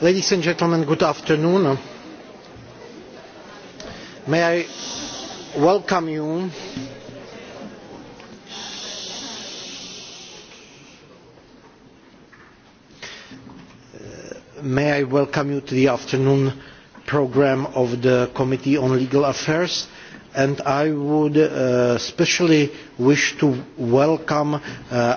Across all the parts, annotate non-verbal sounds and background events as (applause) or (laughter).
Ladies and gentlemen, good afternoon. May I welcome you May I welcome you to the afternoon program of the Committee on Legal Affairs and I would uh, especially wish to welcome uh,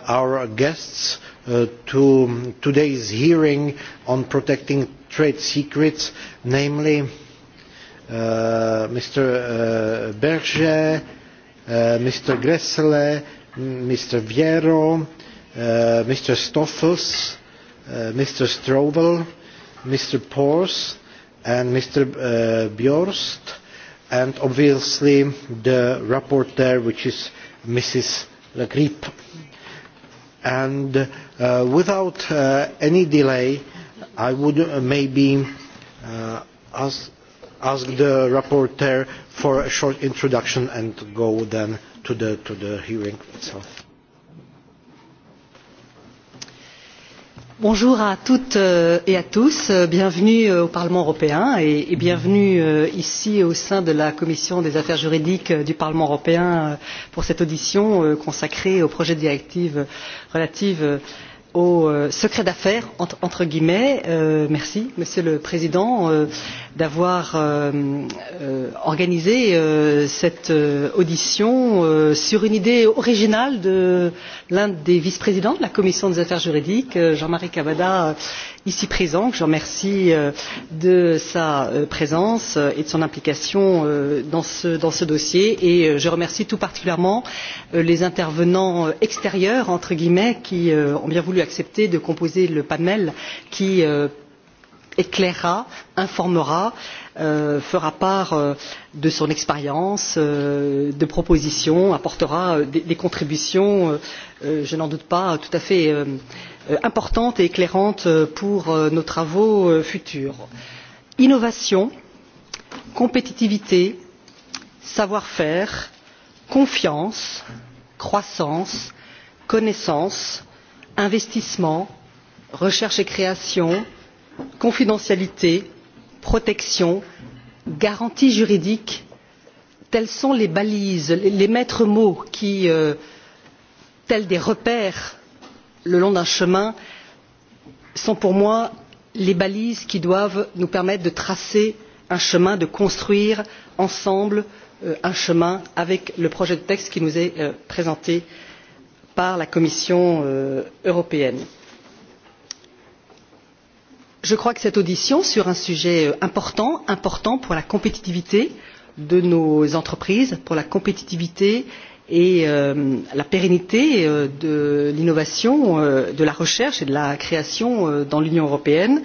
our guests uh, uh, to today's hearing on protecting trade secrets, namely uh, Mr. Uh, Berger, uh, Mr. Gressle, Mr. Viero, uh, Mr. Stoffels, uh, Mr. Strovel, Mr. Pors, and Mr. Uh, Bjorst, and obviously the rapporteur, which is Mrs. Le Grip and uh, without uh, any delay, I would uh, maybe uh, ask, ask the rapporteur for a short introduction and go then to the, to the hearing itself. bonjour à toutes euh, et à tous euh, bienvenue euh, au parlement européen et bienvenue ici au sein de la commission des affaires juridiques du parlement européen pour cette audition consacrée au projet de directive relative au secret d'affaires entre guillemets merci monsieur le président d'avoir euh, euh, organisé euh, cette euh, audition euh, sur une idée originale de l'un des vice présidents de la commission des affaires juridiques euh, jean marie cavada ici présent que je remercie de sa présence et de son implication dans ce, dans ce dossier et je remercie tout particulièrement les intervenants extérieurs entre guillemets qui ont bien voulu accepter de composer le panel qui éclairera informera euh, fera part euh, de son expérience euh, de propositions apportera euh, des, des contributions euh, euh, je n'en doute pas tout à fait importantes et éclairantes pour nos travaux futurs. innovation compétitivité savoir faire confiance croissance connaissance investissement recherche et création etc confidentialité protection garanties juridiques telles sont les balises les maîtres mots qui euh, tels des repères le long d'un chemin sont pour moi les balises qui doivent nous permettre de tracer un chemin de construire ensemble euh, un chemin avec le projet de texte qui nous est euh, présenté par la commission européenne je crois que cette audition sur un sujet euh, important important pour la compétitivité de nos entreprises pour la compétitivité et euh, la pérennité euh, de l'innovation euh, de la recherche et de la création euh, dans l'union européenne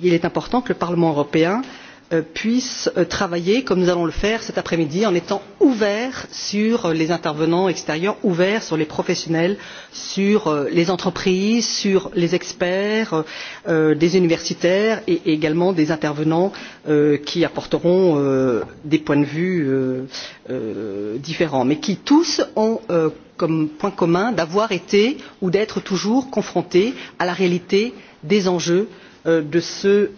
il est important que le parlement européen puisse Euh, puissent euh, travailler comme nous allons le faire cet après midi en étant ouverts sur les intervenants extérieurs ouverts sur les professionnels sur euh, les entreprises sur les experts des universitaires et également des intervenants qui apporteront des points de vue différents mais qui tous ont comme point commun d'avoir été ou d'être toujours confrontés à la réalité des enjeux de ce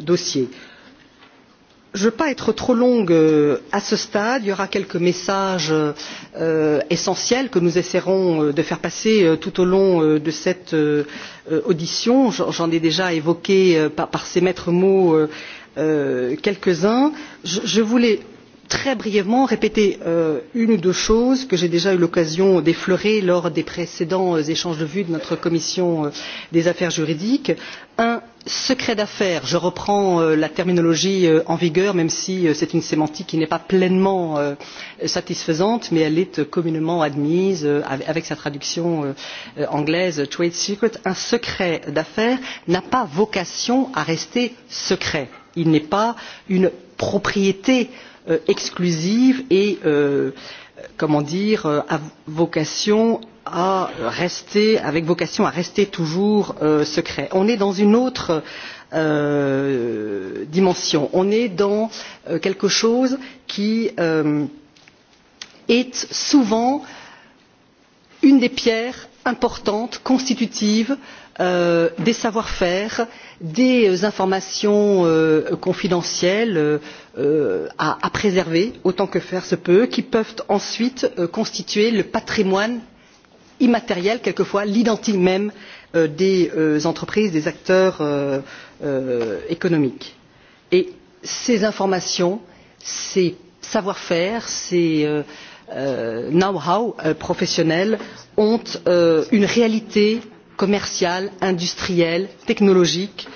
dossier je ne veux pas être trop longue euh, à ce stade il y aura quelques messages euh, essentiels que nous essaierons euh, de faire passer tout au long de cette audition j'en ai déjà évoqué par ces maîtres mots quelques uns je voulais très brièvement répéter une ou deux choses que j'ai déjà eu l'occasion d'effleurer lors des précédents échanges de vues de notre commission des affaires juridiques premièrement secret d'affaires je reprends euh, la terminologie euh, en vigueur même si euh, c'est une sémantique qui n'est pas pleinement euh, satisfaisante mais elle est euh, communément admise euh, avec sa traduction anglaise trade secret un secret d'affaires n'a pas vocation à rester secret il n'est pas une propriété exclusive et comment dire à vocation à rester avec vocation à rester toujours euh, secret. on est dans une autre euh, dimension on est dans euh, quelque chose qui euh, est souvent une des pierres importantes constitutives euh, des savoir faire des euh, informations confidentielles à, à préserver autant que faire se peut qui peuvent ensuite constituer le patrimoine immatérielle quelquefois l'identité même euh, des euh, entreprises des acteurs euh, économiques. et ces informations ces savoir faire ces know how professionnels ont une réalité commerciale industrielle technologique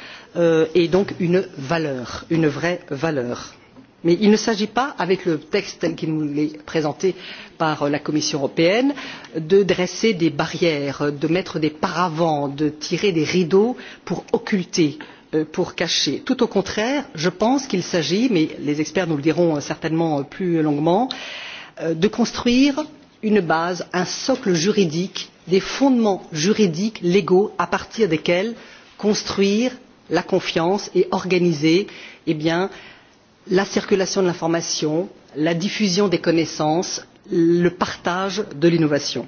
et donc une valeur une vraie valeur mais il ne s'agit pas avec le texte tel qu'il nous est présenté par la commission européenne de dresser des barrières de mettre des paravents de tirer des rideaux pour occulter euh, pour cacher. tout au contraire je pense qu'il s'agit mais les experts nous le diront euh, certainement euh, plus longuement de construire une base un socle juridique des fondements juridiques légaux à partir desquels construire la confiance et organiser eh bien, la circulation de l'information la diffusion des connaissances le partage de l'innovation.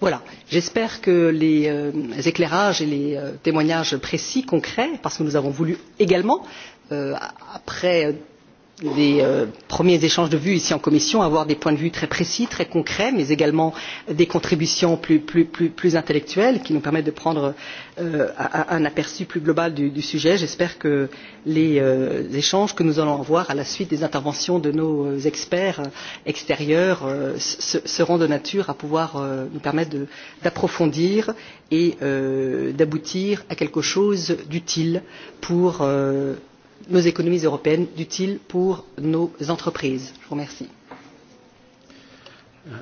Voilà. j'espère que les euh, éclairages et les euh, témoignages précis concrets parce que nous avons voulu également euh, après des euh, premiers échanges de vues ici en commission avoir des points de vue très précis très concrets mais également des contributions plus, plus, plus, plus intellectuelles qui nous permettent de prendre euh, un aperçu plus global du, du sujet. j'espère que les euh, échanges que nous allons avoir à la suite des interventions de nos euh, experts euh, extérieurs euh, seront de nature à pouvoir nous permettre d'approfondir et d'aboutir à quelque chose d'utile pour nos économies européennes d'utile pour nos entreprises. je vous remercie. Uh,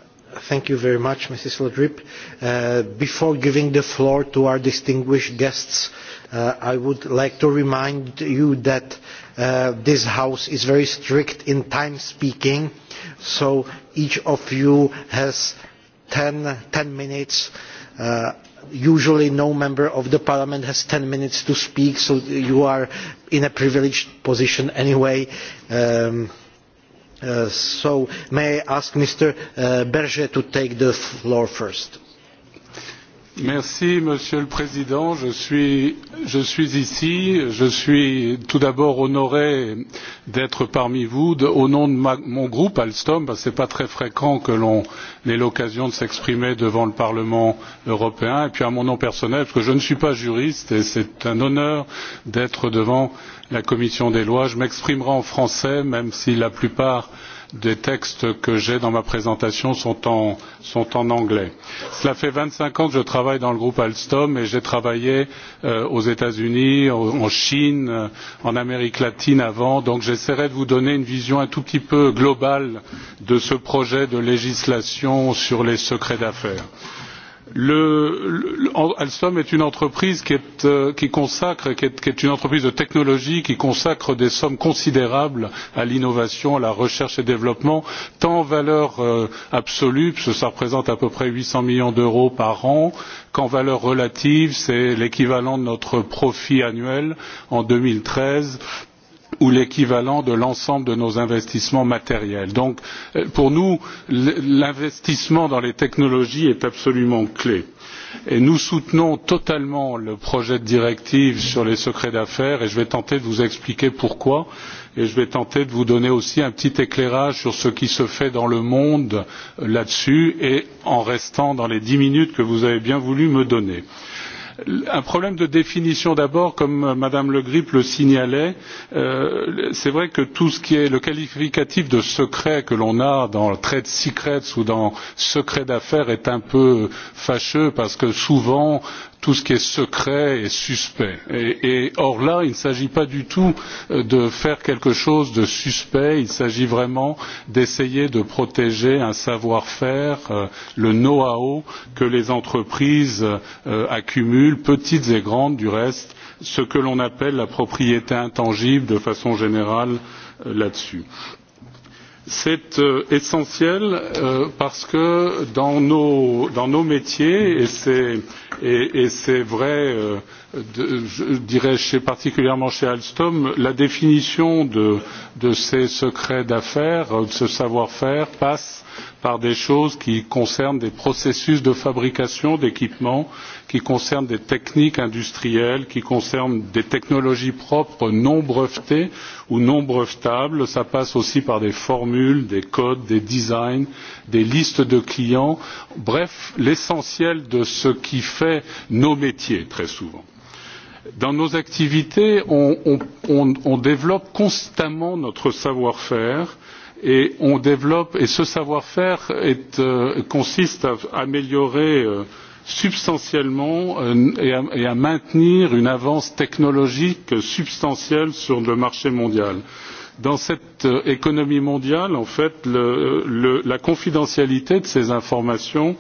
thank you very much, Mrs. Ladrip. Uh, before giving the floor to our distinguished guests, uh, I would like to remind you that uh, this House is very strict in time speaking, so each of you has 10, 10 minutes. Uh, usually no member of the parliament has 10 minutes to speak, so you are in a privileged position anyway. Um, uh, so may I ask Mr. Uh, Berger to take the floor first? Merci, monsieur le président je suis, je suis ici je suis tout d'abord honoré d'être parmi vous de, au nom de ma, mon groupe alstom parce que ce n'est pas très fréquent que l'on ait l'occasion de s'exprimer devant le parlement européen et puis à mon nom personnel parce que je ne suis pas juriste et c'est un honneur d'être devant la commission des lois. je m'exprimerai en français même si la plupart des des textes que j'ai dans ma présentation sont en, sont en anglais. Cela fait 25 ans que je travaille dans le groupe Alstom et j'ai travaillé euh, aux États-Unis, en Chine, euh, en Amérique latine avant, donc j'essaierai de vous donner une vision un tout petit peu globale de ce projet de législation sur les secrets d'affaires. Euh, Le, le, Alstom est une entreprise qui, est, euh, qui consacre, qui est, qui est une entreprise de technologie qui consacre des sommes considérables à l'innovation, à la recherche et développement, tant en valeur euh, absolue, parce que ça représente à peu près 800 millions d'euros par an, qu'en valeur relative, c'est l'équivalent de notre profit annuel en 2013 ou l'équivalent de l'ensemble de nos investissements matériels. donc euh, pour nous l'investissement dans les technologies est absolument clé et nous soutenons totalement le projet de directive sur les secrets d'affaires et je vais tenter de vous expliquer pourquoi et je vais tenter de vous donner aussi un petit éclairage sur ce qui se fait dans le monde euh, là dessus et en restant dans les dix minutes que vous avez bien voulu me donner. Euh, un problème de définition d'abord comme euh, mme le grip le signalait euh, c'est vrai que tout ce qui est le qualificatif de secret que l'on a dans trade secrets ou dans secret d'affaires est un peu fâcheux parce que souvent tout ce qui est secret est suspect. Et, et, or là, il ne s'agit pas du tout euh, de faire quelque chose de suspect, il s'agit vraiment d'essayer de protéger un savoir-faire, euh, le know-how que les entreprises euh, accumulent, petites et grandes du reste, ce que l'on appelle la propriété intangible de façon générale euh, là dessus c'est euh, essentiel euh, parce que dans nos, dans nos métiers et c'est et, et c'est vrai euh, de, je dirais chez, particulièrement chez Alstom la définition de, de ces secrets d'affaires de ce savoir faire passe par des choses qui concernent des processus de fabrication d'équipements qui concerne des techniques industrielles qui concerne des technologies propres non brevetées ou non brevetables cela passe aussi par des formules des codes des designs des listes de clients bref l'essentiel de ce qui fait nos métiers très souvent dans nos activités on, on, on développe constamment notre savoir faire et on développe et ce savoir faire est, euh, consiste à améliorer euh, substantiellement euh, et à, et à maintenir une avance technologique substantielle sur le marché mondial. Dans cette euh, économie mondiale, en fait, le, le, la confidentialité de ces informations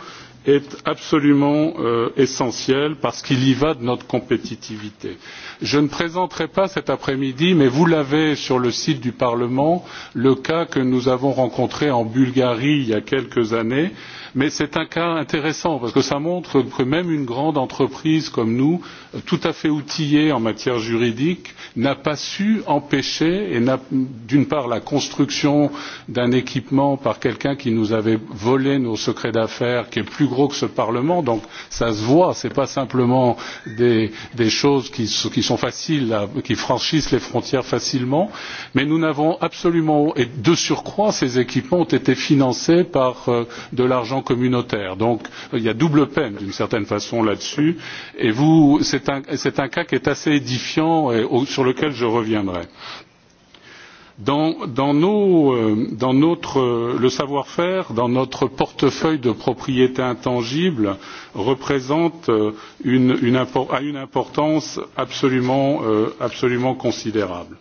est absolument euh, essentiel parce qu'il y va de notre compétitivité. Je ne présenterai pas cet après-midi, mais vous l'avez sur le site du Parlement, le cas que nous avons rencontré en Bulgarie il y a quelques années mais c'est un cas intéressant parce que cela montre que même une grande entreprise comme nous tout à fait outillée en matière juridique n'a pas su empêcher d'une part la construction d'un équipement par quelqu'un qui nous avait volé nos secrets d'affaires qui est plus gros que ce parlement donc ça se voit ce ne sont pas simplement des, des choses qui, qui sont faciles à, qui franchissent les frontières facilement mais nous n'avons absolument et de surcroît ces équipements ont été financés par euh, de l'argent communautaire. donc il y a double peine d'une certaine façon là dessus et c'est un, un cas qui est assez édifiant et au, sur lequel je reviendrai. Dans, dans, nos, euh, dans notre, euh, le savoir faire dans notre portefeuille de propriété intangible représente euh, une, une, a une importance absolument, absolument considérable.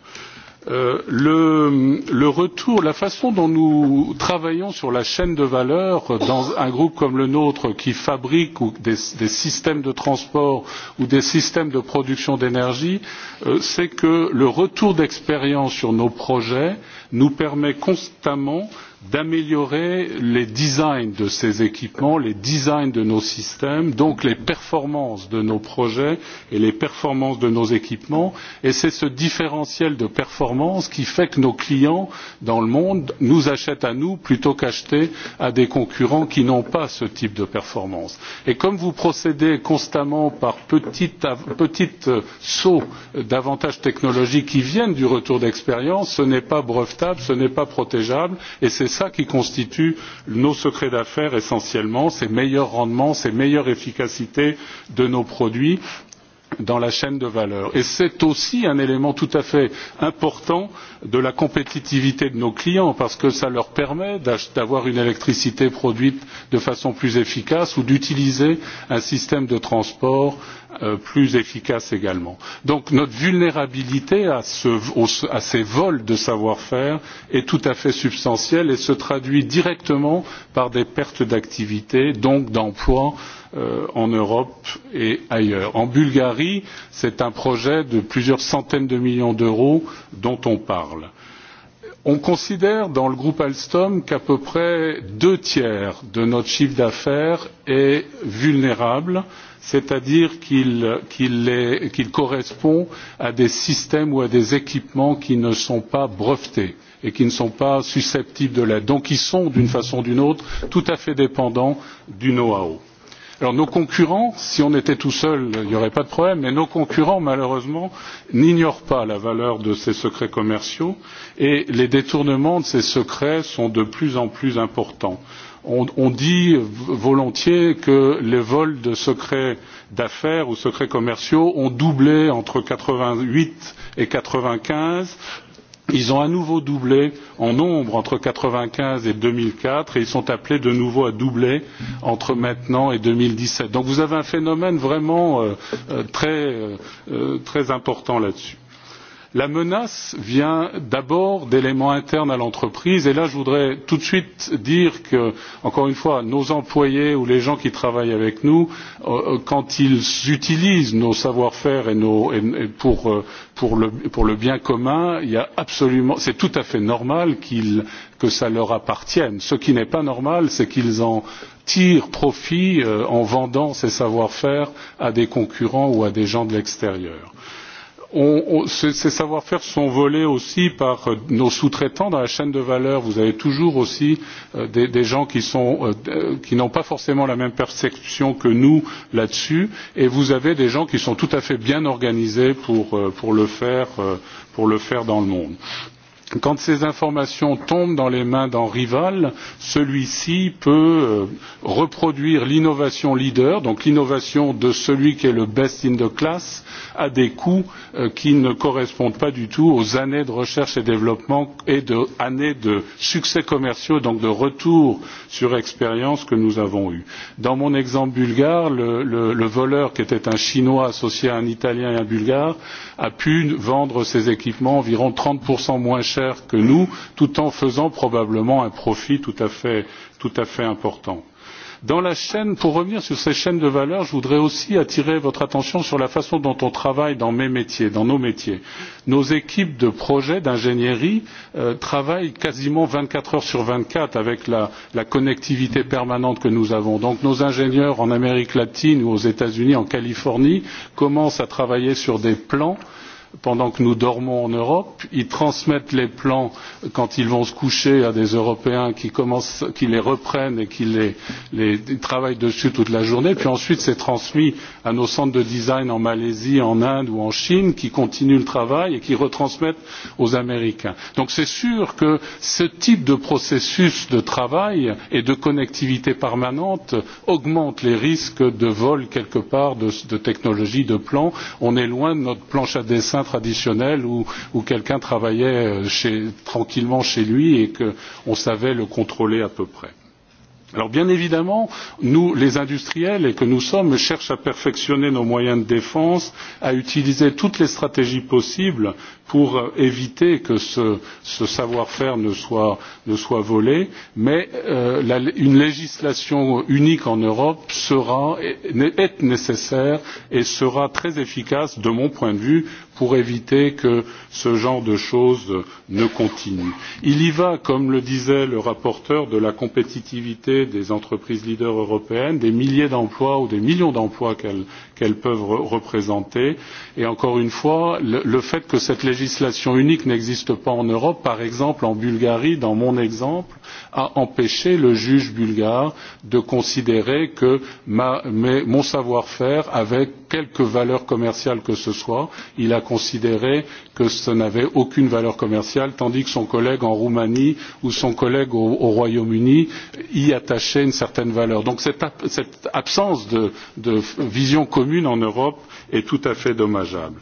Euh, le, le retour, la façon dont nous travaillons sur la chaîne de valeur dans un groupe comme le nôtre qui fabrique ou des, des systèmes de transport ou des systèmes de production d'énergie, euh, c'est que le retour d'expérience sur nos projets nous permet constamment euh, d'améliorer les designs de ces équipements les designs de nos systèmes donc les performances de nos projets et les performances de nos équipements et c'est ce différentiel de performance qui fait que nos clients dans le monde nous achètent à nous plutôt qu'acheter à des concurrents qui n'ont pas ce type de performance. et comme vous procédez constamment par petits euh, sauts d'avantages technologiques qui viennent du retour d'expérience ce n'est pas brevetable ce n'est pas protégeable et c'est cela qui constitue nos secrets d'affaires essentiellement ces meilleurs rendements ces meilleures efficacités de nos produits dans la chaîne de valeur et c'est aussi un élément tout à fait important de la compétitivité de nos clients parce que cela leur permet d'avoir une électricité produite de façon plus efficace ou d'utiliser un système de transport Euh, plus efficace également. donc notre vulnérabilité à, ce, au, à ces vols de savoir faire est tout à fait substantielle et se traduit directement par des pertes d'activité donc d'emplois euh, en europe et ailleurs. en bulgarie c'est un projet de plusieurs centaines de millions d'euros dont on parle on considère dans le groupe alstom qu'à peu près deux tiers de notre chiffre d'affaires est vulnérable c'est à dire qu'il qu qu correspond à des systèmes ou à des équipements qui ne sont pas brevetés et qui ne sont pas susceptibles de l'être donc qui sont d'une façon ou d'une autre tout à fait dépendants du know how. Alors nos concurrents, si on était tout seul, il n'y aurait pas de problème, mais nos concurrents, malheureusement, n'ignorent pas la valeur de ces secrets commerciaux et les détournements de ces secrets sont de plus en plus importants. On, on dit volontiers que les vols de secrets d'affaires ou secrets commerciaux ont doublé entre quatre vingt huit et quatre vingt quinze ils ont à nouveau doublé en nombre entre mille neuf cent quatre vingt quinze et deux mille quatre et ils sont appelés de nouveau à doubler entre maintenant et. deux mille dix sept donc vous avez un phénomène vraiment euh, euh très, euh, euh, très important là dessus la menace vient d'abord d'éléments internes à l'entreprise et là je voudrais tout de suite dire que encore une fois nos employés ou les gens qui travaillent avec nous euh, euh, quand ils utilisent nos savoir faire et nos, et, et pour, euh, pour, le, pour le bien commun il y a absolument c'est tout à fait normal qu'ils que ça leur appartienne. Ce qui n'est pas normal, c'est qu'ils en tirent profit euh, en vendant ces savoir-faire à des concurrents ou à des gens de l'extérieur on, on, ces, ces savoir faire sont volés aussi par euh, nos sous traitants dans la chaîne de valeur vous avez toujours aussi euh, des, des gens qui sont euh, euh qui n'ont pas forcément la même perception que nous là dessus et vous avez des gens qui sont tout à fait bien organisés pour, euh, pour le faire euh, pour le faire dans le monde. Euh, quand ces informations tombent dans les mains d'un rival celui ci peut euh, reproduire l'innovation leader donc l'innovation de celui qui est le best in the class à des coûts euh, qui ne correspondent pas du tout aux années de recherche et développement et aux années de succès commerciaux donc de retour sur expérience que nous avons eus. dans mon exemple bulgare le, le, le voleur qui était un chinois associé à un italien et un bulgare a pu vendre ses équipements environ trente moins cher que nous tout en faisant probablement un profit tout à fait, tout à fait important. Dans la chaîne, pour revenir sur ces chaînes de valeur je voudrais aussi attirer votre attention sur la façon dont on travaille dans mes métiers dans nos métiers. nos équipes de projet d'ingénierie euh, travaillent quasiment vingt quatre heures sur vingt quatre avec la, la connectivité permanente que nous avons. donc nos ingénieurs en amérique latine ou aux états unis en californie commencent à travailler sur des plans euh, pendant que nous dormons en Europe, ils transmettent les plans quand ils vont se coucher à des Européens qui, commencent, qui les reprennent et qui les, les, travaillent dessus toute la journée, puis ensuite c'est transmis à nos centres de design en Malaisie, en Inde ou en Chine qui continuent le travail et qui retransmettent aux Américains. Donc c'est sûr que ce type de processus de travail et de connectivité permanente augmente les risques de vol quelque part de, de technologies, de plans. On est loin de notre planche à dessin médecin traditionnel où, où quelqu'un travaillait euh, chez, tranquillement chez lui et qu'on savait le contrôler à peu près. Alors bien évidemment, nous, les industriels, et que nous sommes, cherchent à perfectionner nos moyens de défense, à utiliser toutes les stratégies possibles pour euh, éviter que ce, ce savoir-faire ne soit, ne soit volé, mais euh, la, une législation unique en Europe sera, est nécessaire et sera très efficace, de mon point de vue, pour éviter que ce genre de choses ne continue. il y va comme le disait le rapporteur de la compétitivité des entreprises leaders européennes des milliers d'emplois ou des millions d'emplois qu'elles qu'elles peuvent re représenter. Et encore une fois, le, le fait que cette législation unique n'existe pas en Europe, par exemple en Bulgarie, dans mon exemple, a empêché le juge bulgare de considérer que ma, mes, mon savoir-faire avait quelque valeur commerciale que ce soit. Il a considéré que ce n'avait aucune valeur commerciale, tandis que son collègue en Roumanie ou son collègue au, au Royaume-Uni y attachait une certaine valeur. Donc cette, ab cette absence de, de vision commune commune en europe est tout à fait dommageable.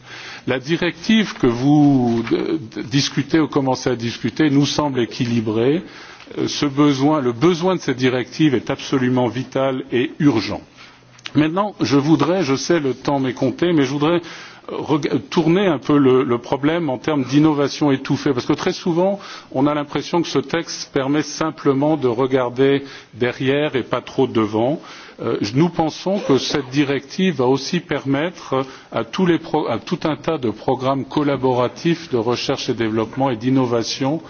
la directive que vous euh, discutez ou commencez à discuter nous semble équilibrée. Euh, besoin, le besoin de cette directive est absolument vital et urgent. maintenant je voudrais je sais le temps m'est compté mais je voudrais euh, tourner un peu le, le problème en termes d'innovation étouffée parce que très souvent on a l'impression que ce texte permet simplement de regarder derrière et pas trop devant et Euh, nous pensons que cette directive va aussi permettre à, les, à tout un tas de programmes collaboratifs de recherche et développement et d'innovation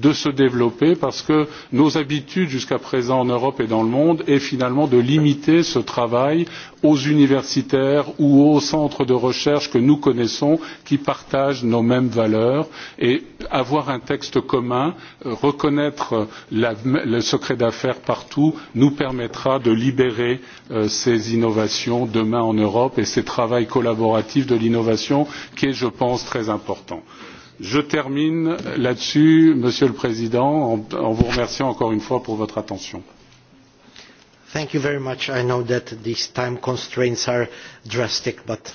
de se développer parce que nos habitudes jusqu'à présent en europe et dans le monde sont finalement de limiter ce travail aux universitaires ou aux centres de recherche que nous connaissons qui partagent nos mêmes valeurs et avoir un texte commun euh, reconnaître euh, la, le secret d'affaires partout nous permettra de libérer euh, ces innovations demain en europe et ce travail collaboratif de l'innovation qui est je pense très important je termine là dessus monsieur le président en, en vous remerciant encore une fois pour votre attention. thank you very much. i know that these time constraints are drastic but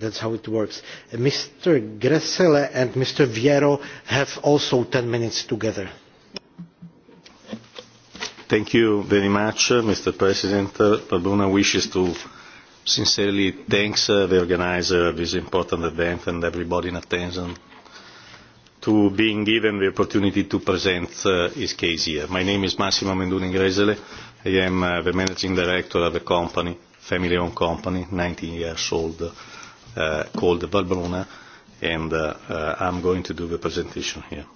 that's how it works. mr gressel and mr viero have also 10 minutes together. thank you very much mr president. pabuna wishes to sincerely thanks uh, the organizer of this important event and everybody in attendance to being given the opportunity to present uh, his case here. My name is Massimo Menduni Gresele. I am uh, the managing director of a company, family-owned company, 19 years old, uh, called Valbruna, and uh, uh, I'm going to do the presentation here.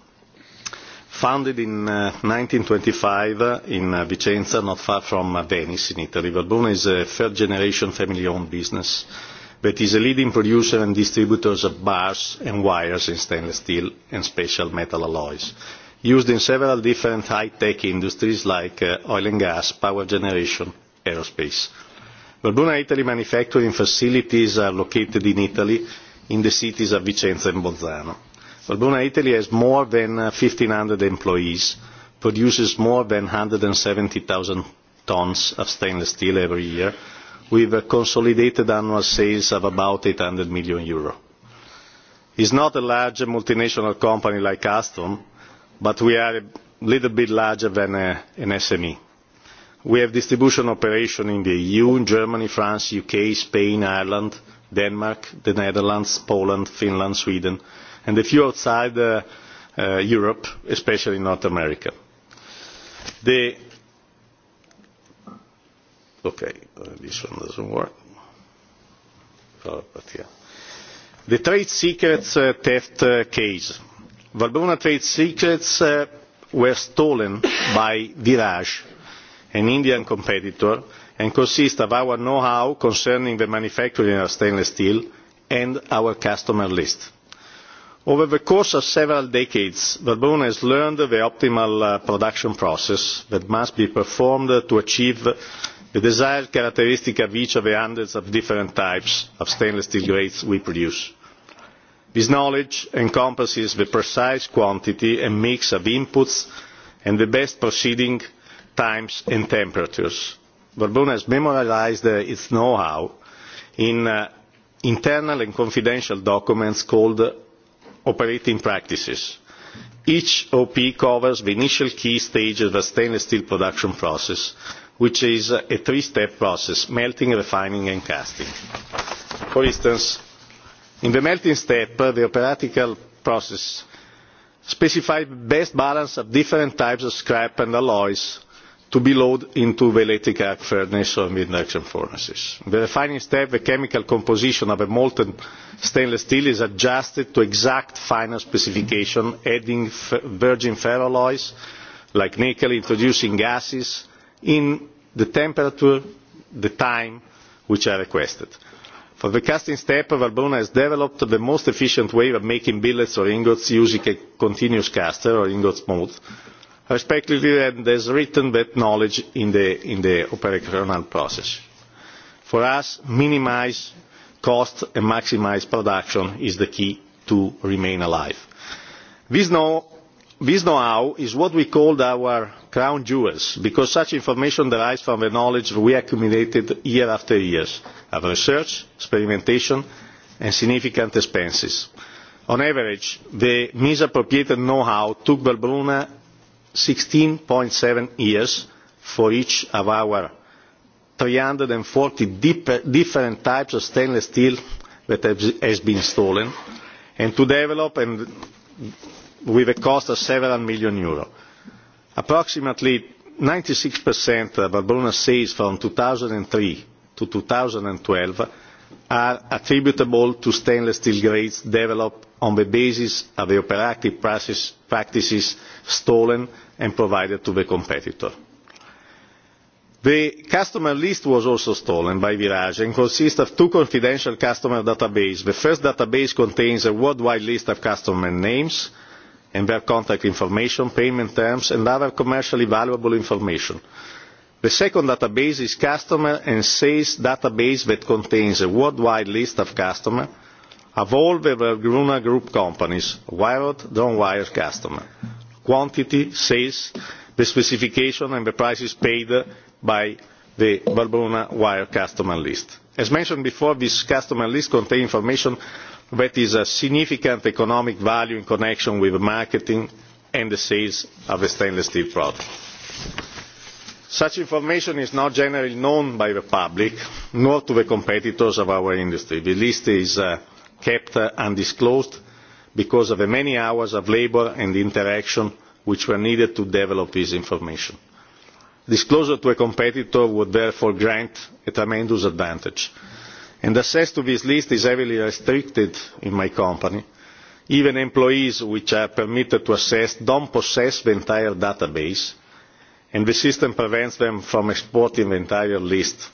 Founded in uh, 1925 uh, in uh, Vicenza, not far from uh, Venice in Italy, Valbruna is a third-generation family-owned business uh, but is a leading producer and distributor of bars and wires in stainless steel and special metal alloys, used in several different high-tech industries like uh, oil and gas, power generation, aerospace. Verbuna Italy manufacturing facilities are located in Italy in the cities of Vicenza and Bolzano. Verbuna Italy has more than 1,500 uh, employees, produces more than 170,000 tons of stainless steel every year, with a consolidated annual sales of about 800 million euro. It's not a large multinational company like Alstom, but we are a little bit larger than a, uh, an SME. We have distribution operation in the EU, Germany, France, U.K., Spain, Ireland, Denmark, the Netherlands, Poland, Finland, Sweden, and a few outside uh, uh, Europe, especially North America. The Okay, this one doesn't work. Oh, but yeah. The trade secrets uh, theft uh, case. Valbona trade secrets uh, were stolen by Viraj, an Indian competitor, and consist of our know-how concerning the manufacturing of stainless steel and our customer list. Over the course of several decades, Verbund has learned the optimal uh, production process that must be performed to achieve the desired characteristic of each of the hundreds of different types of stainless steel grades we produce. This knowledge encompasses the precise quantity and mix of inputs and the best proceeding times and temperatures. Verbon has memorialized uh, its know-how in uh, internal and confidential documents called uh, operating practices. Each OP covers the initial key stages of the stainless steel production process, which is a three step process melting refining and casting. for instance in the melting step the operatical process specifies the best balance of different types of scrap and alloys to be loaded into the electric arc furnace or the induction furnaces. In the refining step, the chemical composition of a molten stainless steel is adjusted to exact final specification, adding virgin ferroalloys like nickel, introducing gases in the temperature, the time which are requested. For the casting step, Valbona has developed the most efficient way of making billets or ingots using a continuous caster or ingot mold, respectively, and has written that knowledge in the, in the operational process. For us, minimize cost and maximize production is the key to remain alive. This now this know how is what we called our crown jewels because such information derives from the knowledge we accumulated year after year of research experimentation and significant expenses. on average the misappropriated know how took valbruna sixteen seven years for each of our three hundred and forty different types of stainless steel that has been stolen and to develop and with a cost of several million euros. Approximately 96% of Valbona sales from 2003 to 2012 are attributable to stainless steel grades developed on the basis of the operative practice, practices stolen and provided to the competitor. The customer list was also stolen by Virage and consists of two confidential customer databases. The first database contains a worldwide list of customer names, and their contact information payment terms and other commercially valuable information. the second database is customer and sales database that contains a worldwide list of customers of all the Vergruna Group companies, wired, non-wired customer, quantity, sales, the specification and the prices paid by the Vergruna wire customer list. As mentioned before, this customer list contains information that is a significant economic value in connection with the marketing and the sales of a stainless steel product. Such information is not generally known by the public, nor to the competitors of our industry. The list is uh, kept uh, undisclosed because of the many hours of labour and interaction which were needed to develop this information. Disclosure to a competitor would therefore grant a tremendous advantage and access to this list is heavily restricted in my company. even employees which are permitted to access do not possess the entire database and the system prevents them from exporting the entire list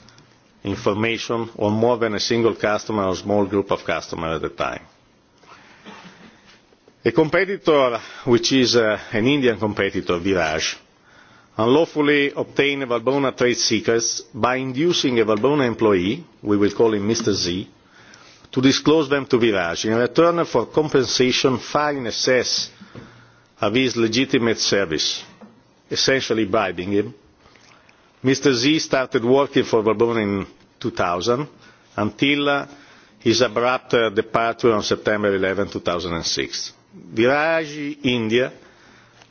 information on more than a single customer or small group of customers at a time. A competitor, which is uh, an Indian competitor, Viraj, unlawfully obtain a valbona trade seekers by inducing a valbona employee we will call him mr z to disclose them to virage in return for compensation far in excess of his legitimate service essentially bribing him. mr z started working for valbona in two thousand until uh, his abrupt uh, departure on september eleven two thousand and six. virage india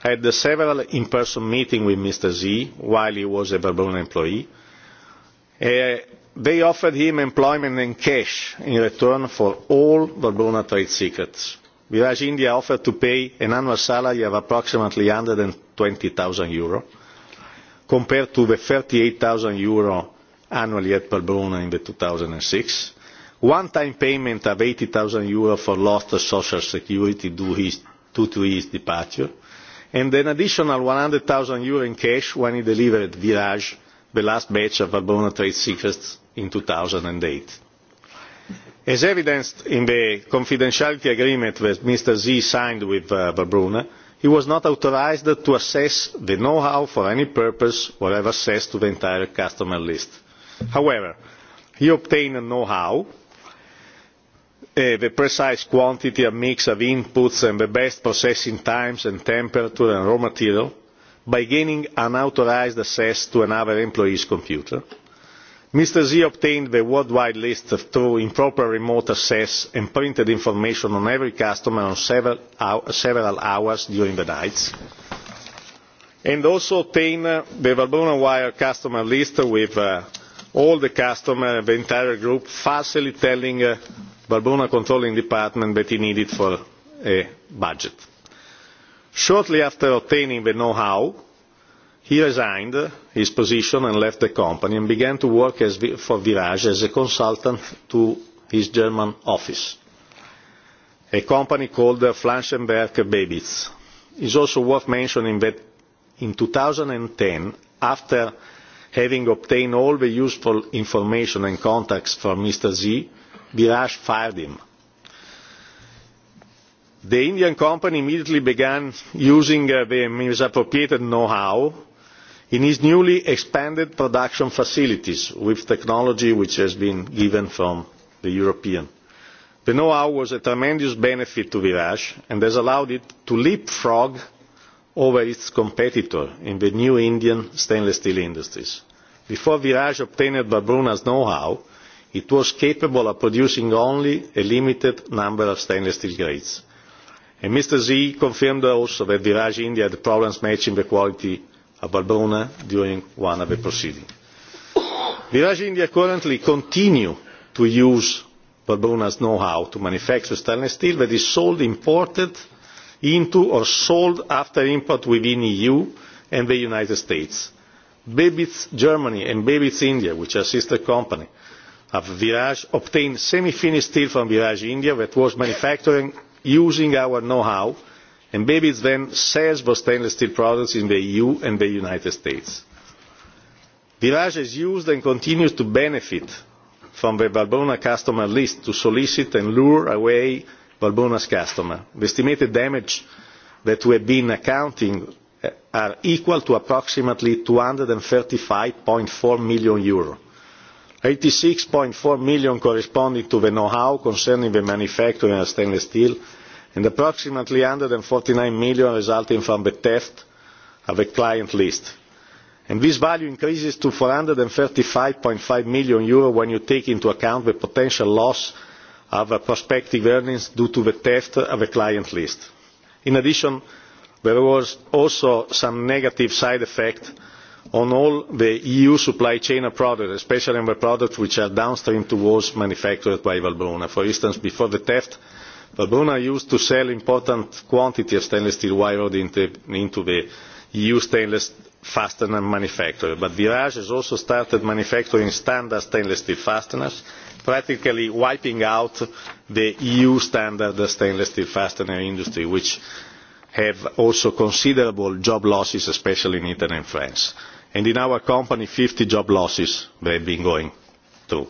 had several in person meetings with mr xi while he was a verbon employee. Uh, they offered him employment and cash in return for all verbona trade secrets whereas india offered to pay an annual salary of approximately eur one hundred and twenty zero compared to the eur thirty eight zero annually at Balbona in two thousand and six one time payment of eur eighty zero for lost social security due, his, due to his departure and an additional eur one hundred zero in cash when he delivered virage the last batch of Valbona trade secrets in. two thousand and eight as evidenced in the confidentiality agreement that mr xi signed with uh, valbruna he was not authorised to assess the know how for any purpose or have access to the entire customer list. however he obtained know how Uh, the precise quantity and mix of inputs and the best processing times and temperature and raw material by gaining unauthorised access to another employee's computer. Mr. Z obtained the worldwide list through improper remote access and printed information on every customer on several, hour, several hours during the nights, and also obtained uh, the Valbona Wire customer list with uh, all the customers the entire group falsely telling the eh, Barbona controlling department that he needed for a budget. Shortly after obtaining the know-how, he resigned his position and left the company and began to work as, for Virage as a consultant to his German office, a company called Flanschenberg Babitz. It's also worth mentioning that in 2010, after having obtained all the useful information and contacts from mr xi biraj fired him. the indian company immediately began using uh, the misappropriated know how in its newly expanded production facilities with technology which has been given from the european. the know how was a tremendous benefit to viraj and has allowed it to leapfrog over its competitor in the new indian stainless steel industries. before viraj obtained babruna's know how it was capable of producing only a limited number of stainless steel grades. And mr xi confirmed also that viraj india had problems matching the quality of babruna during one of the proceedings. viraj india currently continues to use babruna's know how to manufacture stainless steel that is sold imported into or sold after import within the eu and the united states. Babitz Germany and Babitz India, which are sister company of Viraj, obtained semi-finished steel from Viraj India that was manufactured using our know-how, and Babitz then sells those stainless steel products in the EU and the United States. Viraj has used and continues to benefit from the Valbona customer list to solicit and lure away Valbona's customer. The estimated damage that we have been accounting eh, are equal to approximately 235.4 million euro. 86.4 million corresponding to the know-how concerning the manufacturing of stainless steel, and approximately 149 million resulting from the theft of a client list. And this value increases to 435.5 million euro when you take into account the potential loss have prospective earnings due to the theft of a client list. in addition there was also some negative side effect on all the eu supply chain of products especially on the products which are downstream to those manufactured by valbruna. for instance before the theft valbruna used to sell important quantities of stainless steel wire rod into, into the eu stainless fastener manufacturer but virage has also started manufacturing standard stainless steel fasteners practically wiping out the EU standard stainless steel fastener industry, which have also considerable job losses, especially in Italy and France. And in our company, 50 job losses they've been going through.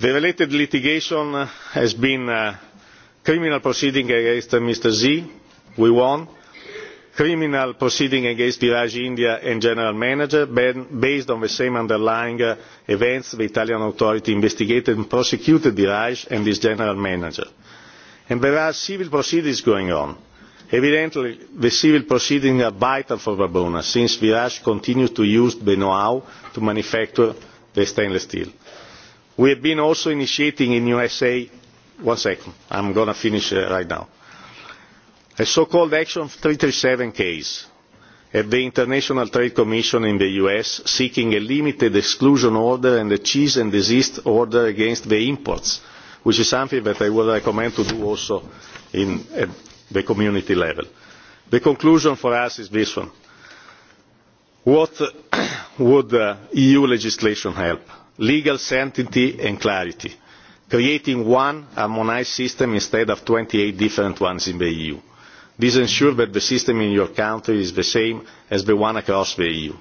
The related litigation uh, has been a uh, criminal proceeding against uh, Mr. Z. We won criminal proceeding against Biragi India and general manager based on the same underlying uh, events the Italian authority investigated and prosecuted Birage and his general manager. And there are civil proceedings going on. Evidently, the civil proceedings are vital for Verbona since Virage continues to use the know-how to manufacture the stainless steel. We have been also initiating in USA, one second, I'm going to finish uh, right now. Uh, a so called action three hundred and thirty seven case at the international trade commission in the us seeking a limited exclusion order and a cease and desist order against the imports which is something that i would recommend to do also in, at the community level. the conclusion for us is this one what (coughs) would uh, eu legislation help? legal certainty and clarity creating one harmonised system instead of twenty eight different ones in the eu This ensures that the system in your country is the same as the one across the EU.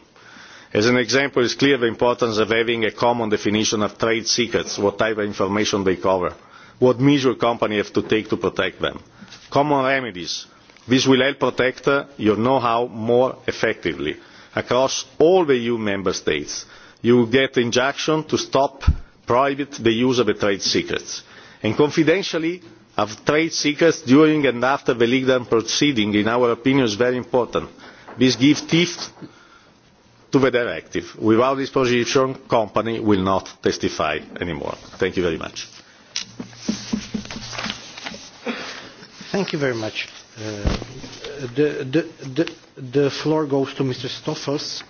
As an example, it's clear the importance of having a common definition of trade secrets, what type of information they cover, what measure companies have to take to protect them. Common remedies. This will help protect uh, your know-how more effectively across all the EU member states. You will get injunction to stop private the use of the trade secrets. And confidentially, of trade secrets during and after the legal proceeding in our opinion is very important. this gives teeth to the directive. without this position companies will not testify any more. thank you very much. thank you very much. Uh, the, the, the, the floor goes to mr. stoffels.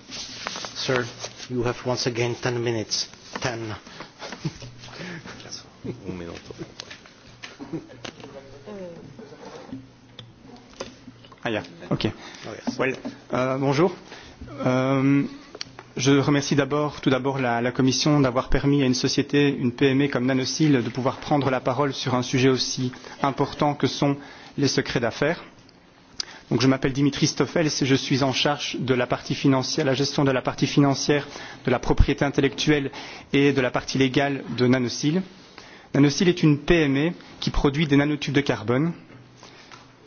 sir, you have once again 10 minutes. 10. Un minuto. Ah, yeah. OK. Oh, well, euh, bonjour. Euh, je remercie d'abord, tout d'abord la, la Commission d'avoir permis à une société, une PME comme Nanocil, de pouvoir prendre la parole sur un sujet aussi important que sont les secrets d'affaires. Donc, je m'appelle Dimitri Stoffels et je suis en charge de la partie financière, la gestion de la partie financière, de la propriété intellectuelle et de la partie légale de Nanocil. Euh, Nanocil est une PME qui produit des nanotubes de carbone.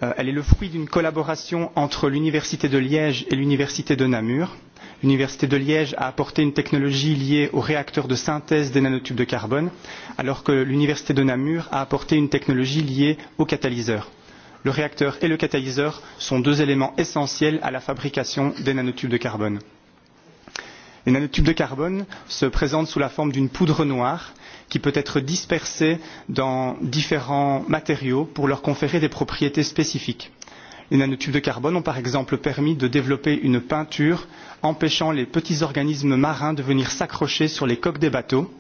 Euh, elle est le fruit d'une collaboration entre l'Université de Liège et l'Université de Namur. L'Université de Liège a apporté une technologie liée aux réacteurs de synthèse des nanotubes de carbone, alors que l'Université de Namur a apporté une technologie liée aux catalyseurs. Le réacteur et le catalyseur sont deux éléments essentiels à la fabrication des nanotubes de carbone. Les nanotubes de carbone se présentent sous la forme d'une poudre noire qui peut être dispersée dans différents matériaux pour leur conférer des propriétés spécifiques. Les nanotubes de carbone ont par exemple permis de développer une peinture empêchant les petits organismes marins de venir s'accrocher sur les coques des bateaux,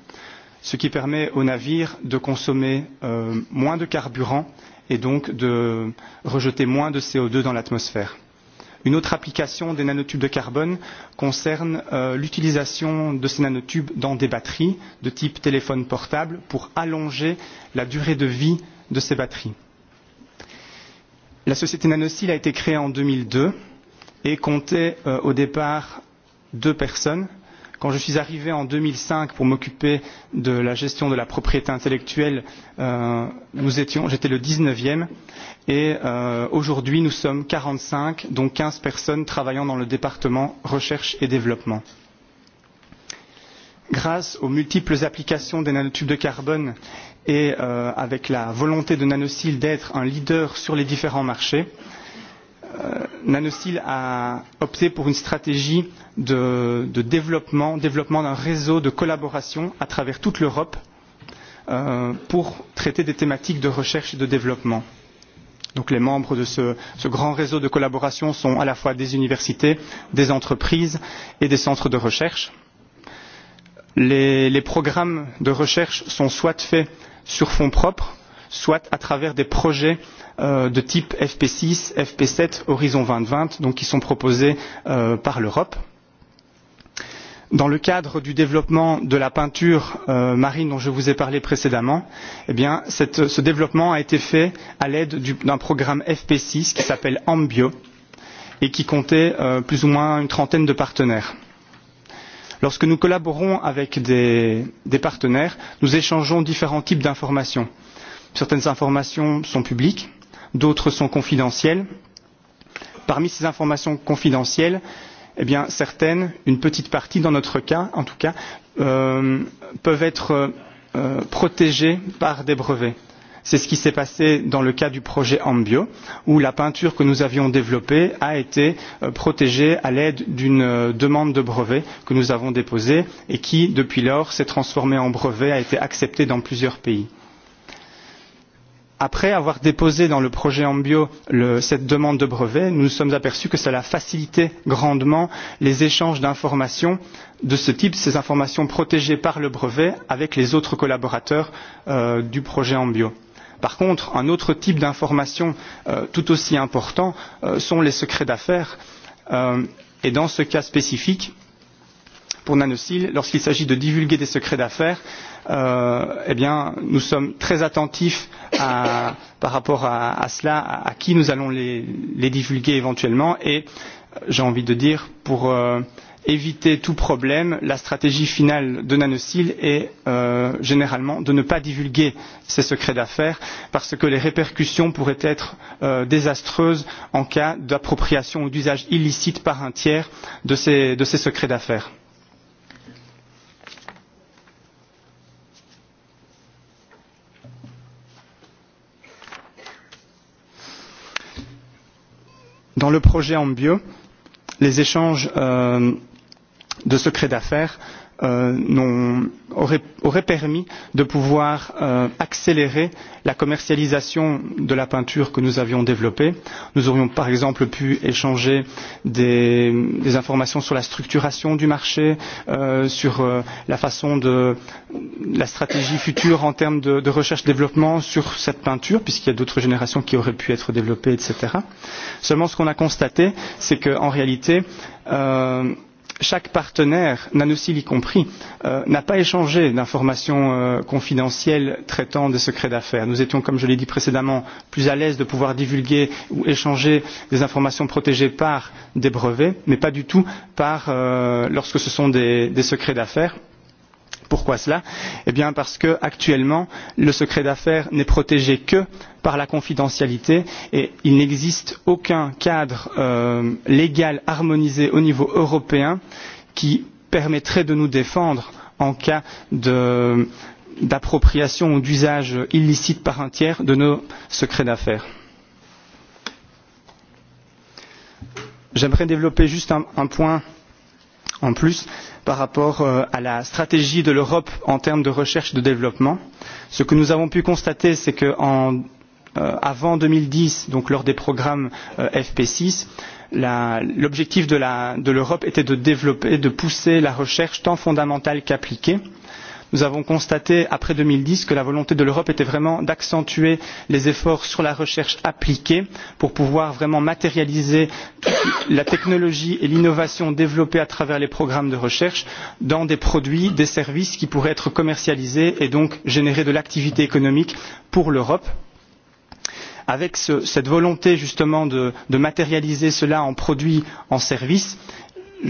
ce qui permet aux navires de consommer euh, moins de carburant et donc de rejeter moins de CO2 dans l'atmosphère. Une autre application des nanotubes de carbone concerne euh, l'utilisation de ces nanotubes dans des batteries de type téléphone portable pour allonger la durée de vie de ces batteries. La société Nanocil a été créée en 2002 et comptait euh, au départ deux personnes, Quand je suis arrivé en 2005 pour m'occuper de la gestion de la propriété intellectuelle, euh, nous étions, j'étais le 19e et euh, aujourd'hui nous sommes 45, dont 15 personnes travaillant dans le département recherche et développement. Grâce aux multiples applications des nanotubes de carbone et euh, avec la volonté de Nanocil d'être un leader sur les différents marchés, euh, Euh, Nanosteel a opté pour une stratégie de, de développement, développement d'un réseau de collaboration à travers toute l'Europe euh, pour traiter des thématiques de recherche et de développement. Donc les membres de ce, ce grand réseau de collaboration sont à la fois des universités, des entreprises et des centres de recherche. Les, les programmes de recherche sont soit faits sur fonds propres, soit à travers des projets euh, de type FP6, FP7, Horizon 2020, donc qui sont proposés euh, par l'Europe. Dans le cadre du développement de la peinture euh, marine dont je vous ai parlé précédemment, eh bien, cette, ce développement a été fait à l'aide d'un programme FP6 qui s'appelle Ambio et qui comptait euh, plus ou moins une trentaine de partenaires. Lorsque nous collaborons avec des, des partenaires, nous échangeons différents types d'informations. Certaines informations sont publiques, d'autres sont confidentielles. Parmi ces informations confidentielles, eh bien, certaines, une petite partie dans notre cas en tout cas, euh, peuvent être euh, protégées par des brevets. C'est ce qui s'est passé dans le cas du projet Ambio, où la peinture que nous avions développée a été euh, protégée à l'aide d'une euh, demande de brevet que nous avons déposée et qui, depuis lors, s'est transformée en brevet, a été acceptée dans plusieurs pays après avoir déposé dans le projet ambio le, cette demande de brevet nous nous sommes aperçus que cela facilitait grandement les échanges d'informations de ce type ces informations protégées par le brevet avec les autres collaborateurs euh, du projet ambio. Par contre, un autre type d'information euh, tout aussi important euh, sont les secrets d'affaires. Euh, et dans ce cas spécifique, pour Nanocil, lorsqu'il s'agit de divulguer des secrets d'affaires, euh, euh, eh bien, nous sommes très attentifs à, par rapport à, à cela, à, à qui nous allons les, les divulguer éventuellement. Et euh, j'ai envie de dire, pour euh, éviter tout problème, la stratégie finale de Nanocil est euh, généralement de ne pas divulguer ces secrets d'affaires parce que les répercussions pourraient être euh, désastreuses en cas d'appropriation ou d'usage illicite par un tiers de ces, de ces secrets d'affaires. dans le projet ambio les échanges euh, de secrets d'affaires euh, euh, aurait, aurait permis de pouvoir euh, accélérer la commercialisation de la peinture que nous avions développée. Nous aurions par exemple pu échanger des, des informations sur la structuration du marché, euh, sur euh, la façon de la stratégie future en termes de, de recherche-développement sur cette peinture, puisqu'il y a d'autres générations qui auraient pu être développées, etc. Seulement, ce qu'on a constaté, c'est qu'en réalité, euh, chaque partenaire, Nanosil y compris, euh, n'a pas échangé d'informations euh, confidentielles traitant des secrets d'affaires. Nous étions, comme je l'ai dit précédemment, plus à l'aise de pouvoir divulguer ou échanger des informations protégées par des brevets, mais pas du tout par euh, lorsque ce sont des, des secrets d'affaires Pourquoi cela Eh bien parce que actuellement le secret d'affaires n'est protégé que par la confidentialité et il n'existe aucun cadre euh, légal harmonisé au niveau européen qui permettrait de nous défendre en cas d'appropriation ou d'usage illicite par un tiers de nos secrets d'affaires. J'aimerais développer juste un, un point euh, en plus par rapport euh, à la stratégie de l'europe en termes de recherche et de développement. ce que nous avons pu constater c'est qu'avant euh, deux mille dix donc lors des programmes euh, fp six l'objectif de l'europe était de développer de pousser la recherche tant fondamentale qu'appliquée et nous avons constaté après deux mille dix que la volonté de l'europe était vraiment d'accentuer les efforts sur la recherche appliquée pour pouvoir vraiment matérialiser toute la technologie et l'innovation développées à travers les programmes de recherche dans des produits des services qui pourraient être commercialisés et donc générer de l'activité économique pour l'europe avec ce, cette volonté justement de, de matérialiser cela en produits, en services,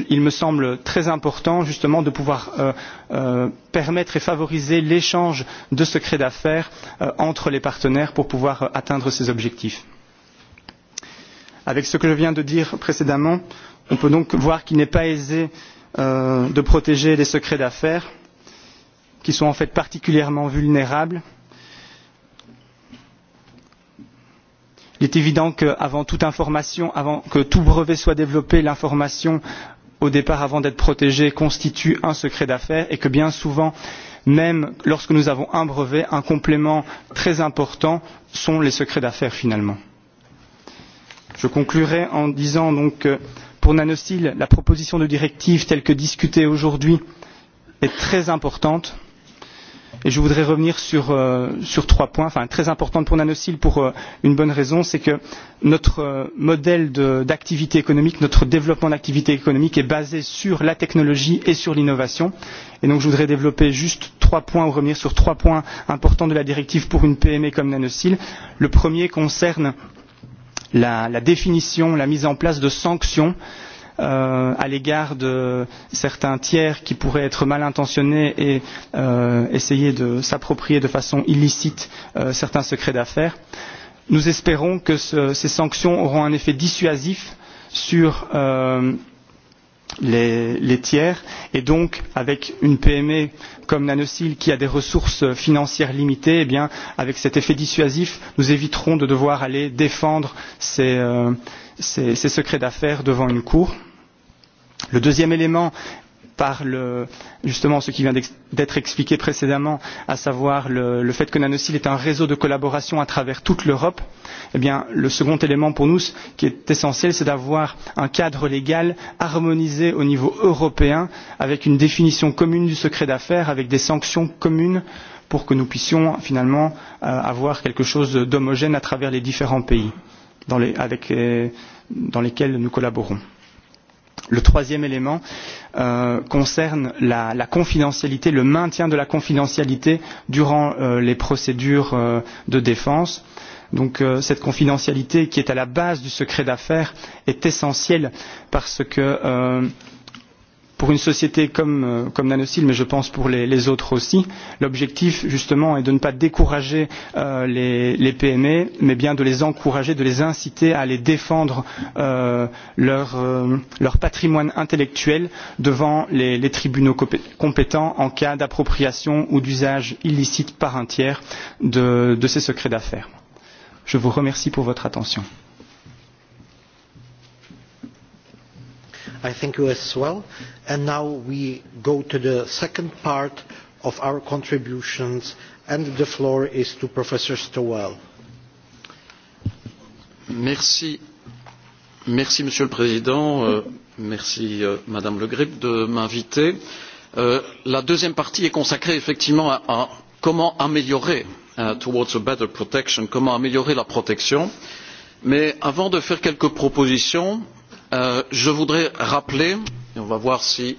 il me semble très important justement de pouvoir euh, euh, permettre et favoriser l'échange de secrets d'affaires euh, entre les partenaires pour pouvoir euh, atteindre ces objectifs. Avec ce que je viens de dire précédemment, on peut donc voir qu'il n'est pas aisé euh, de protéger les secrets d'affaires, qui sont en fait particulièrement vulnérables. Il est évident qu'avant toute information, avant que tout brevet soit développé, l'information au départ avant d'être protégé constitue un secret d'affaires et que bien souvent même lorsque nous avons un brevet un complément très important sont les secrets d'affaires finalement. je conclurai en disant donc que pour nanosteel la proposition de directive telle que discutée aujourd'hui est très importante Et je voudrais revenir sur, euh, sur trois points, enfin très importants pour Nanocil pour euh, une bonne raison, c'est que notre euh, modèle d'activité économique, notre développement d'activité économique est basé sur la technologie et sur l'innovation. Et donc je voudrais développer juste trois points ou revenir sur trois points importants de la directive pour une PME comme Nanocil. Le premier concerne la, la définition, la mise en place de sanctions euh, euh, à l'égard de certains tiers qui pourraient être mal intentionnés et euh, essayer de s'approprier de façon illicite euh, certains secrets d'affaires. Nous espérons que ce, ces sanctions auront un effet dissuasif sur euh, les, les tiers et donc avec une PME comme Nanosil qui a des ressources financières limitées, eh bien, avec cet effet dissuasif, nous éviterons de devoir aller défendre ces, euh, ces, ces secrets d'affaires devant une cour. Le deuxième élément par le, justement ce qui vient d'être expliqué précédemment, à savoir le, le fait que Nanocil est un réseau de collaboration à travers toute l'Europe, eh bien, le second élément pour nous qui est essentiel, c'est d'avoir un cadre légal harmonisé au niveau européen, avec une définition commune du secret d'affaires, avec des sanctions communes pour que nous puissions finalement euh, avoir quelque chose d'homogène à travers les différents pays dans les, avec les, dans lesquels nous collaborons. Le troisième élément euh, concerne la, la confidentialité, le maintien de la confidentialité durant euh, les procédures euh, de défense. Donc euh, cette confidentialité qui est à la base du secret d'affaires est essentielle parce que euh, pour une société comme, euh, comme Nanocil, mais je pense pour les, les autres aussi, l'objectif justement est de ne pas décourager euh, les, les PME, mais bien de les encourager, de les inciter à aller défendre euh, leur, euh, leur patrimoine intellectuel devant les, les tribunaux compétents en cas d'appropriation ou d'usage illicite par un tiers de, de ces secrets d'affaires. Je vous remercie pour votre attention. I thank you as well. And now we go to the second part of our contributions, and the floor is to Professor Stowell. Merci. Merci, Monsieur le Président. Euh, merci, euh, Madame Le Grip, de m'inviter. Euh, la deuxième partie est consacrée effectivement à, à comment améliorer uh, towards a better protection, comment améliorer la protection. Mais avant de faire quelques propositions, Euh, je voudrais rappeler, et on va voir si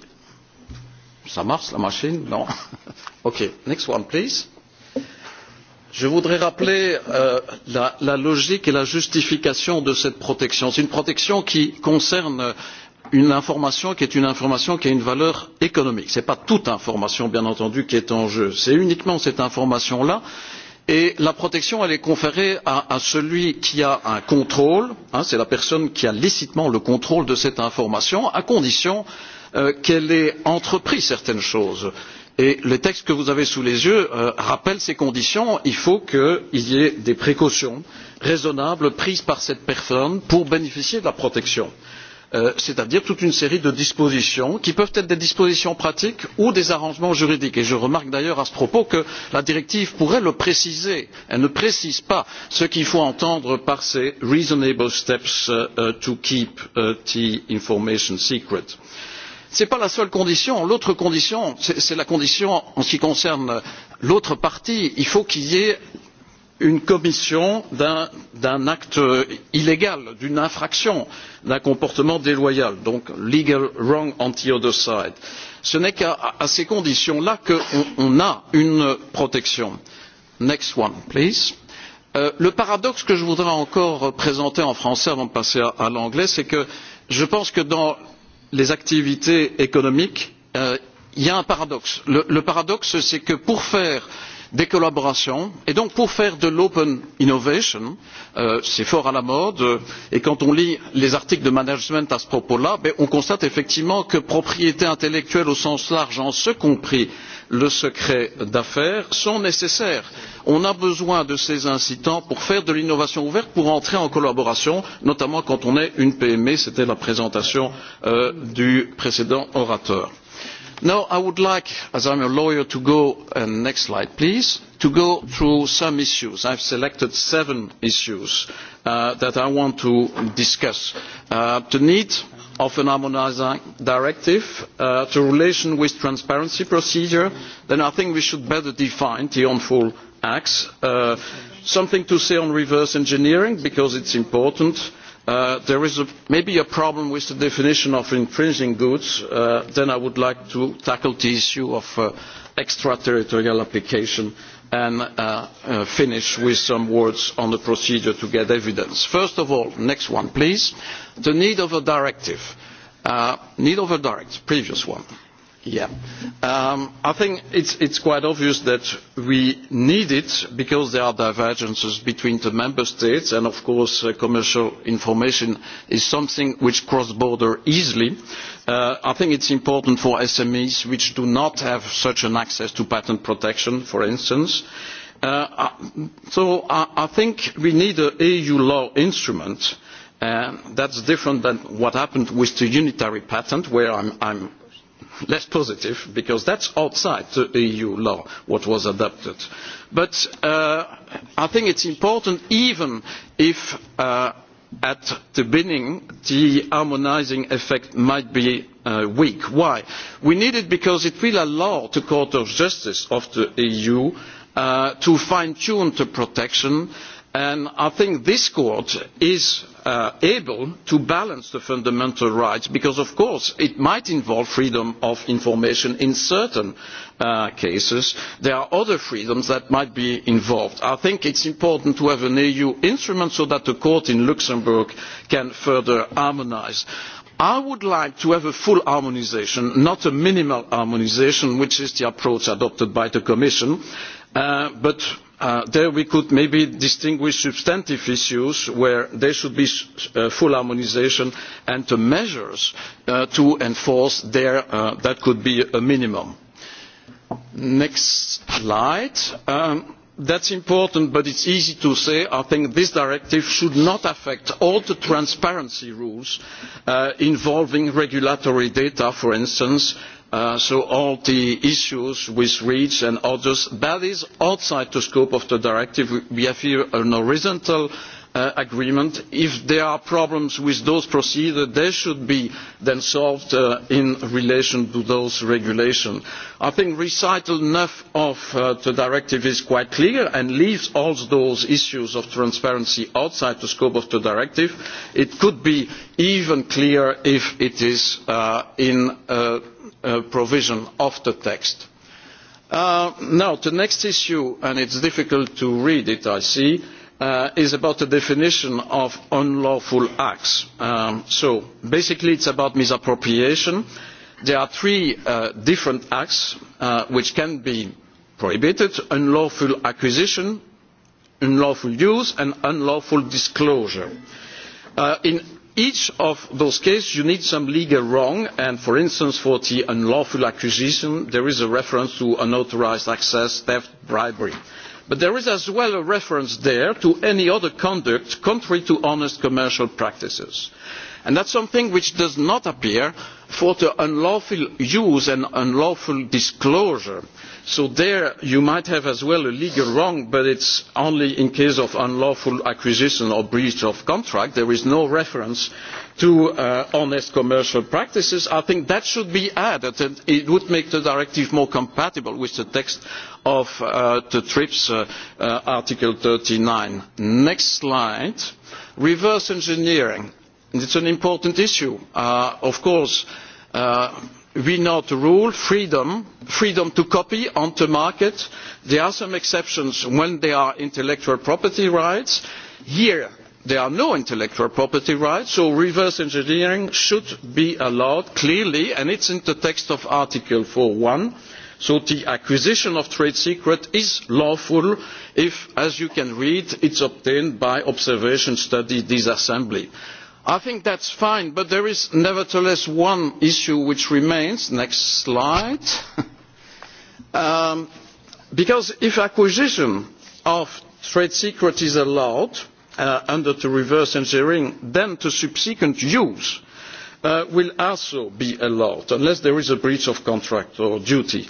ça marche la machine, non (laughs) Ok, next one please. Je voudrais rappeler euh, la, la logique et la justification de cette protection. C'est une protection qui concerne une information qui est une information qui a une valeur économique. ce n'est pas toute information bien entendu qui est en jeu c'est uniquement cette information là qui et la protection est conférée à, à celui qui a un contrôle c'est la personne qui a licitement le contrôle de cette information à condition euh, qu'elle ait entrepris certaines choses et le texte que vous avez sous les yeux euh, rappelle ces conditions il faut qu'il y ait des précautions raisonnables prises par cette personne pour bénéficier de la protection. Euh, c'est à dire toute une série de dispositions qui peuvent être des dispositions pratiques ou des arrangements juridiques et je remarque d'ailleurs à ce propos que la directive pourrait le préciser elle ne précise pas ce qu'il faut entendre par ces reasonable steps euh, euh, to keep the information secret. ce n'est pas la seule condition l'autre condition c'est la condition en ce qui concerne l'autre partie il faut qu'il y ait une commission d'un un acte illégal d'une infraction d'un comportement déloyal donc legal wrong on the other side. ce n'est qu'à ces conditions là qu'on a une protection. next one please. Euh, le paradoxe que je voudrais encore présenter en français avant de passer à, à l'anglais c'est que je pense que dans les activités économiques euh, il euh, y a un paradoxe. le, le paradoxe c'est que pour faire euh, des collaborations et donc pour faire de l'open innovation euh, c'est fort à la mode euh, et quand on lit les articles de management à ce propos là ben, on constate effectivement que propriété intellectuelle au sens large en ce compris le secret d'affaires sont nécessaires. on a besoin de ces incitants pour faire de l'innovation ouverte pour entrer en collaboration notamment quand on est une pme c'était la présentation euh, du précédent orateur now i would like as i am a lawyer to go uh, next slide please to go through some issues. i have selected seven issues uh, that i want to discuss uh, the need of an harmonising directive uh, the relation with transparency procedure then i think we should better define the harmful acts uh, something to say on reverse engineering because it is important Uh, there is a, maybe a problem with the definition of infringing goods. Uh, then I would like to tackle the issue of uh, extraterritorial application and uh, uh, finish with some words on the procedure to get evidence. First of all, next one please, the need of a directive. Uh, need of a direct, previous one. Uh, Yeah. Um, I think it's, it's quite obvious that we need it because there are divergences between the member states and of course uh, commercial information is something which cross border easily. Uh, I think it's important for SMEs which do not have such an access to patent protection, for instance. Uh, so I, I think we need an EU law instrument uh, that's different than what happened with the unitary patent where I'm, I'm less positive because that's outside the EU law what was adopted. But uh, I think it's important even if uh, at the beginning the harmonising effect might be uh, weak. Why? We need it because it will allow the Court of Justice of the EU uh, to fine-tune the protection uh, And I think this court is uh, able to balance the fundamental rights because, of course, it might involve freedom of information in certain uh, cases. There are other freedoms that might be involved. I think it's important to have an EU instrument so that the court in Luxembourg can further harmonize. I would like to have a full harmonisation, not a minimal harmonisation, which is the approach adopted by the Commission, uh, but Uh, there we could maybe distinguish substantive issues where there should be uh, full harmonisation and the measures uh, to enforce there uh, that could be a minimum. next slide. Um, that is important but it is easy to say i think this directive should not affect all the transparency rules uh, involving regulatory data for instance Uh, so all the issues with REACH and others, that is outside the scope of the directive. We have here an horizontal uh, agreement. If there are problems with those procedures, they should be then solved uh, in relation to those regulations. I think recital 9 of uh, the directive is quite clear and leaves all those issues of transparency outside the scope of the directive. It could be even clearer if it is uh, in uh, uh, provision of the text. Uh, now, the next issue, and it's difficult to read it, I see, uh, is about the definition of unlawful acts. Um, so, basically, it's about misappropriation. There are three uh, different acts uh, which can be prohibited, unlawful acquisition, unlawful use, and unlawful disclosure. Uh, in each of those cases you need some legal wrong and for instance for the unlawful accusation there is a reference to unauthorised access theft bribery but there is as well a reference there to any other conduct contrary to honest commercial practices and that is something which does not appear for the unlawful use and unlawful disclosure. So there you might have as well a legal wrong, but it's only in case of unlawful acquisition or breach of contract. There is no reference to uh, honest commercial practices. I think that should be added, and it would make the directive more compatible with the text of uh, the TRIPS uh, uh, Article 39. Next slide. Reverse engineering It's an important issue. Uh, of course, uh, we know the rule, freedom, freedom to copy on the market. There are some exceptions when there are intellectual property rights. Here, there are no intellectual property rights, so reverse engineering should be allowed clearly, and it's in the text of Article 4.1. So the acquisition of trade secret is lawful if, as you can read, it's obtained by observation, study, disassembly. Uh, i think that is fine but there is nevertheless one issue which remains next slide (laughs) um, because if acquisition of trade secrets is allowed uh, under the reverse engineering then the subsequent use uh, will also be allowed unless there is a breach of contract or duty.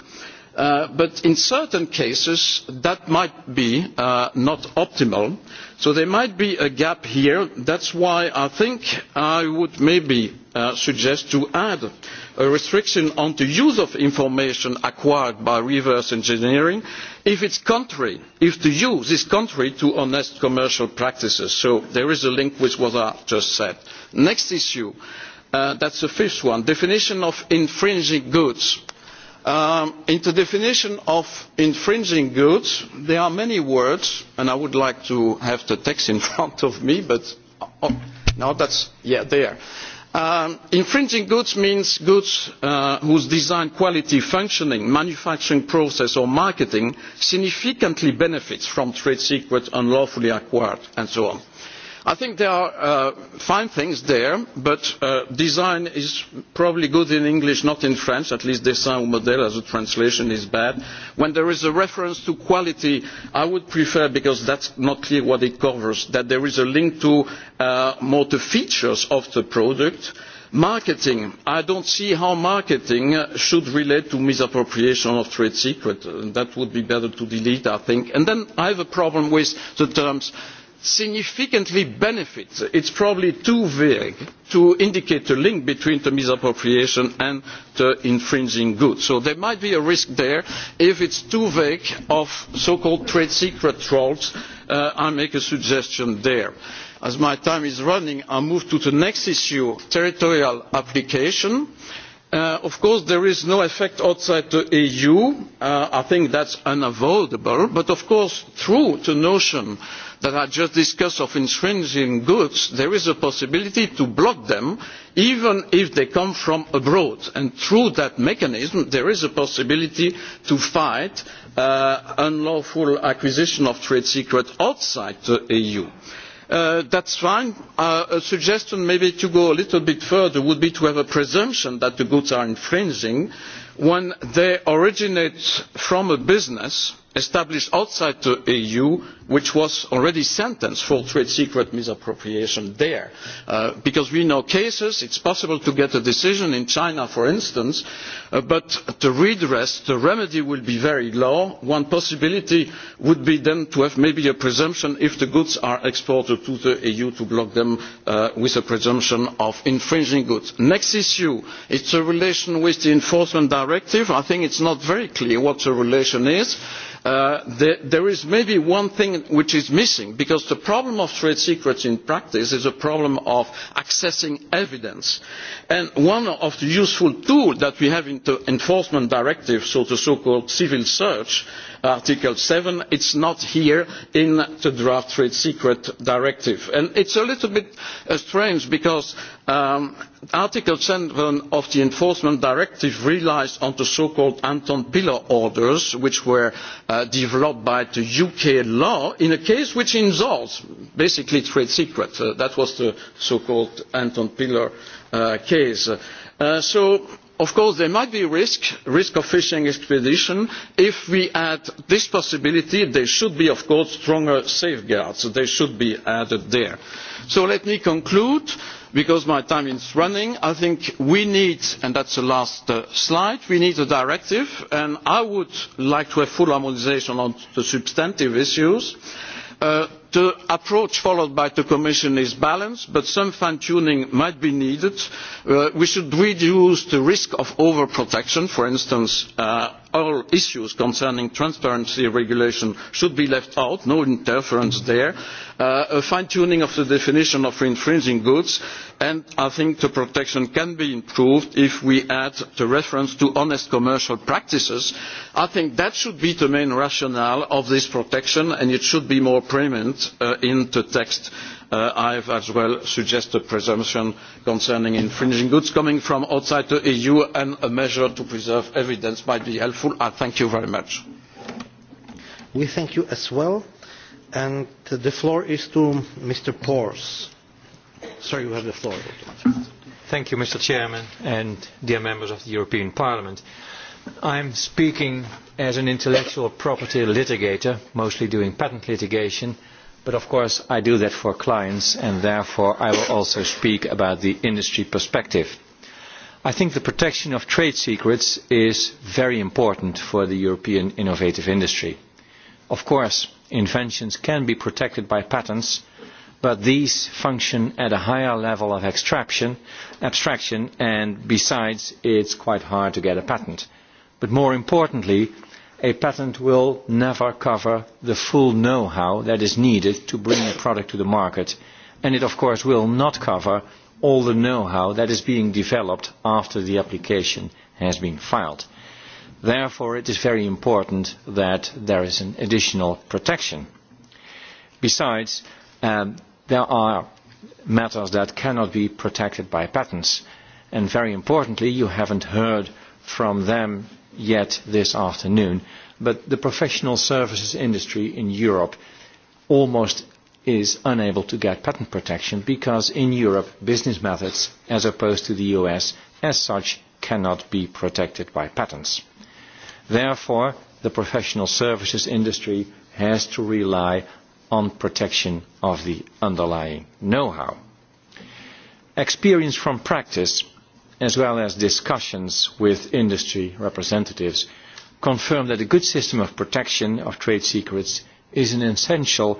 Uh, but in certain cases that might be uh, not optimal so there might be a gap here that is why i think i would maybe uh, suggest to add a restriction on the use of information acquired by reverse engineering if, contrary, if the use is contrary to honest commercial practices so there is a link with what i just said. the next issue uh, that is the fifth one the definition of infringing goods' Um, in the definition of infringing goods there are many words and i would like to have the text in (laughs) front of me but oh, no that's yeah there um, infringing goods means goods uh, whose design quality functioning manufacturing process or marketing significantly benefits from trade secrets unlawfully acquired and so on I think there are uh, fine things there, but uh, design is probably good in English, not in French. At least dessin ou modèle as a translation is bad. When there is a reference to quality, I would prefer, because that's not clear what it covers, that there is a link to uh, more the features of the product marketing i do not see how marketing should relate to misappropriation of trade secrets uh, that would be better to delete i think. and then i have a problem with the terms significantly benefits it is probably too vague to indicate a link between the misappropriation and the infringing goods so there might be a risk there if it is too vague of so called trade secret trawls. Uh, i make a suggestion there. as my time is running i move to the next issue territorial application. Uh, of course there is no effect outside the eu uh, i think that is unavoidable but of course through the notion that are just discussed of infringing goods there is a possibility to block them even if they come from abroad and through that mechanism there is a possibility to fight uh, unlawful acquisition of trade secrets outside the eu. Uh, that is fine. Uh, a suggestion maybe to go a little bit further would be to have a presumption that the goods are infringing when they originate from a business established outside the eu which was already sentenced for trade secret misappropriation there uh, because we know cases it is possible to get a decision in china for instance uh, but the redress the remedy will be very low. one possibility would be then to have maybe a presumption if the goods are exported to the eu to block them uh, with a presumption of infringing goods. the next issue is the relation with the enforcement directive. i think it is not very clear what the relation is Uh, the, there is maybe one thing which is missing because the problem of trade secrets in practice is a problem of accessing evidence and one of the useful tools that we have in the enforcement directive so the so called civil search article seven is not here in the draft trade secret directive and it is a little bit uh, strange because Um, article seven of the enforcement directive relies on the so called anton pillar orders which were uh, developed by the uk law in a case which involves basically trade secrets uh, that was the so called anton pillar uh, case. Uh, so of course there might be a risk a risk of fishing expeditions. if we add this possibility there should be of course stronger safeguards so they should be added there. so let me conclude because my time is running. i think we need and that is the last uh, slide a directive and i would like to have full harmonisation on the substantive issues. Uh, the approach followed by the commission is balanced but some fine tuning might be needed. Uh, we should reduce the risk of over protection for instance uh, all issues concerning transparency regulation should be left out no interference there uh, a fine tuning of the definition of infringing goods and i think the protection can be improved if we add the reference to honest commercial practices. i think that should be the main rationale of this protection and it should be more prominent uh, in the text uh, I have as well suggested presumption concerning infringing goods coming from outside the EU and a measure to preserve evidence might be helpful. I thank you very much. We thank you as well. And the floor is to Mr. Pors. Sir, you have the floor. Thank you, Mr. Chairman and dear members of the European Parliament. I am speaking as an intellectual property litigator, mostly doing patent litigation, But of course, I do that for clients, and therefore I will also speak about the industry perspective. I think the protection of trade secrets is very important for the European innovative industry. Of course, inventions can be protected by patents, but these function at a higher level of abstraction, abstraction and besides, it's quite hard to get a patent. But more importantly, a patent will never cover the full know-how that is needed to bring a product to the market. And it, of course, will not cover all the know-how that is being developed after the application has been filed. Therefore, it is very important that there is an additional protection. Besides, um, there are matters that cannot be protected by patents. And very importantly, you haven't heard from them yet this afternoon, but the professional services industry in Europe almost is unable to get patent protection because in Europe business methods, as opposed to the US, as such cannot be protected by patents. Therefore, the professional services industry has to rely on protection of the underlying know-how. Experience from practice as well as discussions with industry representatives, confirm that a good system of protection of trade secrets is an essential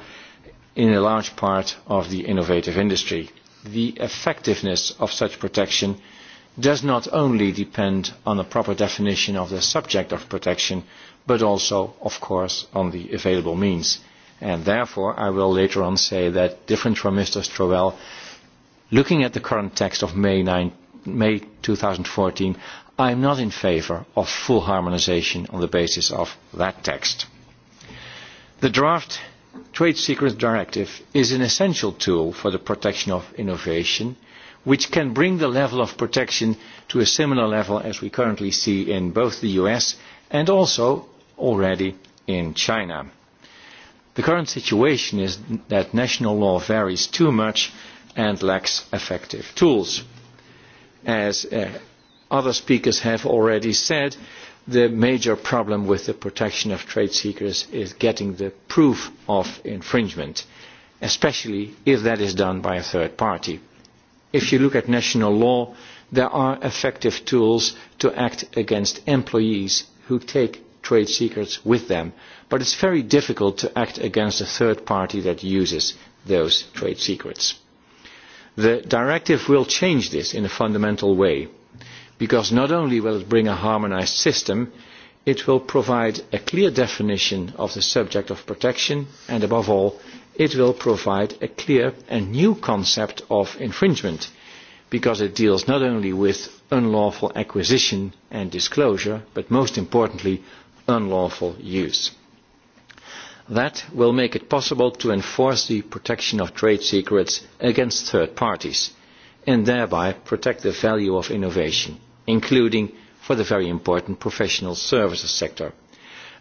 in a large part of the innovative industry. The effectiveness of such protection does not only depend on a proper definition of the subject of protection, but also, of course, on the available means. And therefore, I will later on say that, different from Mr. Strowell, looking at the current text of May 9, May 2014, I am not in favour of full harmonisation on the basis of that text. The draft Trade Secrets Directive is an essential tool for the protection of innovation, which can bring the level of protection to a similar level as we currently see in both the US and also already in China. The current situation is that national law varies too much and lacks effective tools as uh, other speakers have already said, the major problem with the protection of trade seekers is getting the proof of infringement, especially if that is done by a third party. If you look at national law, there are effective tools to act against employees who take trade secrets with them, but it's very difficult to act against a third party that uses those trade secrets. The directive will change this in a fundamental way because not only will it bring a harmonized system, it will provide a clear definition of the subject of protection and above all, it will provide a clear and new concept of infringement because it deals not only with unlawful acquisition and disclosure, but most importantly, unlawful use that will make it possible to enforce the protection of trade secrets against third parties and thereby protect the value of innovation, including for the very important professional services sector.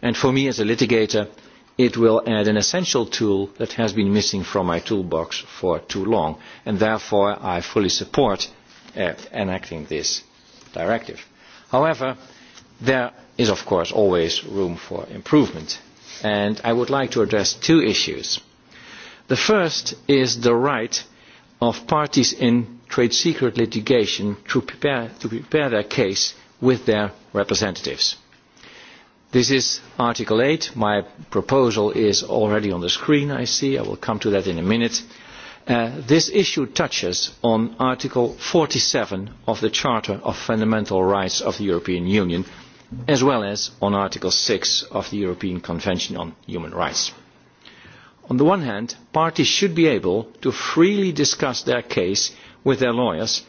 And for me as a litigator, it will add an essential tool that has been missing from my toolbox for too long, and therefore I fully support uh, enacting this directive. However, there is of course always room for improvement and I would like to address two issues. The first is the right of parties in trade secret litigation to prepare, to prepare their case with their representatives. This is Article 8. My proposal is already on the screen, I see. I will come to that in a minute. Uh, this issue touches on Article 47 of the Charter of Fundamental Rights of the European Union, as well as on Article 6 of the European Convention on Human Rights. On the one hand, parties should be able to freely discuss their case with their lawyers,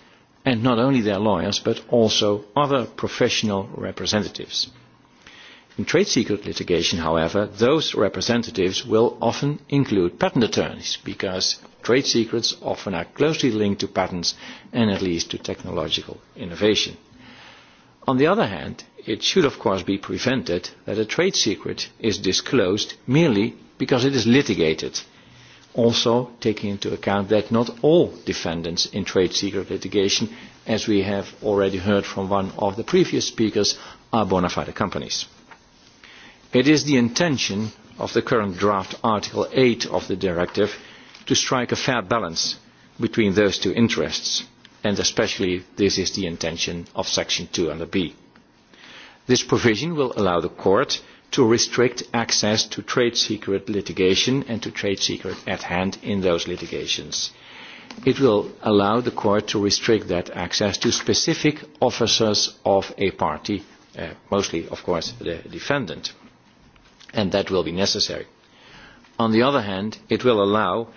and not only their lawyers, but also other professional representatives. In trade secret litigation, however, those representatives will often include patent attorneys because trade secrets often are closely linked to patents and at least to technological innovation. On the other hand, it should of course be prevented that a trade secret is disclosed merely because it is litigated. Also taking into account that not all defendants in trade secret litigation, as we have already heard from one of the previous speakers, are bona fide companies. It is the intention of the current draft Article 8 of the directive to strike a fair balance between those two interests, and especially this is the intention of Section 200B. This provision will allow the court to restrict access to trade secret litigation and to trade secret at hand in those litigations. It will allow the court to restrict that access to specific officers of a party, uh, mostly, of course, the defendant. And that will be necessary. On the other hand, it will allow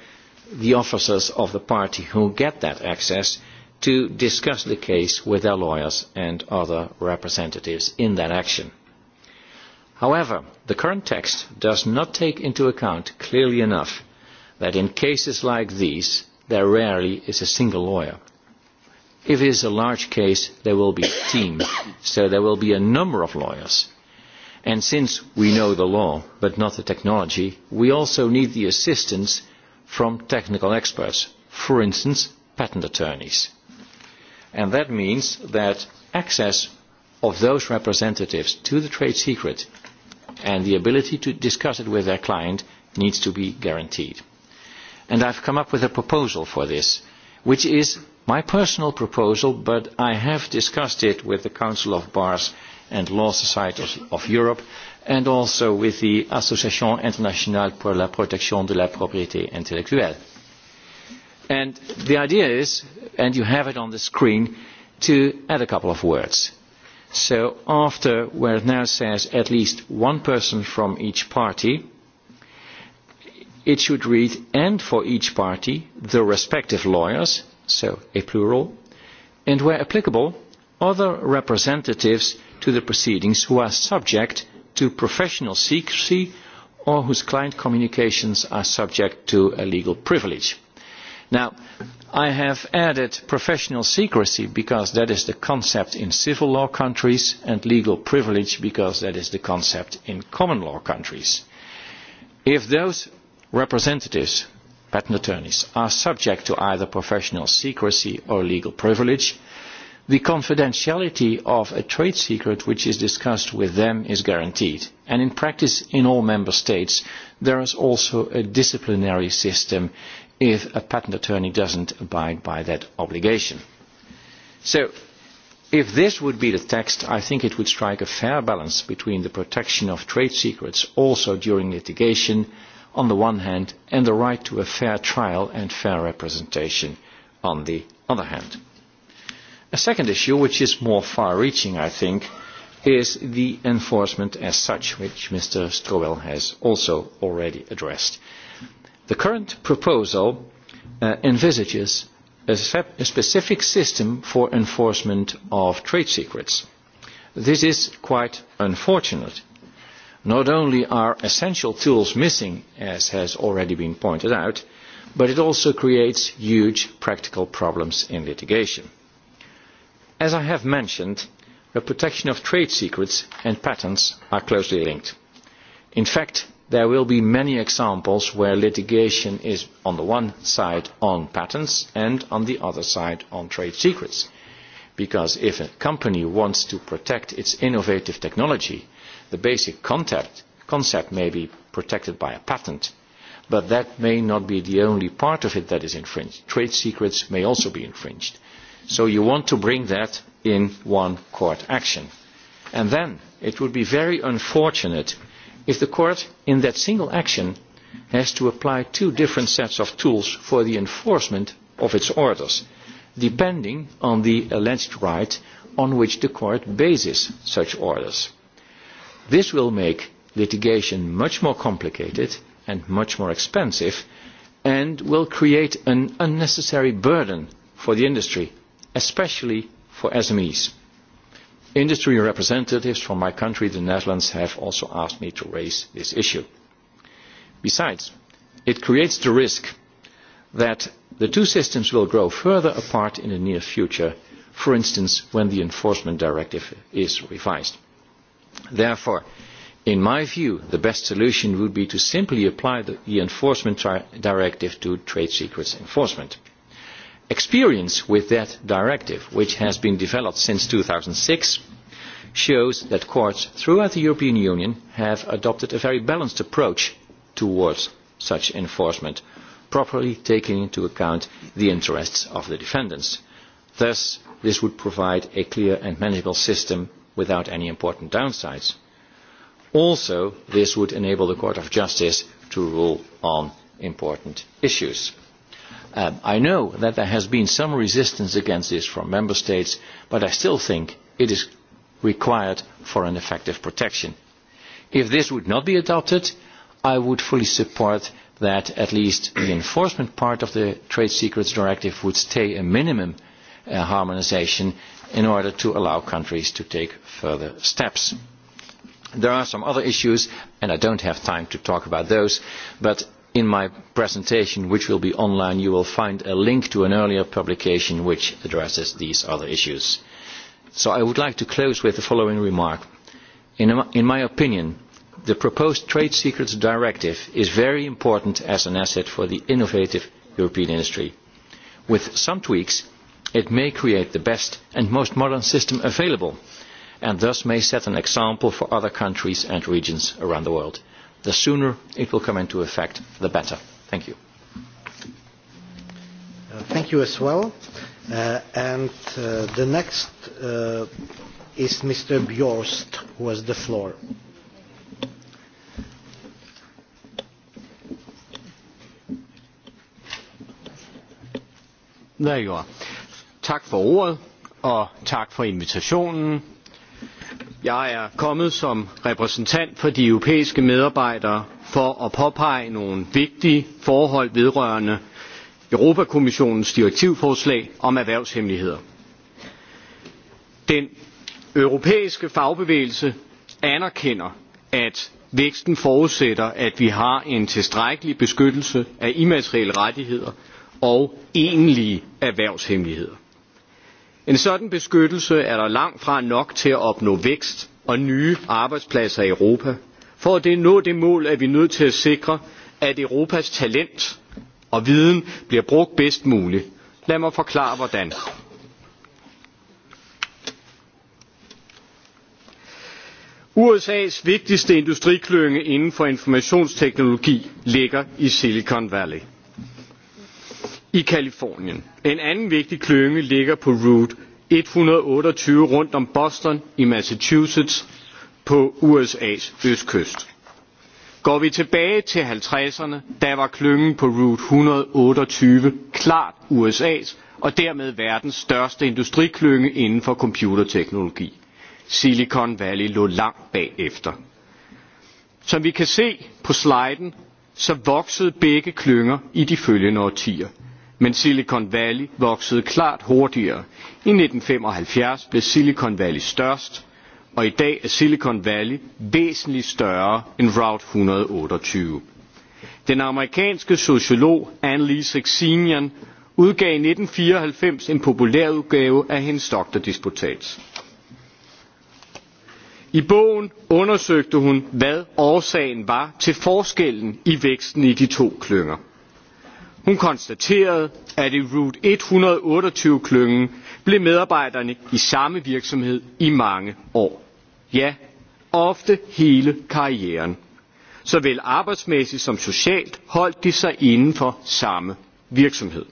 the officers of the party who get that access to discuss the case with their lawyers and other representatives in that action. However, the current text does not take into account clearly enough that in cases like these, there rarely is a single lawyer. If it is a large case, there will be a (coughs) team, so there will be a number of lawyers. And since we know the law, but not the technology, we also need the assistance from technical experts, for instance, patent attorneys and that means that access of those representatives to the trade secret and the ability to discuss it with their client needs to be guaranteed. And I've come up with a proposal for this, which is my personal proposal, but I have discussed it with the Council of Bars and Law Societies of Europe, and also with the Association Internationale pour la Protection de la Propriété Intellectuelle And the idea is, and you have it on the screen, to add a couple of words. So after where it now says at least one person from each party, it should read and for each party the respective lawyers, so a plural, and where applicable, other representatives to the proceedings who are subject to professional secrecy or whose client communications are subject to a legal privilege. Now, I have added professional secrecy because that is the concept in civil law countries and legal privilege because that is the concept in common law countries. If those representatives, patent attorneys, are subject to either professional secrecy or legal privilege, the confidentiality of a trade secret which is discussed with them is guaranteed. And in practice, in all member states, there is also a disciplinary system if a patent attorney doesn't abide by that obligation. So, if this would be the text, I think it would strike a fair balance between the protection of trade secrets also during litigation on the one hand and the right to a fair trial and fair representation on the other hand. A second issue, which is more far-reaching, I think, is the enforcement as such, which Mr. Strobel has also already addressed. Uh, The current proposal uh, envisages a, a specific system for enforcement of trade secrets. This is quite unfortunate. Not only are essential tools missing, as has already been pointed out, but it also creates huge practical problems in litigation. As I have mentioned, the protection of trade secrets and patents are closely linked. In fact, there will be many examples where litigation is on the one side on patents and on the other side on trade secrets. Because if a company wants to protect its innovative technology, the basic concept, concept may be protected by a patent, but that may not be the only part of it that is infringed. Trade secrets may also be infringed. So you want to bring that in one court action. And then it would be very unfortunate if if the court in that single action has to apply two different sets of tools for the enforcement of its orders, depending on the alleged right on which the court bases such orders. This will make litigation much more complicated and much more expensive and will create an unnecessary burden for the industry, especially for SMEs. Industry representatives from my country, the Netherlands, have also asked me to raise this issue. Besides, it creates the risk that the two systems will grow further apart in the near future, for instance, when the enforcement directive is revised. Therefore, in my view, the best solution would be to simply apply the, the enforcement directive to trade secrets enforcement. Uh, experience with that directive, which has been developed since 2006, shows that courts throughout the European Union have adopted a very balanced approach towards such enforcement, properly taking into account the interests of the defendants. Thus, this would provide a clear and manageable system without any important downsides. Also, this would enable the Court of Justice to rule on important issues. Um, I know that there has been some resistance against this from member states, but I still think it is required for an effective protection. If this would not be adopted, I would fully support that at least the (clears throat) enforcement part of the Trade Secrets Directive would stay a minimum uh, harmonization in order to allow countries to take further steps. There are some other issues, and I don't have time to talk about those, but in my presentation, which will be online, you will find a link to an earlier publication which addresses these other issues. So I would like to close with the following remark. In, in my opinion, the proposed Trade Secrets Directive is very important as an asset for the innovative European industry. With some tweaks, it may create the best and most modern system available and thus may set an example for other countries and regions around the world the sooner it will come into effect, the better. Thank you. Uh, thank you as well. Uh, and uh, the next uh, is Mr. Bjorst, who has the floor. There you are. Tak for ordet, og tak for invitationen. Jeg er kommet som repræsentant for de europæiske medarbejdere for at påpege nogle vigtige forhold vedrørende Europa Kommissionens direktivforslag om erhvervshemmeligheder. Den europæiske fagbevægelse anerkender, at væksten forudsætter, at vi har en tilstrækkelig beskyttelse af immaterielle rettigheder og egentlige erhvervshemmeligheder en sådan beskyttelse er der langt fra nok til at opnå vækst og nye arbejdspladser i europa for at nå det mål er vi nødt til at sikre at europas talent og viden bliver brugt bedst muligt lad mig forklare hvordan usas vigtigste industriklynge inden for informationsteknologi ligger i silicon valley i Kalifornien. En anden vigtig klynge ligger på Route 128 rundt om Boston i Massachusetts på USA's østkyst. Går vi tilbage til 50'erne, der var klyngen på Route 128 klart USA's og dermed verdens største industriklynge inden for computerteknologi. Silicon Valley lå langt bagefter. Som vi kan se på sliden, så voksede begge klynger i de følgende årtier – men Silicon Valley voksede klart hurtigere. I 1975 blev Silicon Valley størst, og i dag er Silicon Valley væsentligt større end Route 128. Den amerikanske sociolog Annalise Xenian udgav i 1994 en populærudgave af hendes doktordisputats. I bogen undersøgte hun, hvad årsagen var til forskellen i væksten i de to klynger. Hun konstaterede, at i Route 128 klyngen blev medarbejderne i samme virksomhed i mange år. Ja, ofte hele karrieren. Såvel arbejdsmæssigt som socialt holdt de sig inden for samme virksomhed.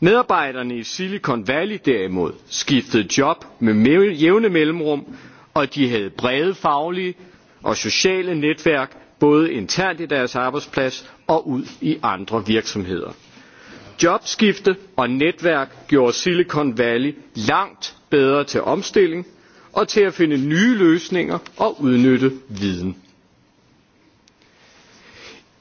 Medarbejderne i Silicon Valley derimod skiftede job med jævne mellemrum, og de havde brede faglige og sociale netværk både internt i deres arbejdsplads og ud i andre virksomheder. Jobskifte og netværk gjorde Silicon Valley langt bedre til omstilling og til at finde nye løsninger og udnytte viden.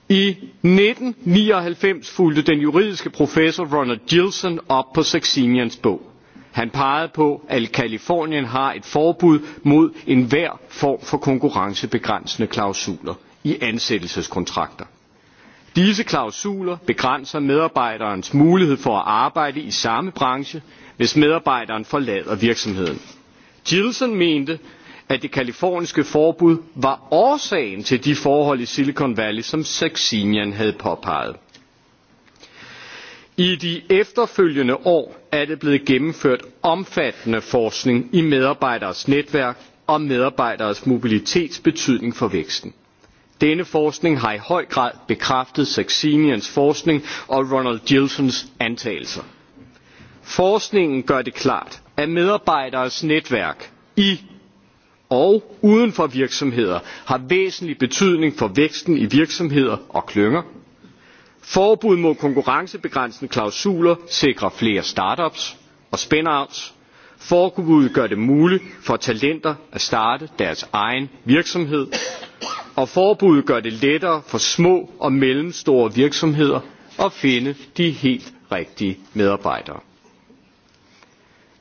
I 1999 fulgte den juridiske professor Ronald Gilson op på Saxenians bog. Han pegede på, at Kalifornien har et forbud mod enhver form for konkurrencebegrænsende klausuler i ansættelseskontrakter disse klausuler begrænser medarbejderens mulighed for at arbejde i samme branche hvis medarbejderen forlader virksomheden gilson mente at det californiske forbud var årsagen til de forhold i silicon valley som saxenian havde påpeget i de efterfølgende år er der blevet gennemført omfattende forskning i medarbejderes netværk og medarbejderes mobilitets betydning for væksten Denne forskning har i høj grad bekræftet Saxenians forskning og Ronald Gilsons antagelser. Forskningen gør det klart, at medarbejderes netværk i og uden for virksomheder har væsentlig betydning for væksten i virksomheder og klynger. Forbud mod konkurrencebegrænsende klausuler sikrer flere startups og spin-outs. Forbuddet gør det muligt for talenter at starte deres egen virksomhed og forbuddet gør det lettere for små og mellemstore virksomheder at finde de helt rigtige medarbejdere.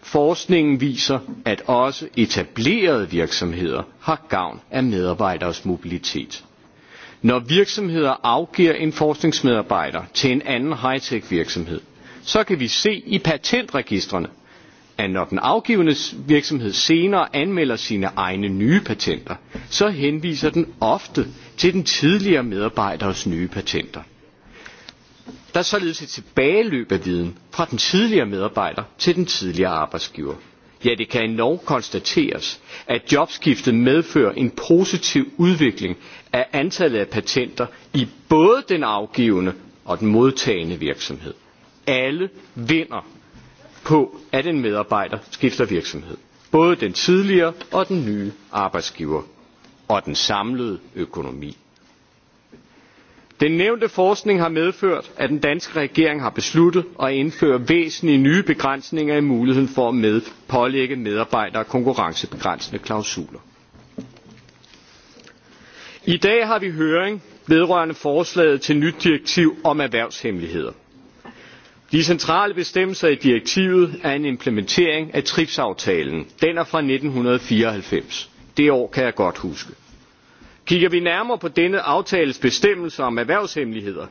Forskningen viser, at også etablerede virksomheder har gavn af medarbejderes mobilitet. Når virksomheder afgiver en forskningsmedarbejder til en anden high-tech virksomhed, så kan vi se i patentregistrene, at når den afgivende virksomhed senere anmelder sine egne nye patenter, så henviser den ofte til den tidligere medarbejderes nye patenter. Der er således et tilbageløb af viden fra den tidligere medarbejder til den tidligere arbejdsgiver. Ja, det kan endnu konstateres, at jobskiftet medfører en positiv udvikling af antallet af patenter i både den afgivende og den modtagende virksomhed. Alle vinder på, at en medarbejder skifter virksomhed. Både den tidligere og den nye arbejdsgiver og den samlede økonomi. Den nævnte forskning har medført, at den danske regering har besluttet at indføre væsentlige nye begrænsninger i muligheden for at med, pålægge medarbejdere konkurrencebegrænsende klausuler. I dag har vi høring vedrørende forslaget til nyt direktiv om erhvervshemmeligheder de centrale bestemmelser i direktivet er en implementering af trips aftalen den er fra nitten fire og halvfems det år kan jeg godt huske kigger vi nærmere på denne aftales bestemmelser om erhvervshemmeligheder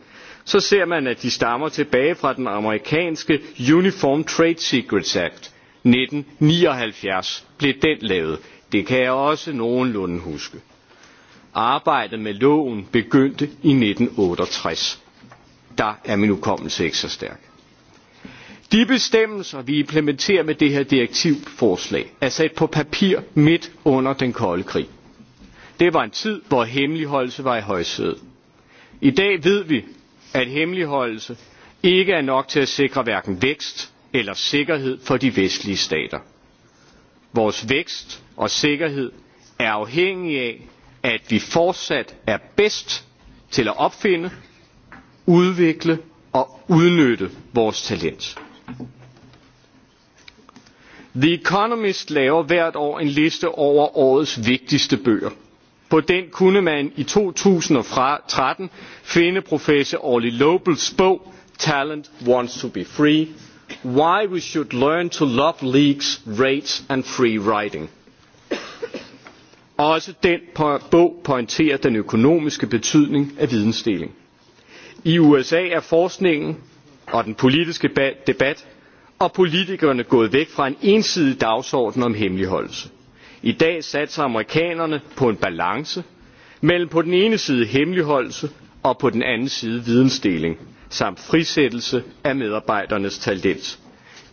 så ser man at de stammer tilbage fra den amerikanske uniform trade secrets act nitten ni og halvfjerds blev den lavet det kan jeg også nogenlunde huske arbejdet med loven begyndte i nitten otte og tres der er min hukommelse ikke så stærk de bestemmelser vi implementerer med det her direktivforslag er sat på papir midt under den kolde krig det var en tid hvor hemmeligholdelse var i højsædet i dag ved vi at hemmeligholdelse ikke er nok til at sikre hverken vækst eller sikkerhed for de vestlige stater vores vækst og sikkerhed er afhængig af at vi fortsat er bedst til at opfinde udvikle og udnytte vores talent The Economist laver hvert år en liste over årets vigtigste bøger. På den kunne man i 2013 finde professor Orly Lobels bog Talent Wants to be Free, Why We Should Learn to Love Leaks, Rates and Free Writing. Også den bog pointerer den økonomiske betydning af vidensdeling. I USA er forskningen og den politiske debat og politikerne gået væk fra en ensidig dagsorden om hemmeligholdelse. I dag satser amerikanerne på en balance mellem på den ene side hemmeligholdelse og på den anden side vidensdeling samt frisættelse af medarbejdernes talent.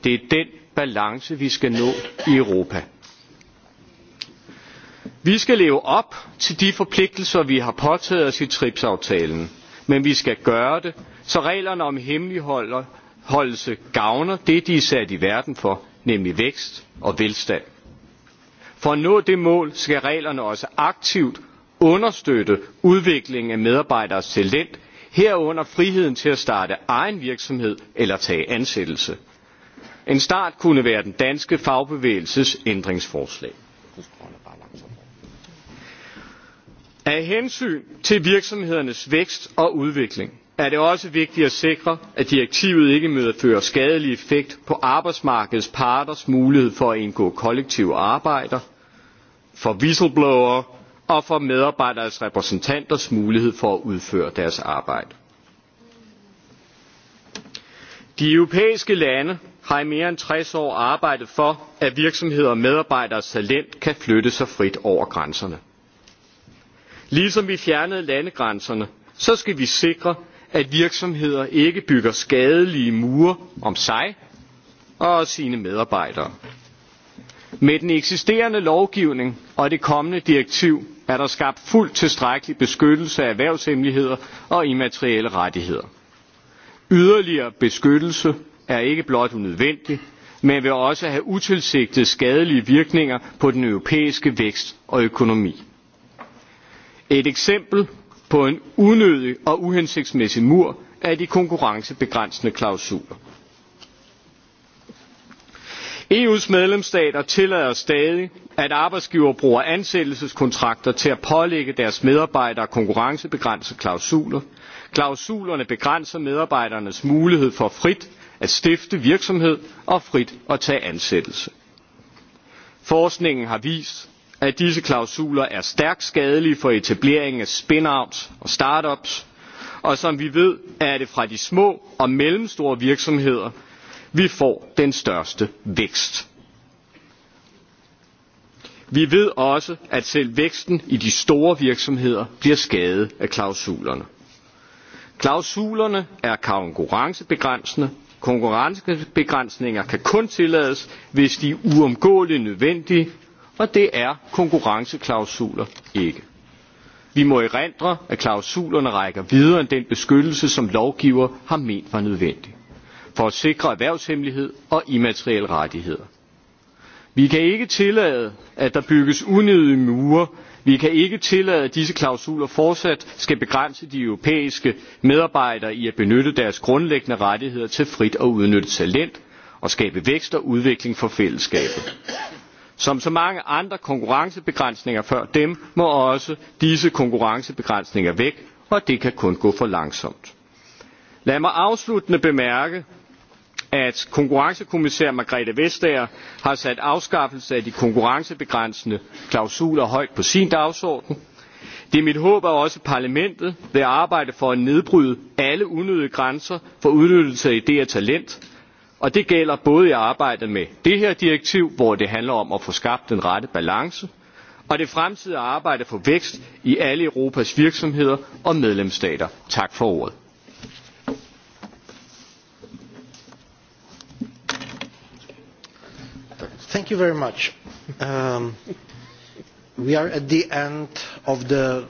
Det er den balance, vi skal nå i Europa. Vi skal leve op til de forpligtelser, vi har påtaget os i TRIPS-aftalen, men vi skal gøre det så reglerne om hemmeligholdelse gavner det de er sat i verden for nemlig vækst og velstand. for at nå det mål skal reglerne også aktivt understøtte udviklingen af medarbejderes talent herunder friheden til at starte egen virksomhed eller tage ansættelse. en start kunne være den danske fagbevægelses ændringsforslag. af hensyn til virksomhedernes vækst og udvikling er det også vigtigt at sikre at direktivet ikke medfører skadelig effekt på arbejdsmarkedets parters mulighed for at indgå kollektive arbejder for whistleblowere og for medarbejderes repræsentanters mulighed for at udføre deres arbejde. De europæiske lande har i mere end 60 år arbejdet for, at virksomheder og medarbejderes talent kan flytte sig frit over grænserne. Ligesom vi fjernede landegrænserne, så skal vi sikre, at virksomheder ikke bygger skadelige mure om sig og sine medarbejdere. Med den eksisterende lovgivning og det kommende direktiv er der skabt fuldt tilstrækkelig beskyttelse af erhvervshemmeligheder og immaterielle rettigheder. Yderligere beskyttelse er ikke blot unødvendig, men vil også have utilsigtede skadelige virkninger på den europæiske vækst og økonomi. Et eksempel på en unødig og uhensigtsmæssig mur af de konkurrencebegrænsende klausuler. EU's medlemsstater tillader stadig, at arbejdsgiver bruger ansættelseskontrakter til at pålægge deres medarbejdere konkurrencebegrænsende klausuler. Klausulerne begrænser medarbejdernes mulighed for frit at stifte virksomhed og frit at tage ansættelse. Forskningen har vist, at disse klausuler er stærkt skadelige for etableringen af spin outs og start ups og som vi ved er det fra de små og mellemstore virksomheder vi får den største vækst. Vi ved også, at selv væksten i de store virksomheder bliver skadet af klausulerne. Klausulerne er konkurrencebegrænsende. Konkurrencebegrænsninger kan kun tillades, hvis de er uomgåeligt nødvendige og det er konkurrenceklausuler ikke. Vi må erindre, at klausulerne rækker videre end den beskyttelse, som lovgiver har ment var nødvendig for at sikre erhvervshemmelighed og immaterielle rettigheder. Vi kan ikke tillade, at der bygges unødige mure. Vi kan ikke tillade, at disse klausuler fortsat skal begrænse de europæiske medarbejdere i at benytte deres grundlæggende rettigheder til frit at udnytte talent og skabe vækst og udvikling for fællesskabet som så mange andre konkurrencebegrænsninger før dem må også disse konkurrencebegrænsninger væk og det kan kun gå for langsomt. lad mig afsluttende bemærke at konkurrencekommissær margrethe vestager har sat afskaffelse af de konkurrencebegrænsende klausuler højt på sin dagsorden. det er mit håb at også parlamentet vil arbejde for at nedbryde alle unødige grænser for udnyttelse af idé og talent og det gælder både i arbejdet med det her direktiv hvor det handler om at få skabt den rette balance og det fremtidige arbejde for vækst i alle europas virksomheder og medlemsstater. tak for ordet. Thank you very much. Um, we are at the end of the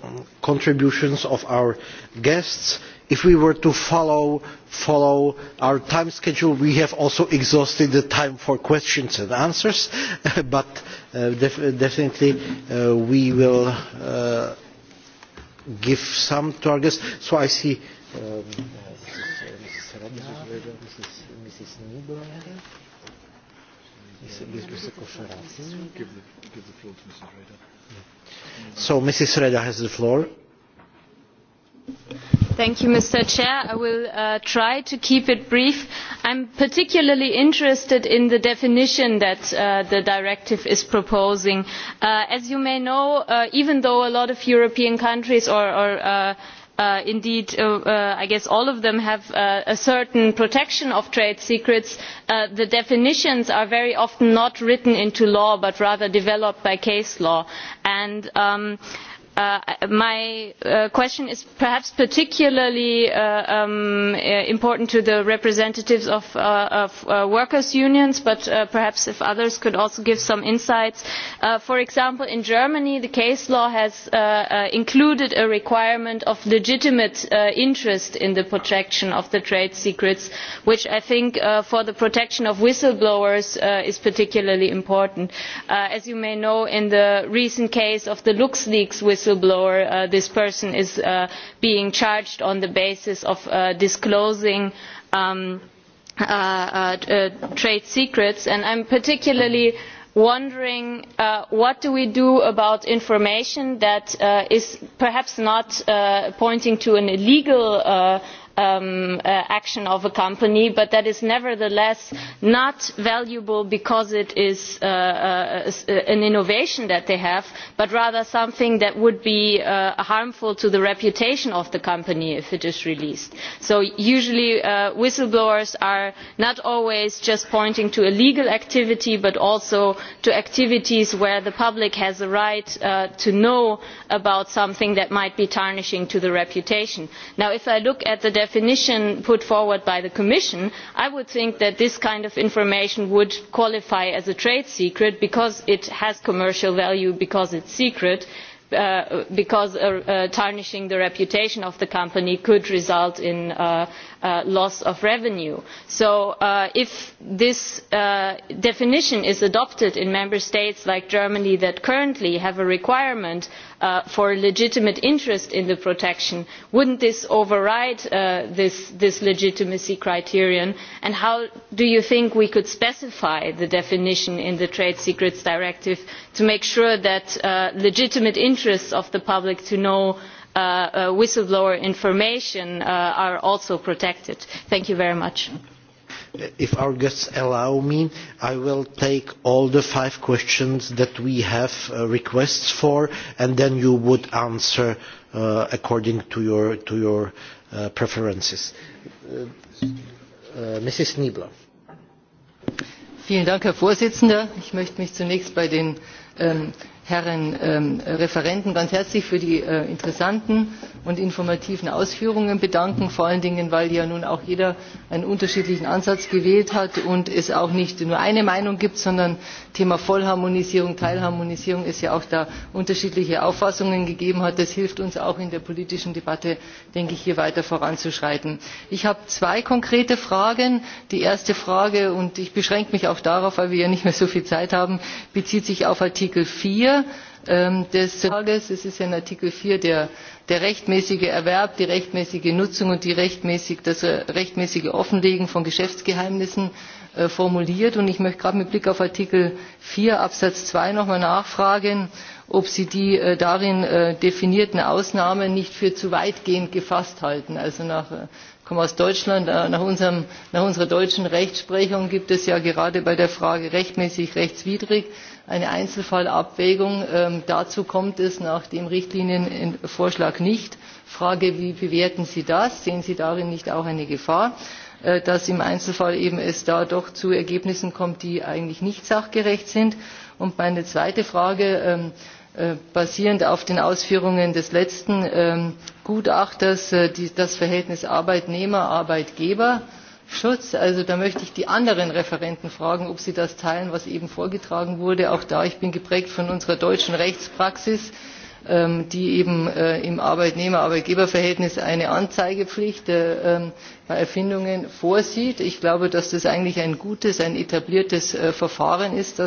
contributions of our guests if we were to follow, follow our time schedule, we have also exhausted the time for questions and answers, (laughs) but uh, def definitely uh, we will uh, give some to our guests. So I see um, uh, Mrs. Serena, Mrs. Mrs. Nibler, Mrs. Mrs. Give the, give the floor to Mrs. Reda. So Mrs. Reda has the floor. Thank you, Mr. Chair. I will uh, try to keep it brief. I'm particularly interested in the definition that uh, the directive is proposing. Uh, as you may know, uh, even though a lot of European countries or, or uh, Uh, indeed uh, uh, i guess all of them have uh, a certain protection of trade secrets uh, the definitions are very often not written into law but rather developed by case law and um, Uh, my uh, question is perhaps particularly uh, um, uh, important to the representatives of, uh, of uh, workers' unions but perhaps if others could also give some insights. for example in germany the case law has included a requirement of legitimate interest in the protection of the trade secrets which i think for the protection of whistle blowers is particularly important. as you may know in the recent case of the luxleaks whistleblower uh, this person is uh, being charged on the basis of uh, disclosing um, uh, uh, uh, trade secrets and I'm particularly wondering uh, what do we do about information that uh, is perhaps not uh, pointing to an illegal uh, um, uh, action of a company but that is nevertheless not valuable because it is uh, uh, uh, an innovation that they have but rather something that would be uh, harmful to the reputation of the company if it is released. so usually uh, whistleblowers are not always just pointing to illegal activity but also to activities where the public has a right uh, to know about something that might be tarnishing to the reputation. now if i look at the definition put forward by the commission i would think that this kind of information would qualify as a trade secret because it has commercial value because it is secret uh, because uh, uh, tarnishing the reputation of the company could result in uh, loss of revenue. so uh, if this uh, definition is adopted in member states like germany that currently have a requirement uh, for a legitimate interest in the protection would not this override uh, this, this legitimacy criterion and how do you think we could specify the definition in the trade secrets directive to make sure that uh, legitimate interests of the public to know uh, uh, whistleblower information uh, are also protected. Thank you very much. If our guests allow me, I will take all the five questions that we have uh, requests for, and then you would answer uh, according to your, to your uh, preferences. Uh, uh, Mrs. Niebler. Vielen Dank, Herr Vorsitzender. Ich möchte mich zunächst bei den ähm, herren ähm, referenten ganz herzlich für die äh, interessanten und informativen ausführungen bedanken vor allen dingen weil ja nun auch jeder einen unterschiedlichen ansatz gewählt hat und es auch nicht nur eine meinung gibt sondern zum thema vollharmonisierung teilharmonisierung es ja auch da unterschiedliche auffassungen gegeben hat. das hilft uns auch in der politischen debatte denke ich hier weiter voranzuschreiten. ich habe zwei konkrete fragen. die erste frage und ich beschränke mich auch darauf weil wir ja nicht mehr so viel zeit haben bezieht sich auf artikel vier vier ähm, des vertrages es ist ja in artikel vier der, der rechtmäßige erwerb die rechtmäßige nutzung und rechtmäßig, das äh, rechtmäßige offenlegen von geschäftsgeheimnissen äh, formuliert und ich möchte gerade mit blick auf artikel vier absatz zwei noch einmal nachfragen ob sie die äh, darin äh, definierten ausnahmen nicht für zu weitgehend gefasst halten. also nach, äh, ich komme aus deutschland äh, nach, unserem, nach unserer deutschen rechtsprechung gibt es ja gerade bei der frage rechtmäßig rechtswidrig eine einzelfallabwägung. Ähm, dazu kommt es nach dem richtlinienvorschlag nicht. frage wie bewerten sie das? sehen sie darin nicht auch eine gefahr äh, dass es im einzelfall eben da doch zu ergebnissen kommt die eigentlich nicht sachgerecht sind? und meine zweite frage ähm, äh, basierend auf den ausführungen des letzten ähm, gutachters äh, das verhältnis arbeitnehmer arbeitgeber schutz. also da möchte ich die anderen referenten fragen ob sie das teilen was eben vorgetragen wurde. auch da ich bin geprägt von unserer deutschen rechtspraxis ähm, die eben äh, im arbeitnehmer arbeitgeber verhältnis eine anzeigepflicht äh, ähm, bei erfindungen vorsieht. ich glaube dass das eigentlich ein gutes ein etabliertes äh, verfahren ist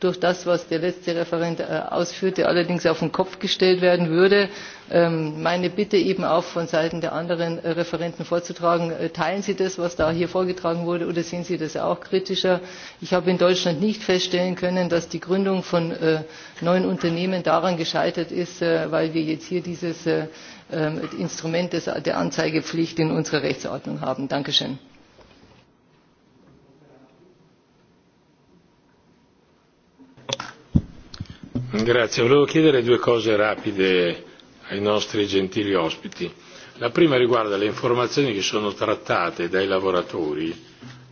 durch das, was der letzte Referent äh, ausführte, allerdings auf den Kopf gestellt werden würde. Ähm, meine Bitte eben auch von Seiten der anderen äh, Referenten vorzutragen, äh, teilen Sie das, was da hier vorgetragen wurde, oder sehen Sie das auch kritischer? Ich habe in Deutschland nicht feststellen können, dass die Gründung von neuen Unternehmen daran gescheitert ist, weil wir jetzt hier dieses ähm, Instrument der Anzeigepflicht in unserer Rechtsordnung haben. Dankeschön. Grazie, volevo chiedere due cose rapide ai nostri gentili ospiti. La prima riguarda le informazioni che sono trattate dai lavoratori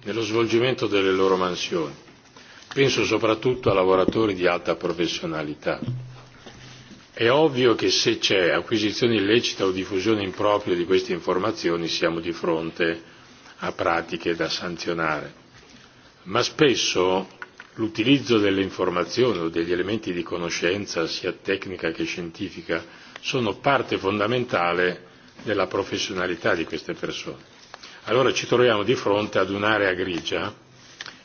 nello svolgimento delle loro mansioni. Penso soprattutto a lavoratori di alta professionalità. È ovvio che se c'è acquisizione illecita o diffusione impropria di queste informazioni siamo di fronte a pratiche da sanzionare, ma spesso l'utilizzo delle informazioni o degli elementi di conoscenza, sia tecnica che scientifica, sono parte fondamentale della professionalità di queste persone. Allora ci troviamo di fronte ad un'area grigia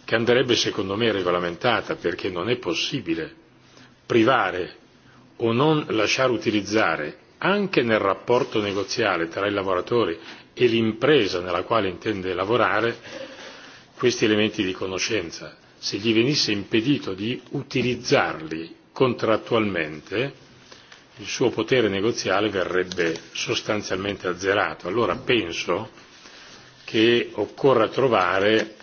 che andrebbe secondo me regolamentata perché non è possibile privare o non lasciare utilizzare anche nel rapporto negoziale tra i lavoratori e l'impresa nella quale intende lavorare questi elementi di conoscenza se gli venisse impedito di utilizzarli contrattualmente il suo potere negoziale verrebbe sostanzialmente azzerato. Allora penso che occorra trovare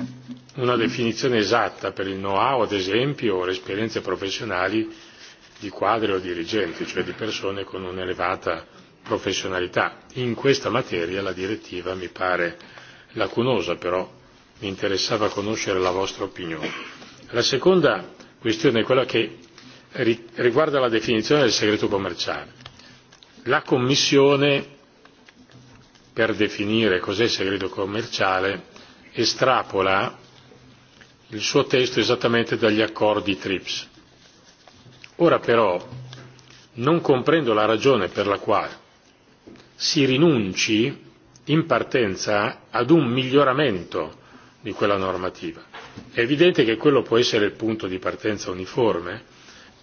una definizione esatta per il know-how, ad esempio, o le esperienze professionali di quadri o dirigenti, cioè di persone con un'elevata professionalità. In questa materia la direttiva mi pare lacunosa, però mi interessava conoscere la vostra opinione. La seconda questione è quella che riguarda la definizione del segreto commerciale. La Commissione, per definire cos'è segreto commerciale, estrapola il suo testo esattamente dagli accordi TRIPS. Ora però non comprendo la ragione per la quale si rinunci in partenza ad un miglioramento di quella normativa. È evidente che quello può essere il punto di partenza uniforme,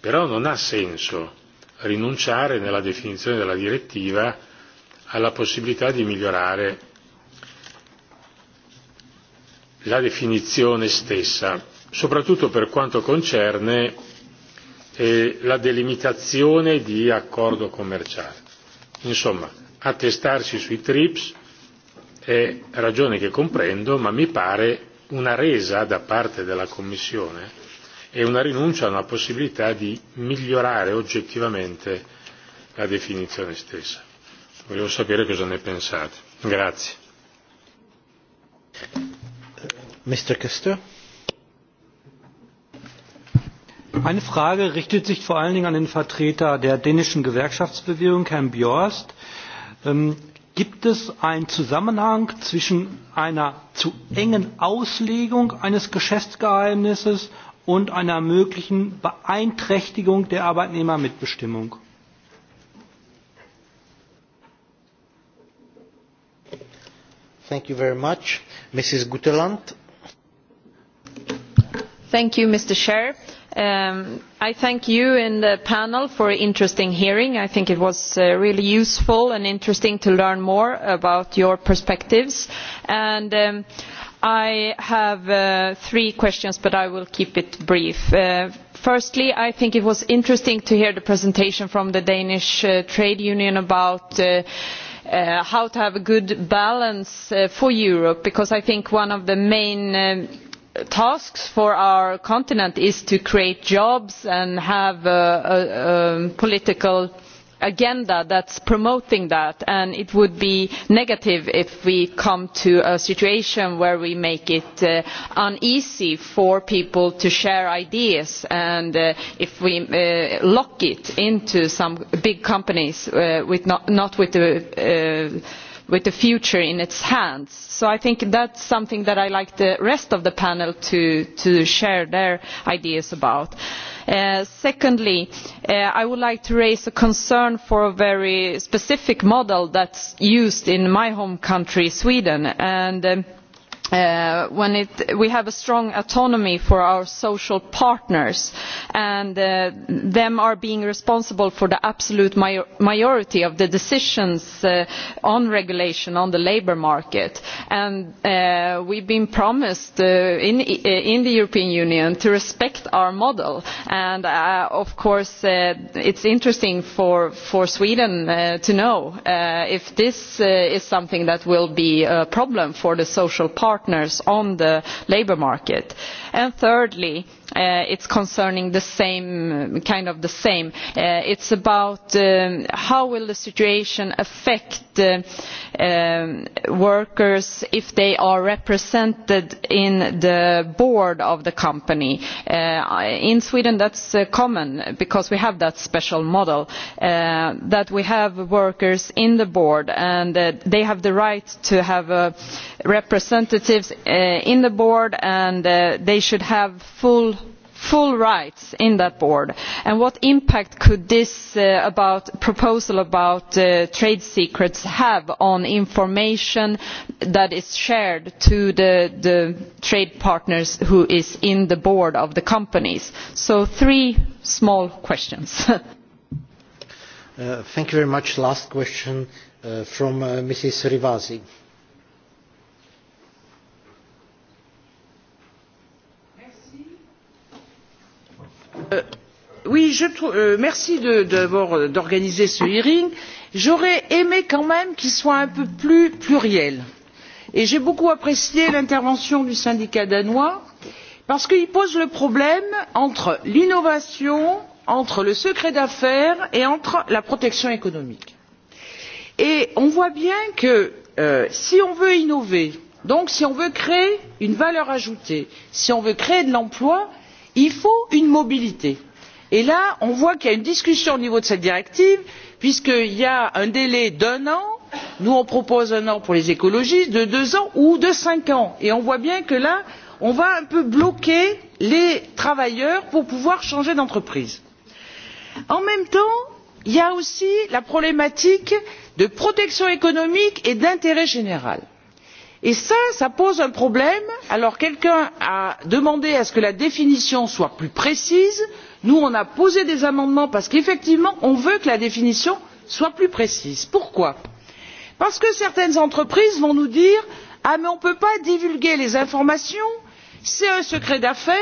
però non ha senso rinunciare nella definizione della direttiva alla possibilità di migliorare la definizione stessa, soprattutto per quanto concerne eh, la delimitazione di accordo commerciale. Insomma, attestarsi sui TRIPS è ragione che comprendo, ma mi pare una resa da parte della Commissione e una rinuncia a una possibilità di migliorare oggettivamente la definizione stessa. Volevo sapere cosa ne pensate. Grazie. Mr. Kester. Meine Frage richtet sich vor allen Dingen an den Vertreter der dänischen Gewerkschaftsbewegung, Herrn Björst. Ähm, gibt es einen zusammenhang zwischen einer zu engen auslegung eines geschäftsgeheimnisses und einer möglichen beeinträchtigung der arbeitnehmermitbestimmung? Thank you very much. Mrs. Guteland. Thank you, Mr. Chair Um, i thank you and the panel for an interesting hearing. i think it was uh, really useful and interesting to learn more about your perspectives. And, um, i have uh, three questions but i will keep it brief. Uh, firstly i think it was interesting to hear the presentation from the danish uh, trade union about uh, uh, how to have a good balance for europe because i think one of the main um, tasks for our continent is to create jobs and have a, a, a political agenda that is promoting that and it would be negative if we come to a situation where we make it uh, uneasy for people to share ideas and uh, if we uh, lock it into some big companies uh, with not, not with the uh, with the future in its hands. so i think that is something that i would like the rest of the panel to, to share their ideas about. Uh, secondly uh, i would like to raise a concern for a very specific model that is used in my home country sweden and um, Uh, when it, we have a strong autonomy for our social partners and uh, them are being responsible for the absolute majority of the decisions uh, on regulation on the labour market and uh, we've been promised uh, in, uh, in the European Union to respect our model and uh, of course uh, it's interesting for, for Sweden uh, to know uh, if this uh, is something that will be a problem for the social partners partners on the labour market. And thirdly uh, it's concerning the same kind of the same. Uh, it's about um, how will the situation affect uh, um, workers if they are represented in the board of the company. Uh, in Sweden that's uh, common because we have that special model uh, that we have workers in the board and uh, they have the right to have uh, representatives uh, in the board and uh, they should have full full rights in that board and what impact could this uh, about, proposal about uh, trade secrets have on information that is shared to the, the trade partners who is in the board of the companies? So three small questions. (laughs) uh, thank you very much. Last question uh, from uh, Mrs. Rivasi. Euh, oui, je trouve. Euh, merci d'abord euh, d'organiser ce hearing. J'aurais aimé quand même qu'il soit un peu plus pluriel. Et j'ai beaucoup apprécié l'intervention du syndicat danois parce qu'il pose le problème entre l'innovation, entre le secret d'affaires et entre la protection économique. Et on voit bien que euh, si on veut innover, donc si on veut créer une valeur ajoutée, si on veut créer de l'emploi, il faut une mobilité et là on voit qu'il y a une discussion au niveau de cette directive puisqu'il y a un délai d'un an nous on propose un an pour les écologistes de deux ans ou de cinq ans et on voit bien que là on va un peu bloquer les travailleurs pour pouvoir changer d'entreprise. en même temps il y a aussi la problématique de protection économique et d'intérêt général et cela pose un problème. alors quelqu'un a demandé à ce que la définition soit plus précise nous on a posé des amendements parce qu'effectivement on veut que la définition soit plus précise. pourquoi? parce que certaines entreprises vont nous dire ah mais on ne peut pas divulguer les informations c'est un secret d'affaires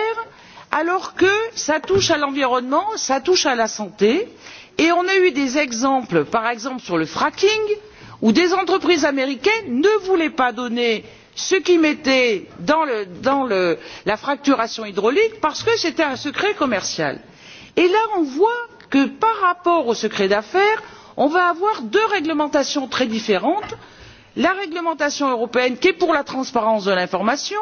alors que cela touche à l'environnement cela touche à la santé et on a eu des exemples par exemple sur le fracking où des entreprises américaines ne voulaient pas donner ce qu'ils mettaient dans, le, dans le, la fracturation hydraulique parce que c'était un secret commercial. et là on voit que par rapport au secret d'affaires on va avoir deux réglementations très différentes la réglementation européenne qui est pour la transparence de l'information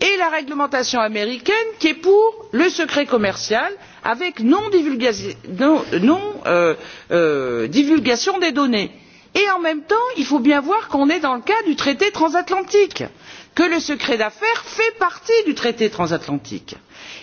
et la réglementation américaine qui est pour le secret commercial avec non, divulga... non, non euh, euh, divulgation des données et en même temps il faut bien voir qu'on est dans le cadre du traité transatlantique que le secret d'affaires fait partie du traité transatlantique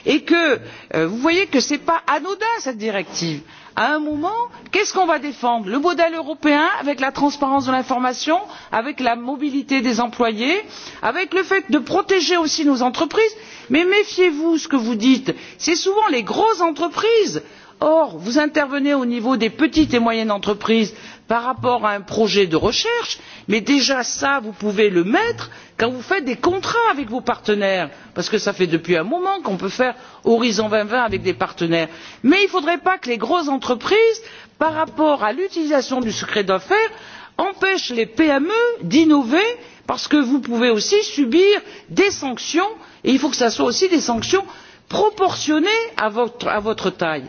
et que euh, vous voyez que ce n'est pas anodin cette directive. à un moment qu'est ce qu'on va défendre? le modèle européen avec la transparence de l'information avec la mobilité des employés avec le fait de protéger aussi nos entreprises mais méfiez vous de ce que vous dites c'est souvent les grosses entreprises or vous intervenez au niveau des petites et moyennes entreprises par rapport à un projet de recherche mais déjà ça vous pouvez le mettre quand vous faites des contrats avec vos partenaires parce que ça fait depuis un moment qu'on peut faire horizon deux mille vingt avec des partenaires mais il ne faudrait pas que les grosses entreprises par rapport à l'utilisation du secret d'affaires empêchent les pme d'innover parce que vous pouvez aussi subir des sanctions et il faut que ce soit aussi des sanctions proportionnées à votre, à votre taille.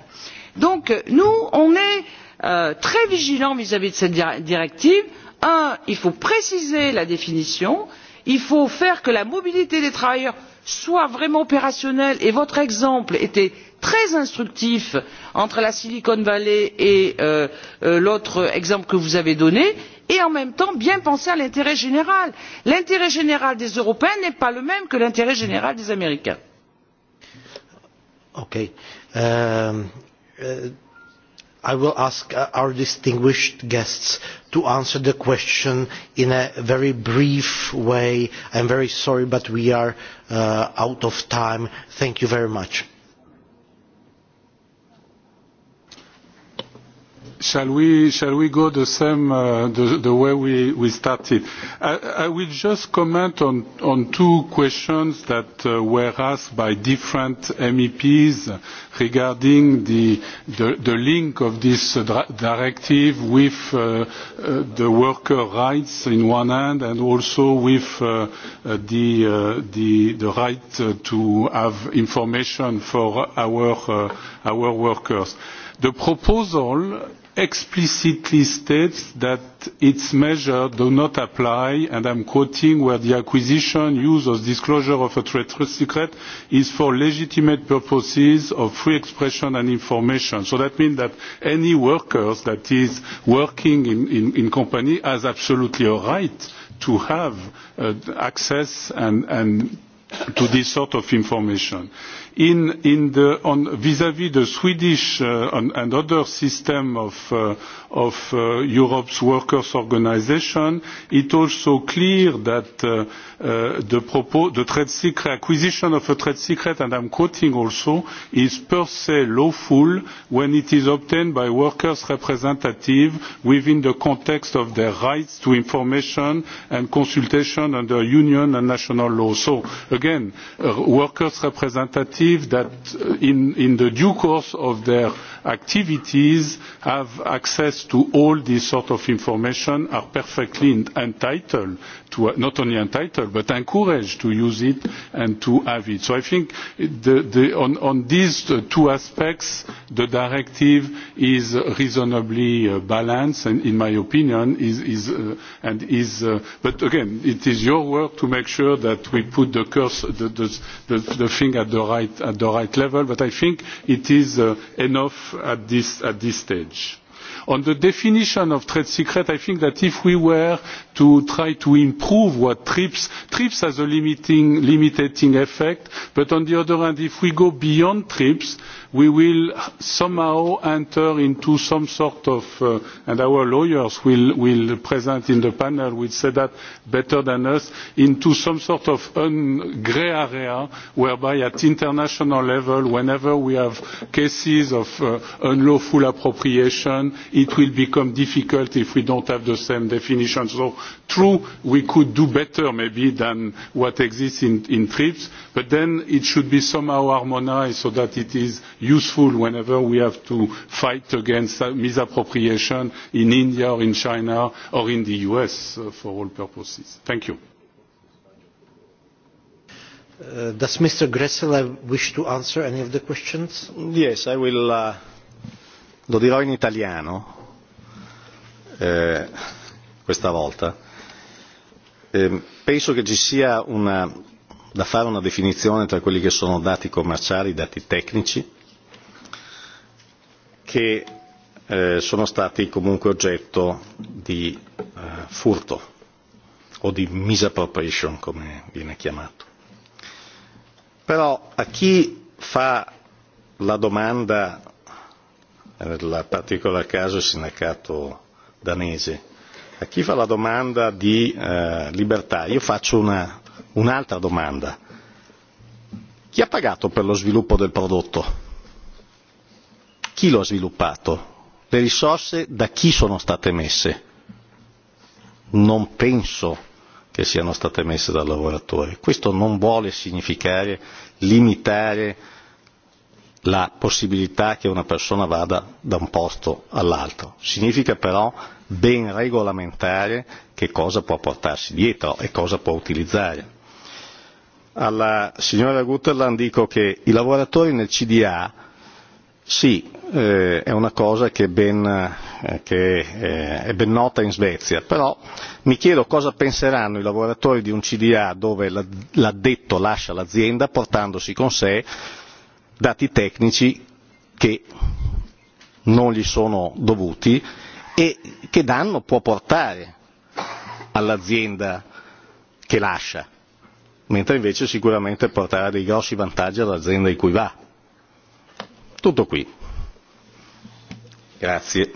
donc nous on est euh, très vigilants vis à vis de cette directive un il faut préciser la définition il faut faire que la mobilité des travailleurs soit vraiment opérationnelle et votre exemple était très instructif entre la silicon valley et euh, euh l'autre exemple que vous avez donné et en même temps bien penser à l'intérêt général. l'intérêt général des européens n'est pas le même que l'intérêt général des américains. Okay. Um, uh I will ask uh, our distinguished guests to answer the question in a very brief way. I'm very sorry, but we are uh, out of time. Thank you very much. Shall we, shall we go the same uh, the, the way we, we started? I, I will just comment on, on two questions that uh, were asked by different MEPs regarding the, the, the link of this directive with uh, uh, the worker rights in one hand and also with uh, uh the, uh, the, the right uh, to have information for our, uh, our workers. The proposal explicitly states that its measures do not apply and i am quoting where the acquisition use or disclosure of a trade secret is for legitimate purposes of free expression and information. so that means that any worker that is working in, in, in company has absolutely a right to have uh, access and, and to this sort of information in, in the, on vis-à-vis -vis the Swedish uh, on, and other system of, uh, of uh, Europe's workers' organization, it also clear that uh, uh, the, propo- the trade secret acquisition of a trade secret, and I'm quoting also, is per se lawful when it is obtained by workers' representative within the context of their rights to information and consultation under union and national law. So again, uh, workers' representative that uh, in, in the due course of their activities have access to all this sort of information, are perfectly entitled to, not only entitled, but encouraged to use it and to have it. So I think the, the, on, on these two aspects, the directive is reasonably uh, balanced, and in my opinion, is, is uh, and is. Uh, but again, it is your work to make sure that we put the curse, the, the, the, the thing at the right at the right level. But I think it is uh, enough at this, at this stage. on the definition of trade secret i think that if we were to try to improve what TRIPS. TRIPS has a limiting, limiting effect, but on the other hand, if we go beyond TRIPS, we will somehow enter into some sort of, uh, and our lawyers will, will present in the panel, will say that better than us, into some sort of grey area whereby at international level, whenever we have cases of uh, unlawful appropriation, it will become difficult if we don't have the same definition. So True, we could do better maybe than what exists in, in TRIPS, but then it should be somehow harmonized so that it is useful whenever we have to fight against misappropriation in India or in China or in the US uh, for all purposes. Thank you. Uh, does Mr. Gressel wish to answer any of the questions? Yes, I will. Uh, lo dirò in italiano. Eh, questa volta. Eh, penso che ci sia una, da fare una definizione tra quelli che sono dati commerciali, dati tecnici, che eh, sono stati comunque oggetto di eh, furto o di misappropriation come viene chiamato. Però a chi fa la domanda, nel eh, particolare caso il sindacato danese, a chi fa la domanda di eh, libertà io faccio una, un'altra domanda. Chi ha pagato per lo sviluppo del prodotto? Chi lo ha sviluppato? Le risorse da chi sono state messe? Non penso che siano state messe dal lavoratore. Questo non vuole significare limitare la possibilità che una persona vada da un posto all'altro. Significa però ben regolamentare che cosa può portarsi dietro e cosa può utilizzare. Alla signora Gutterland dico che i lavoratori nel CDA sì, eh, è una cosa che, ben, eh, che eh, è ben nota in Svezia, però mi chiedo cosa penseranno i lavoratori di un CDA dove l'addetto lascia l'azienda portandosi con sé dati tecnici che non gli sono dovuti e che danno può portare all'azienda che lascia, mentre invece sicuramente porterà dei grossi vantaggi all'azienda in cui va. Tutto qui. Grazie.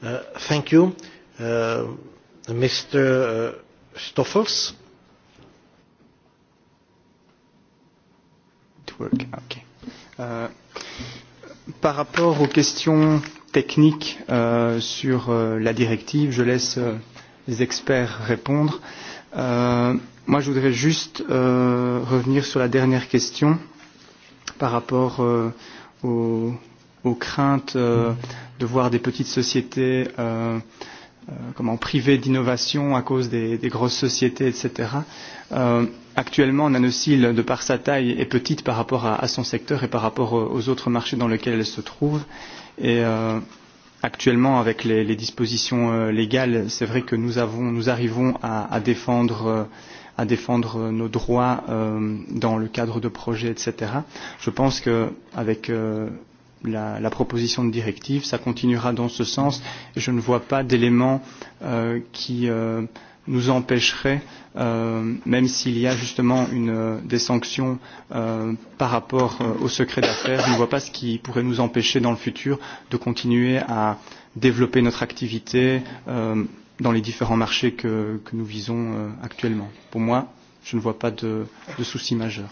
Uh, thank you. Uh, Mr. Uh, Stoffels. To work. Okay. Uh, Par rapport aux questions techniques euh, sur euh, la directive, je laisse euh, les experts répondre. Euh, moi, je voudrais juste euh, revenir sur la dernière question par rapport euh, aux, aux craintes euh, de voir des petites sociétés euh, euh, comment privées d'innovation à cause des, des grosses sociétés, etc. Euh, Actuellement, Nanosil, de par sa taille, est petite par rapport à, à son secteur et par rapport aux autres marchés dans lesquels elle se trouve. Et euh, actuellement, avec les, les dispositions euh, légales, c'est vrai que nous, avons, nous arrivons à, à défendre. Euh, à défendre euh, nos droits euh, dans le cadre de projets, etc. Je pense qu'avec euh, la, la proposition de directive, ça continuera dans ce sens. Je ne vois pas d'éléments euh, qui euh, nous empêcherait, euh, même s'il y a justement une, euh, des sanctions euh, par rapport euh, au secret d'affaires, je ne vois pas ce qui pourrait nous empêcher dans le futur de continuer à développer notre activité euh, dans les différents marchés que, que nous visons euh, actuellement. Pour moi, je ne vois pas de, de souci majeur.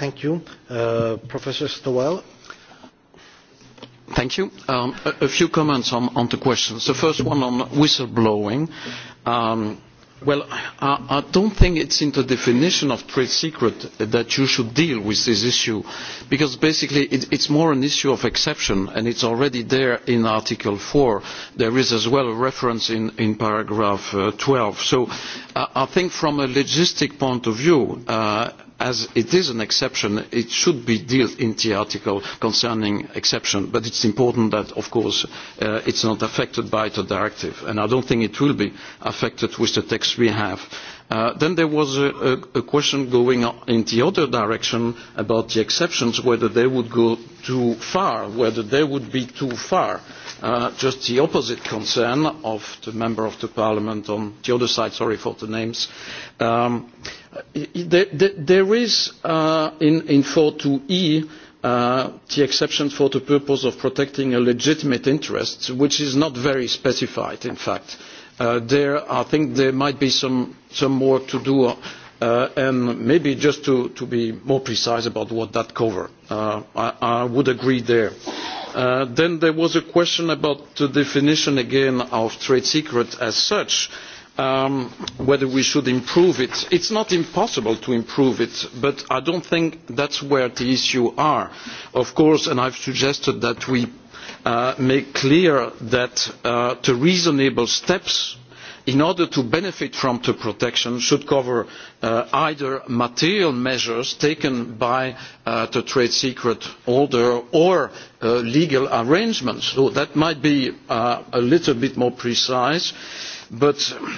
Thank you. Uh, Professor Stowell, Thank you. Um, a, a few comments on, on the questions. The first one on whistleblowing. Um, well, I, I don't think it's in the definition of trade secret that you should deal with this issue, because basically it, it's more an issue of exception, and it's already there in Article 4. There is as well a reference in, in paragraph uh, 12. So uh, I think from a logistic point of view, uh, as it is an exception, it should be dealt in the article concerning exception, but it's important that, of course, uh, it's not affected by the directive, and I don't think it will be affected with the text we have. Uh, then there was a, a, a question going in the other direction about the exceptions, whether they would go too far, whether they would be too far. Uh, just the opposite concern of the member of the parliament on the other side, sorry for the names. Um, uh, there, there is uh, in, in 42E uh, the exception for the purpose of protecting a legitimate interest, which is not very specified, in fact. Uh, there, I think there might be some, some work to do, uh, and maybe just to, to be more precise about what that covers. Uh, I, I would agree there. Uh, then there was a question about the definition again of trade secret as such. Uh, um, whether we should improve it. It's not impossible to improve it, but I don't think that's where the issue are. Of course, and I've suggested that we uh, make clear that uh, the reasonable steps in order to benefit from the protection should cover uh, either material measures taken by uh, the trade secret holder or uh, legal arrangements. So that might be uh, a little bit more precise. Uh, but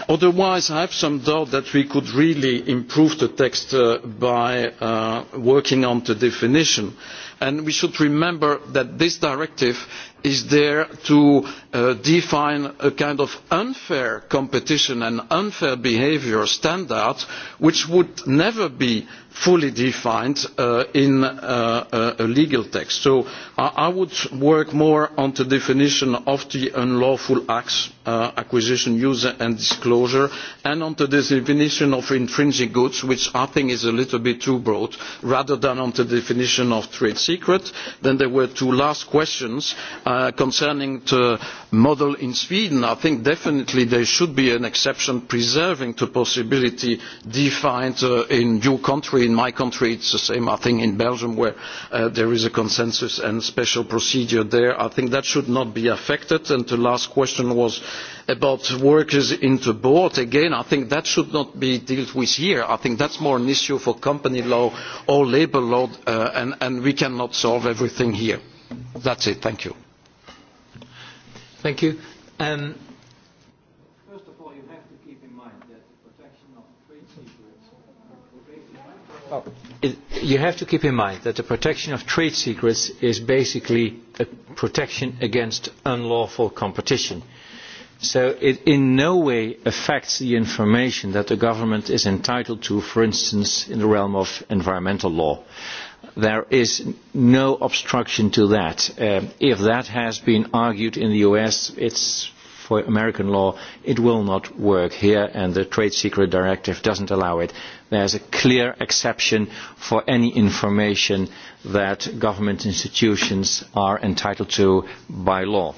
otherwise i have some doubt that we could really improve the text uh, by uh, working on the definition and we should remember that this directive is there to uh, define a kind of unfair competition and unfair behaviour standard which would never be fully defined uh, in uh, a legal text. so i would work more on the definition of the unlawful acts uh, acquisition use and disclosure and on the definition of infringing goods which i think is a little bit too broad rather than on the definition of trade secret. then there were two last questions. Uh, Uh, concerning the model in sweden i think definitely there should be an exception preserving the possibility defined uh, in your country in my country it is the same i think in belgium where uh, there is a consensus and special procedure there i think that should not be affected and the last question was about workers in the board again i think that should not be dealt with here i think that is more an issue for company law or labour law uh, and, and we cannot solve everything here. that is it thank you. Thank you. Um, First of all, you have to keep in mind that the protection of trade secrets. Oh. It, you have to keep in mind that the protection of trade secrets is basically a protection against unlawful competition. So it in no way affects the information that the government is entitled to, for instance, in the realm of environmental law. There is no obstruction to that. Um, if that has been argued in the US, it's for American law, it will not work here, and the Trade Secret Directive doesn't allow it. There's a clear exception for any information that government institutions are entitled to by law.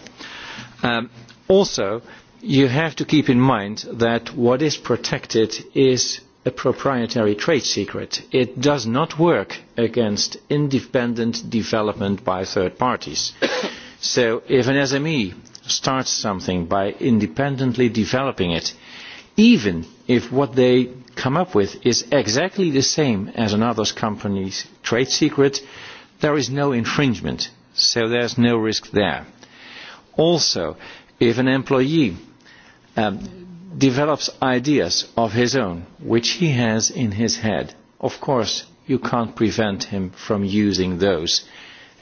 Um, also, you have to keep in mind that what is protected is a proprietary trade secret. It does not work against independent development by third parties. (coughs) so if an SME starts something by independently developing it, even if what they come up with is exactly the same as another company's trade secret, there is no infringement. So there's no risk there. Also, if an employee um, develops ideas of his own, which he has in his head. Of course, you can't prevent him from using those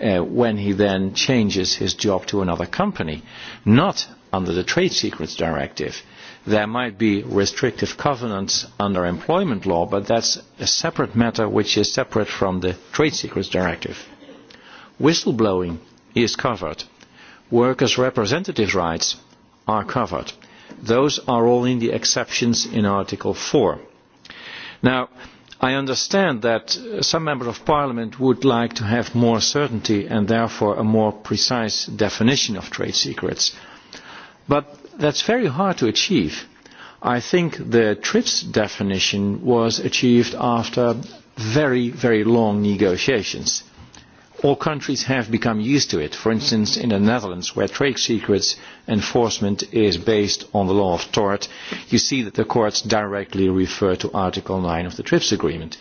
uh, when he then changes his job to another company, not under the Trade Secrets Directive. There might be restrictive covenants under employment law, but that's a separate matter which is separate from the Trade Secrets Directive. Whistleblowing is covered. Workers' representative rights are covered Those are all in the exceptions in Article 4. Now, I understand that some members of parliament would like to have more certainty and therefore a more precise definition of trade secrets. But that's very hard to achieve. I think the TRIPS definition was achieved after very, very long negotiations. All countries have become used to it, for instance in the Netherlands where trade secrets enforcement is based on the law of tort. You see that the courts directly refer to Article 9 of the TRIPS agreement.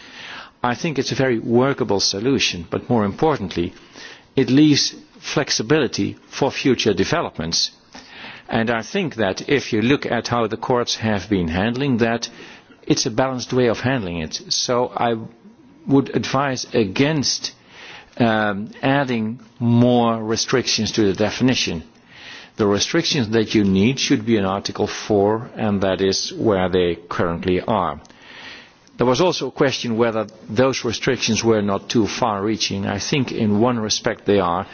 I think it's a very workable solution, but more importantly, it leaves flexibility for future developments. And I think that if you look at how the courts have been handling that, it's a balanced way of handling it. So I would advise against um, adding more restrictions to the definition. The restrictions that you need should be in Article 4, and that is where they currently are. There was also a question whether those restrictions were not too far-reaching. I think in one respect they are,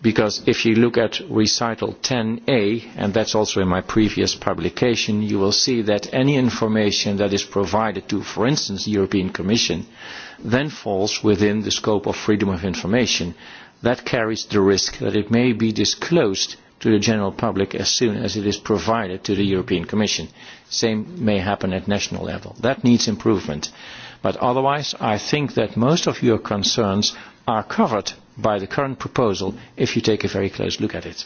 because if you look at recital 10a, and that's also in my previous publication, you will see that any information that is provided to, for instance, the European Commission, uh, then falls within the scope of freedom of information. That carries the risk that it may be disclosed to the general public as soon as it is provided to the European Commission. Same may happen at national level. That needs improvement. But otherwise, I think that most of your concerns are covered by the current proposal if you take a very close look at it.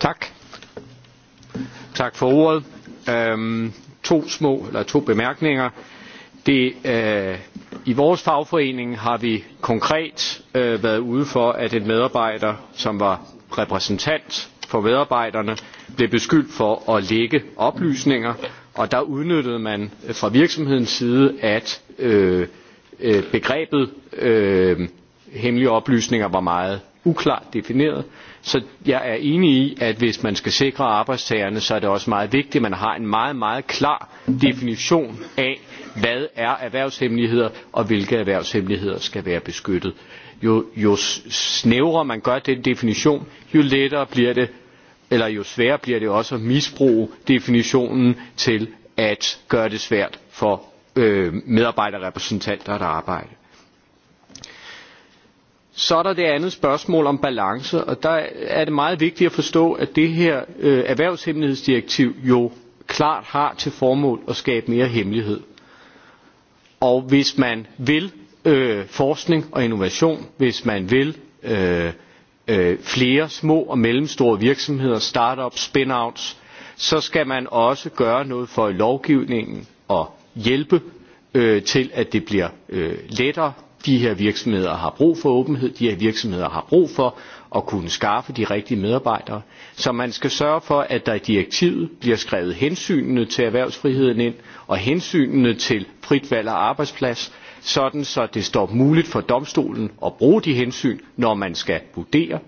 Tack. Tak for ordet. Øhm, to små, eller to bemærkninger. Det, øh, I vores fagforening har vi konkret øh, været ude for, at en medarbejder, som var repræsentant for medarbejderne, blev beskyldt for at lægge oplysninger, og der udnyttede man øh, fra virksomhedens side, at øh, øh, begrebet øh, hemmelige oplysninger var meget uklart defineret, Så jeg er enig i, at hvis man skal sikre arbejdstagerne, så er det også meget vigtigt, at man har en meget, meget klar definition af, hvad er erhvervshemmeligheder, og hvilke erhvervshemmeligheder skal være beskyttet. Jo, jo snævrere man gør den definition, jo lettere bliver det, eller jo sværere bliver det også at misbruge definitionen til at gøre det svært for øh, medarbejderrepræsentanter at arbejde så er der det andet spørgsmål om balance og der er det meget vigtigt at forstå at det her øh, erhvervshemmelighedsdirektiv jo klart har til formål at skabe mere hemmelighed og hvis man vil øh, forskning og innovation hvis man vil øh, øh, flere små og mellemstore virksomheder startups spin outs så skal man også gøre noget for i lovgivningen og hjælpe øh, til at det bliver øh, lettere De her virksomheder har brug for åbenhed, de her virksomheder har brug for at kunne skaffe de rigtige medarbejdere. Så man skal sørge for, at der i direktivet bliver skrevet hensynene til erhvervsfriheden ind, og hensynene til frit valg af arbejdsplads, sådan så det står muligt for domstolen at bruge de hensyn, når man skal vurdere.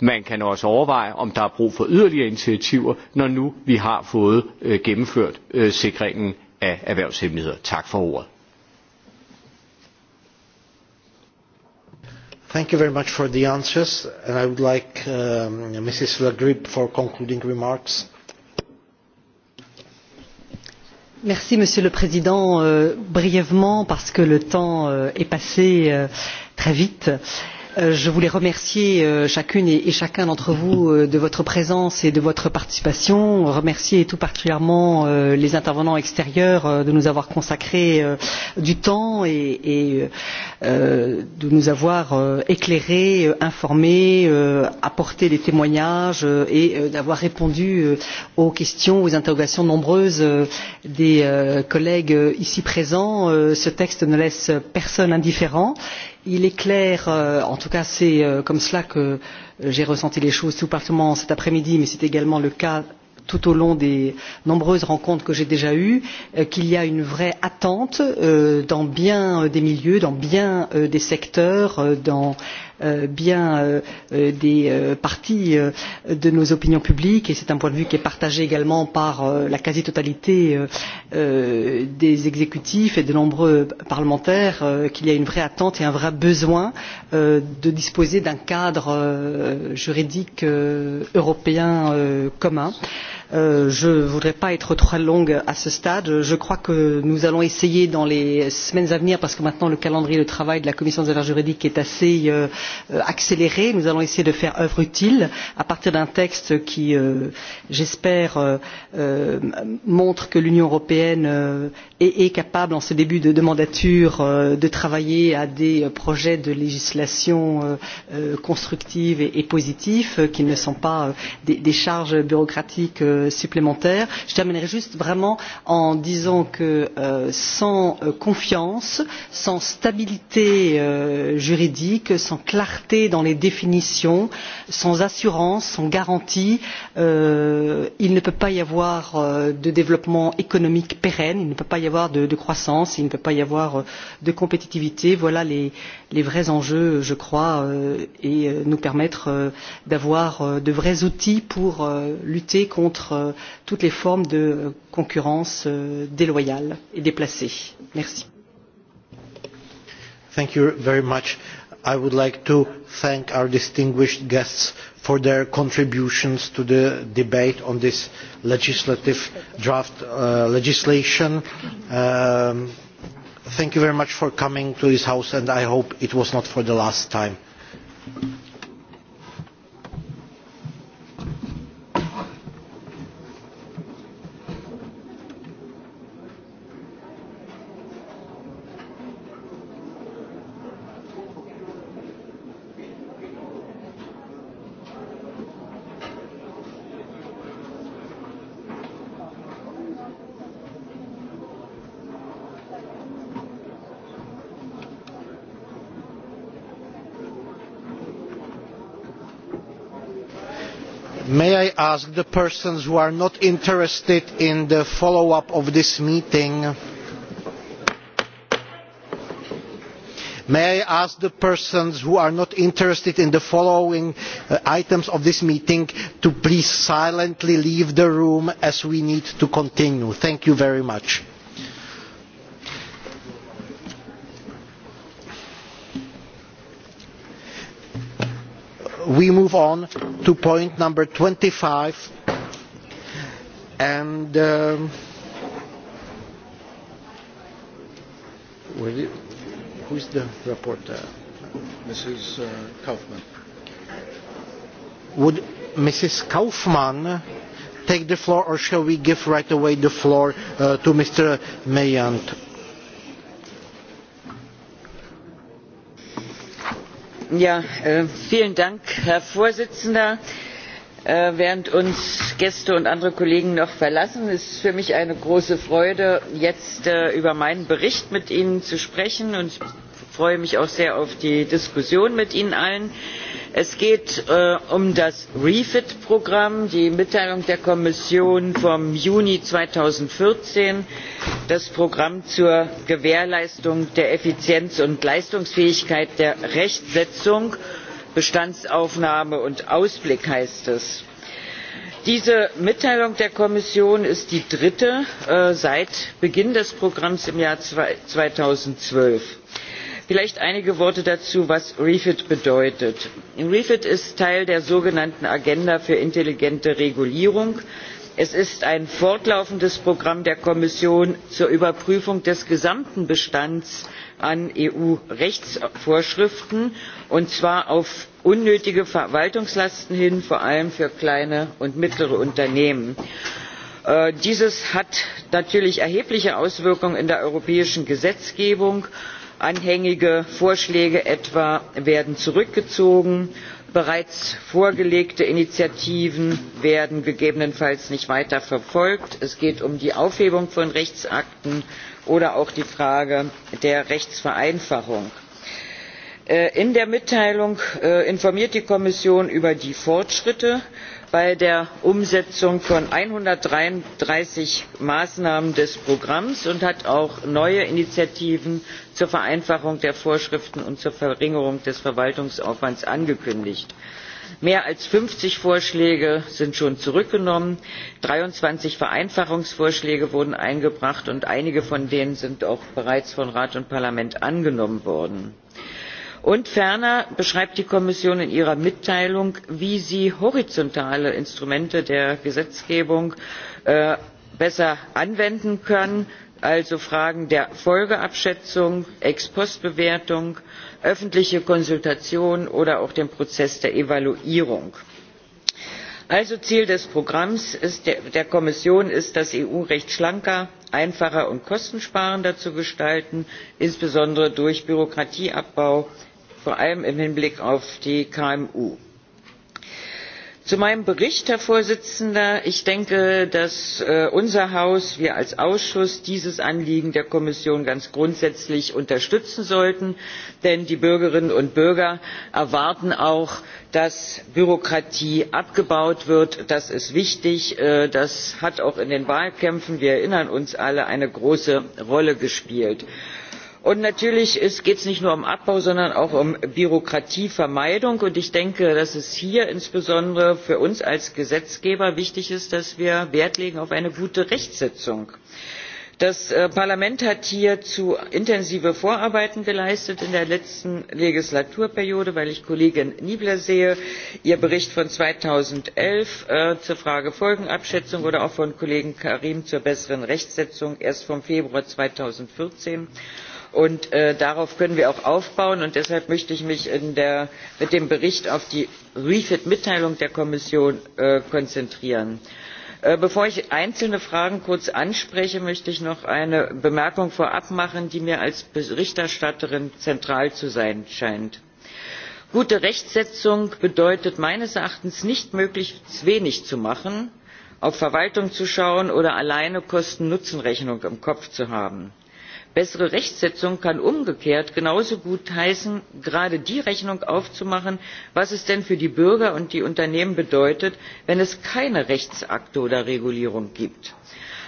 Man kan også overveje, om der er brug for yderligere initiativer, når nu vi har fået øh, gennemført øh, sikringen af erhvervshemmeligheder. Tak for ordet. Thank you very much for the answers, and I would like um, Mrs. Lagrib for concluding remarks. Merci, Monsieur le Président. Euh, brièvement, parce que le temps euh, est passé euh, très vite. Euh, Euh, je voulais remercier euh, chacune et chacun d'entre vous euh, de votre présence et de votre participation remercier tout particulièrement les intervenants extérieurs de nous avoir consacré du temps et de nous avoir éclairés informés apporté des témoignages et d'avoir répondu aux questions aux interrogations nombreuses des collègues ici présents. ce texte ne laisse personne indifférent et il est clair euh, en tout cas c'est euh, comme cela que euh, j'ai ressenti les choses tout particulièrement cet après midi mais c'est également le cas tout au long des nombreuses rencontres que j'ai déjà eues qu'il y a une vraie attente dans bien des milieux dans bien des secteurs dans Euh, bien euh, euh, des parties de nos opinions publiques et c'est un point de vue qui est partagé également par la quasi totalité des exécutifs et de nombreux parlementaires qu'il y a une vraie attente et un vrai besoin de disposer d'un cadre juridique européen commun. Euh, je ne voudrais pas être trop longue à ce stade. je crois que nous allons essayer dans les semaines à venir parce que maintenant le calendrier de travail de la commission des affaires juridiques est assez euh, accéléré nous allons essayer de faire œuvre utile à partir d'un texte qui euh, j'espère montre que l'union européenne est capable en ce début de mandature de travailler à des projets de législation constructive et positive qui ne sont pas des charges bureaucratiques euh, supplémentaires. je terminerai juste vraiment en disant que euh, sans euh, confiance sans stabilité euh, juridique sans clarté dans les définitions sans assurance sans garantie euh, il ne peut pas y avoir euh, de développement économique pérenne il ne peut pas y avoir de, de croissance il ne peut pas y avoir de compétitivité. voilà les, les vrais enjeux je crois et nous permettre d'avoir de vrais outils pour lutter contre contre euh, toutes les formes de concurrence euh, déloyale et déplacée. Merci. Thank you very much. I would like to thank our distinguished guests for their contributions to the debate on this legislative draft uh, legislation. Um, thank you very much for coming to this house and I hope it was not for the last time. ask the persons who are not interested in the follow up of this meeting may i ask the persons who are not interested in the following uh, items of this meeting to please silently leave the room as we need to continue. thank you very much. we move on to point number 25 and um, who is the reporter? Mrs. Uh, Kaufman. Would Mrs. Kaufman take the floor or shall we give right away the floor uh, to Mr. Mayant? Ja, äh, vielen Dank, Herr Vorsitzender. Äh, während uns Gäste und andere Kollegen noch verlassen, ist es für mich eine große Freude, jetzt äh, über meinen Bericht mit Ihnen zu sprechen. Und ich freue mich auch sehr auf die Diskussion mit Ihnen allen. Es geht äh, um das REFIT-Programm, die Mitteilung der Kommission vom Juni 2014 das programm zur gewährleistung der effizienz und leistungsfähigkeit der rechtsetzung bestandsaufnahme und ausblick heißt es. diese mitteilung der kommission ist die dritte äh, seit beginn des programms im jahr. zweitausendzwölf vielleicht einige worte dazu was refit bedeutet. refit ist teil der sogenannten agenda für intelligente regulierung es ist ein fortlaufendes programm der kommission zur überprüfung des gesamten bestands an eu rechtsvorschriften und zwar auf unnötige verwaltungslasten hin vor allem für kleine und mittlere unternehmen. Äh, dies hat natürlich erhebliche auswirkungen in der europäischen gesetzgebung anhängige vorschläge etwa werden zurückgezogen bereits vorgelegte initiativen werden gegebenenfalls nicht weiter verfolgt es geht um die aufhebung von rechtsakten oder auch die frage der rechtsvereinfachung. Äh, in der mitteilung äh, informiert die kommission über die fortschritte bei der umsetzung von einhundertdreiunddreißig maßnahmen des programms und hat auch neue initiativen zur vereinfachung der vorschriften und zur verringerung des verwaltungsaufwands angekündigt. mehr als fünfzig vorschläge sind schon zurückgenommen dreiundzwanzig vereinfachungsvorschläge wurden eingebracht und einige von denen sind auch bereits von rat und parlament angenommen worden und ferner beschreibt die kommission in ihrer mitteilung wie sie horizontale instrumente der gesetzgebung äh, besser anwenden kann also fragen der folgenabschätzung ex post bewertung öffentliche konsultation oder auch den prozess der evaluierung. also ziel des programms der, der kommission ist das eu recht schlanker einfacher und kostensparender zu gestalten insbesondere durch bürokratieabbau vor allem im hinblick auf die kmu. zu meinem bericht herr präsident ich denke dass äh, unser haus wir als ausschuss dieses anliegen der kommission ganz grundsätzlich unterstützen sollten denn die bürgerinnen und bürger erwarten auch dass bürokratie abgebaut wird das ist wichtig äh, das hat auch in den wahlkämpfen wir erinnern uns alle eine große rolle gespielt und natürlich geht es nicht nur um abbau sondern auch um bürokratievermeidung und ich denke dass es hier insbesondere für uns als gesetzgeber wichtig ist dass wir wert legen auf eine gute rechtsetzung. das äh, parlament hat hierzu intensive vorarbeiten geleistet in der letzten legislaturperiode weil ich kollegin niebler sehe ihr bericht von zweitausendelf äh, zur frage folgenabschätzung oder auch von kollegen karim zur besseren rechtsetzung erst vom februar zweitausendvierzehn und äh, darauf können wir auch aufbauen und deshalb möchte ich mich der, mit dem bericht auf die refit mitteilung der kommission äh, konzentrieren. Äh, bevor ich einzelne fragen kurz anspreche möchte ich noch eine bemerkung vorab machen die mir als berichterstatterin zentral zu sein scheint gute rechtsetzung bedeutet meines erachtens nicht möglichst wenig zu machen auf verwaltung zu schauen oder alleine kosten nutzen rechnung im kopf zu haben bessere rechtsetzung kann umgekehrt genauso gut heißen gerade die rechnung aufzumachen was es denn für die bürger und die unternehmen bedeutet wenn es keine rechtsakte oder regulierung gibt.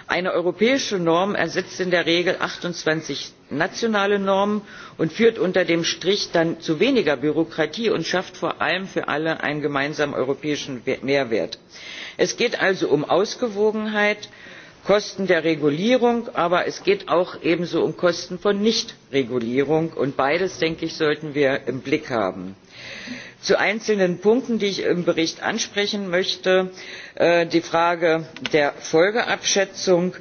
eine europäische norm ersetzt in der regel achtundzwanzig nationale normen und führt unter dem strich dann zu weniger bürokratie und schafft vor allem für alle einen gemeinsamen europäischen mehrwert. es geht also um ausgewogenheit kosten der regulierung aber es geht auch ebenso um kosten von nichtregulierung und beides denke ich sollten wir im blick haben. zu einzelnen punkten die ich im bericht ansprechen möchte äh, die frage der folgenabschätzung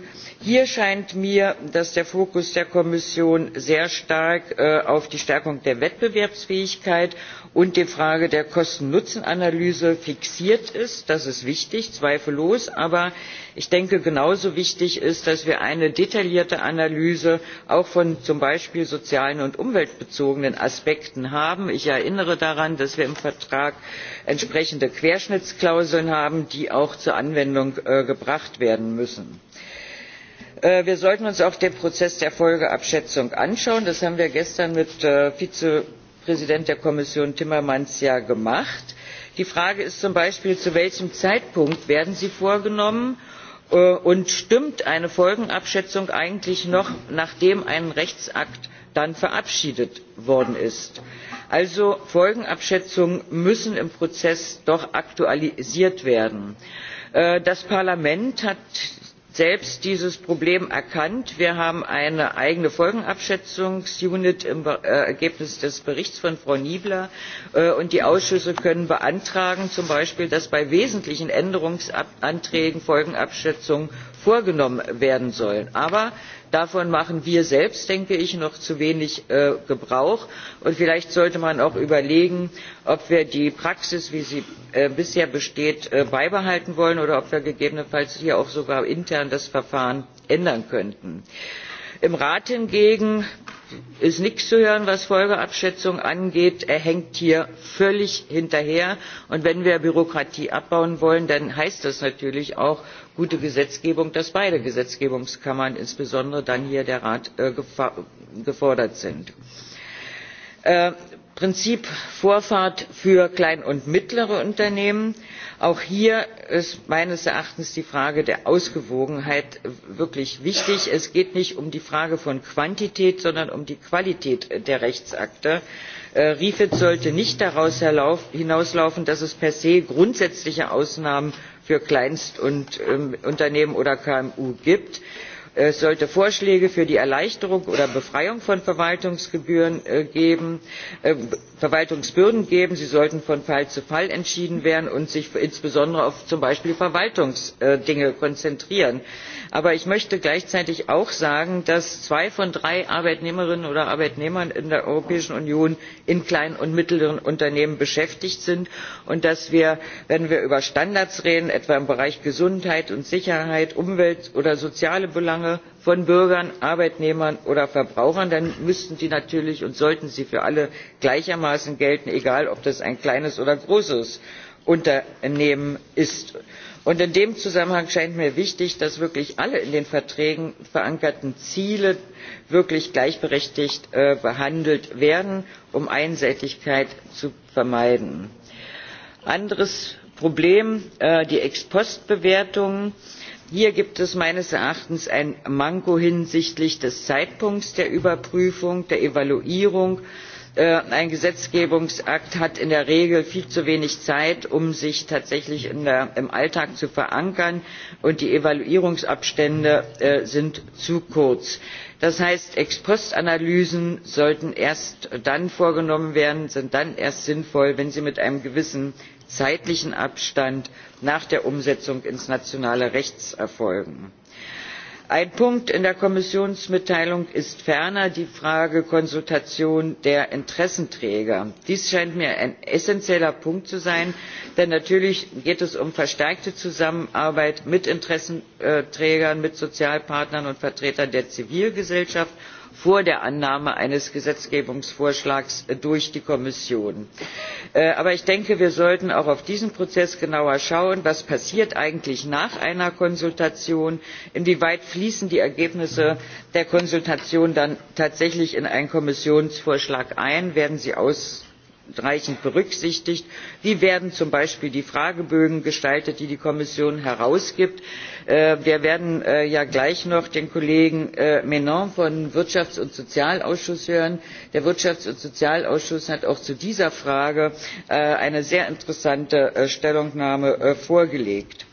hier scheint mir dass der fokus der kommission sehr stark äh, auf die stärkung der wettbewerbsfähigkeit und die frage der kosten nutzen analyse fixiert ist das ist wichtig zweifellos aber ich denke genauso wichtig ist dass wir eine detaillierte analyse auch von zum beispiel sozialen und umweltbezogenen aspekten haben. ich erinnere daran dass wir im vertrag entsprechende querschnittsklauseln haben die auch zur anwendung äh, gebracht werden müssen äh, wir sollten uns auch den prozess der folgenabschätzung anschauen das haben wir gestern mit äh, präsident der kommission timmermans ja gemacht. die frage ist zum beispiel zu welchem zeitpunkt werden sie vorgenommen äh, und stimmt eine folgenabschätzung eigentlich noch nachdem ein rechtsakt dann verabschiedet worden ist? also folgenabschätzungen müssen im prozess doch aktualisiert werden. Äh, das parlament hat selbst dieses problem erkannt. wir haben eine eigene folgenabschätzungsunit im äh, ergebnis des berichts von frau niebler äh, und die ausschüsse können beantragen zum beispiel dass bei wesentlichen änderungsanträgen folgenabschätzungen vorgenommen werden sollen. aber davon machen wir selbst denke ich noch zu wenig äh, gebrauch und vielleicht sollte man auch überlegen ob wir die praxis wie sie äh, bisher besteht äh, beibehalten wollen oder ob wir gegebenenfalls hier auch sogar intern das verfahren ändern könnten. im rat hingegen ist nichts zu hören was folgenabschätzung angeht. er hinkt hier völlig hinterher und wenn wir bürokratie abbauen wollen dann heißt das natürlich auch gute gesetzgebung dass beide gesetzgebungskammern insbesondere dann hier der rat äh, gefordert sind. Äh, prinzip vorfahrt für klein und mittlere unternehmen auch hier ist meines erachtens die frage der ausgewogenheit wirklich wichtig. es geht nicht um die frage von quantität sondern um die qualität der rechtsakte. Äh, refit sollte nicht darauf hinauslaufen dass es per se grundsätzliche ausnahmen für kleinstunternehmen ähm, oder kmu gibt es äh, sollte vorschläge für die erleichterung oder befreiung von äh, äh, verwaltungsbürden geben sie sollten von fall zu fall entschieden werden und sich insbesondere auf zum beispiel verwaltungsdinge konzentrieren aber ich möchte gleichzeitig auch sagen dass zwei von drei arbeitnehmerinnen und arbeitnehmern in der europäischen union in kleinen und mittleren unternehmen beschäftigt sind und dass wir wenn wir über standards reden etwa im bereich gesundheit und sicherheit umwelt oder soziale belange von bürgern arbeitnehmern oder verbrauchern dann müssten die natürlich und sollten sie für alle gleichermaßen gelten egal ob das ein kleines oder großes unternehmen ist und in dem zusammenhang scheint mir wichtig dass wirklich alle in den verträgen verankerten ziele wirklich gleichberechtigt äh, behandelt werden um einseitigkeit zu vermeiden. anderes problem äh, die ex post bewertung hier gibt es meines erachtens ein manko hinsichtlich des zeitpunkts der überprüfung der evaluierung Äh, ein gesetzgebungsakt hat in der regel viel zu wenig zeit um sich tatsächlich der, im alltag zu verankern und die evaluierungsabstände äh, sind zu kurz. das heißt ex post analysen sollten erst dann vorgenommen werden sind dann erst sinnvoll wenn sie mit einem gewissen zeitlichen abstand nach der umsetzung ins nationale recht erfolgen ein punkt in der kommissionsmitteilung ist ferner die frage der konsultation der interessenträger. dies scheint mir ein essenzieller punkt zu sein denn natürlich geht es um verstärkte zusammenarbeit mit interessenträgern mit sozialpartnern und vertretern der zivilgesellschaft vor der annahme eines gesetzgebungsvorschlags durch die kommission. Äh, aber ich denke wir sollten auch auf diesen prozess genauer schauen was passiert eigentlich nach einer konsultation inwieweit fließen die ergebnisse der konsultation dann tatsächlich in einen kommissionsvorschlag ein werden sie ausreichend berücksichtigt wie werden zum beispiel die fragebögen gestaltet die die kommission herausgibt? Äh, wir werden äh, ja gleich noch den kollegen äh, menon vom wirtschafts und sozialausschuss hören. der wirtschafts und sozialausschuss hat auch zu dieser frage eine sehr interessante stellungnahme vorgelegt.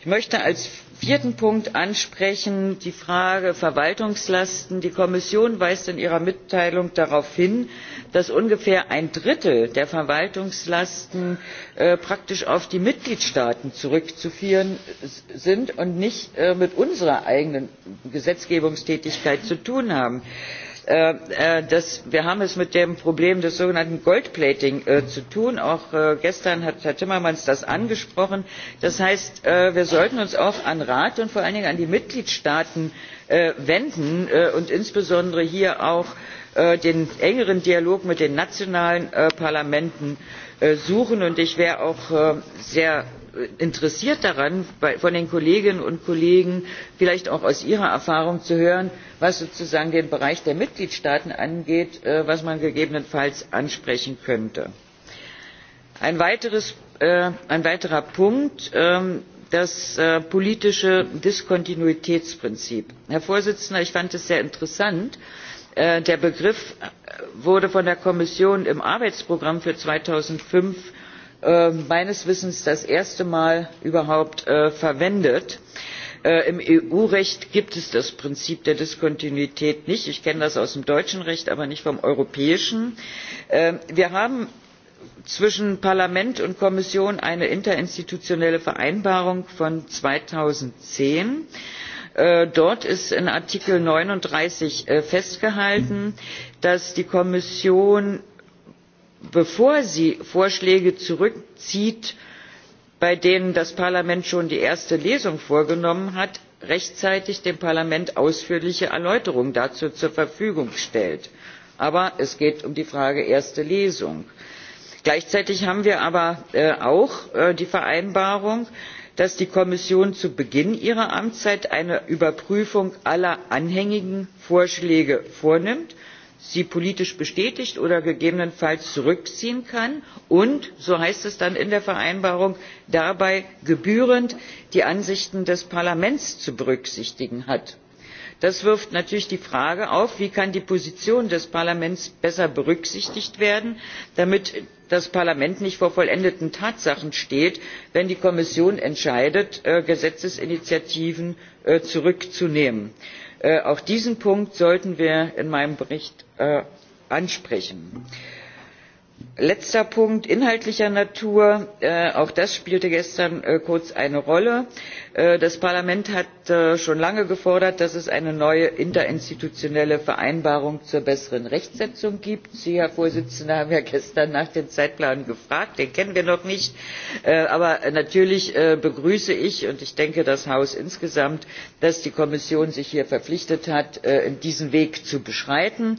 ich möchte als vierten punkt ansprechen die frage verwaltungslasten. die kommission weist in ihrer mitteilung darauf hin dass ungefähr ein drittel der verwaltungslasten äh, praktisch auf die mitgliedstaaten zurückzuführen sind und nichts äh, mit unserer eigenen gesetzgebungstätigkeit zu tun haben. Äh, äh, dass wir haben es mit dem problem des sogenannten goldplating äh, zu tun auch gestern hat herr timmermans das angesprochen. das heißt wir sollten uns auch an den rat und vor allen dingen an die mitgliedstaaten wenden und insbesondere hier auch den engeren dialog mit den nationalen parlamenten suchen und ich wäre auch sehr interessiert daran bei, von den kolleginnen und kollegen vielleicht auch aus ihrer erfahrung zu hören was sozusagen den bereich der mitgliedstaaten angeht äh, was man gegebenenfalls ansprechen könnte. ein, weiteres, äh, ein weiterer punkt ähm, das äh, politische diskontinuitätsprinzip. herr präsident ich fand es sehr interessant äh, der begriff wurde von der kommission im arbeitsprogramm für zweitausendfünf Äh, meines wissens das erste mal überhaupt äh, verwendet. Äh, im eu recht gibt es das prinzip der diskontinuität nicht ich kenne das aus dem deutschen recht aber nicht vom europäischen. Ähm, wir haben zwischen parlament und kommission eine interinstitutionelle vereinbarung von zweitausendzehn dort ist in artikel neununddreißig festgehalten dass die kommission bevor sie vorschläge zurückzieht bei denen das parlament schon die erste lesung vorgenommen hat rechtzeitig dem parlament ausführliche erläuterungen dazu zur verfügung stellt. aber es geht um die frage erste lesung. gleichzeitig haben wir aber äh, auch äh, die vereinbarung dass die kommission zu beginn ihrer amtszeit eine überprüfung aller anhängigen vorschläge vornimmt sie politisch bestätigt oder gegebenenfalls zurückziehen kann und so heißt es dann in der vereinbarung dabei gebührend die ansichten des parlaments zu berücksichtigen hat. das wirft natürlich die frage auf wie kann die position des parlaments besser berücksichtigt werden damit das parlament nicht vor vollendeten tatsachen steht wenn die kommission entscheidet äh, gesetzesinitiativen äh, zurückzunehmen? Äh, auch diesen punkt sollten wir in meinem bericht äh, ansprechen letzter punkt inhaltlicher natur äh, auch das spielte gestern äh, kurz eine rolle äh, das parlament hat schon lange gefordert dass es eine neue interinstitutionelle vereinbarung zur besseren rechtsetzung gibt sie herr vorsitzender haben ja gestern nach dem zeitplan gefragt den kennen wir noch nicht aber natürlich begrüße ich und ich denke das haus insgesamt dass die kommission sich hier verpflichtet hat diesen weg zu beschreiten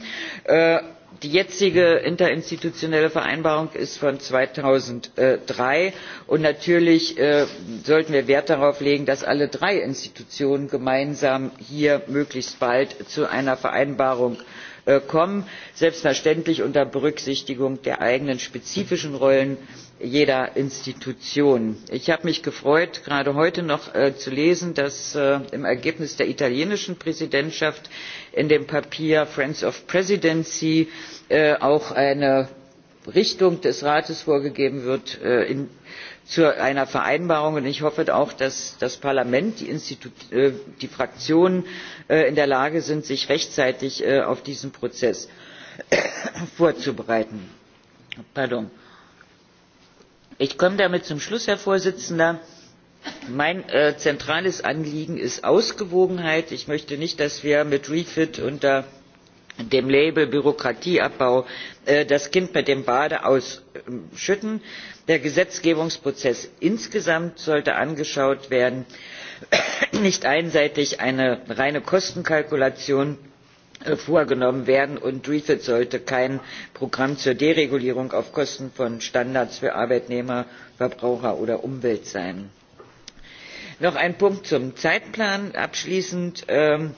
die jetzige interinstitutionelle vereinbarung ist von zweitausenddrei und natürlich äh, sollten wir wert darauf legen dass alle drei institutionen gemeinsam hier möglichst bald zu einer vereinbarung äh, kommen selbstverständlich unter berücksichtigung der eigenen spezifischen rollen jeder institution. ich habe mich gefreut gerade heute noch äh, zu lesen dass äh, im ergebnis der italienischen präsidentschaft in dem papier friends of presidency äh, auch eine richtung des rates vorgegeben wird äh, in, zu einer vereinbarung und ich hoffe auch dass das parlament die, äh, die fraktionen äh, in der lage sind sich rechtzeitig auf diesen prozess (coughs) vorzubereiten. Pardon ich komme damit zum schluss herr präsident. mein äh, zentrales anliegen ist ausgewogenheit. ich möchte nicht dass wir mit refit unter dem label bürokratieabbau äh, das kind mit dem bade ausschütten. der gesetzgebungsprozess insgesamt sollte angeschaut werden nicht einseitig eine reine kostenkalkulation Äh, vorgenommen werden und refit sollte kein programm zur deregulierung auf kosten von standards für arbeitnehmer verbraucher oder umwelt sein. noch ein punkt zum zeitplan abschließend ähm,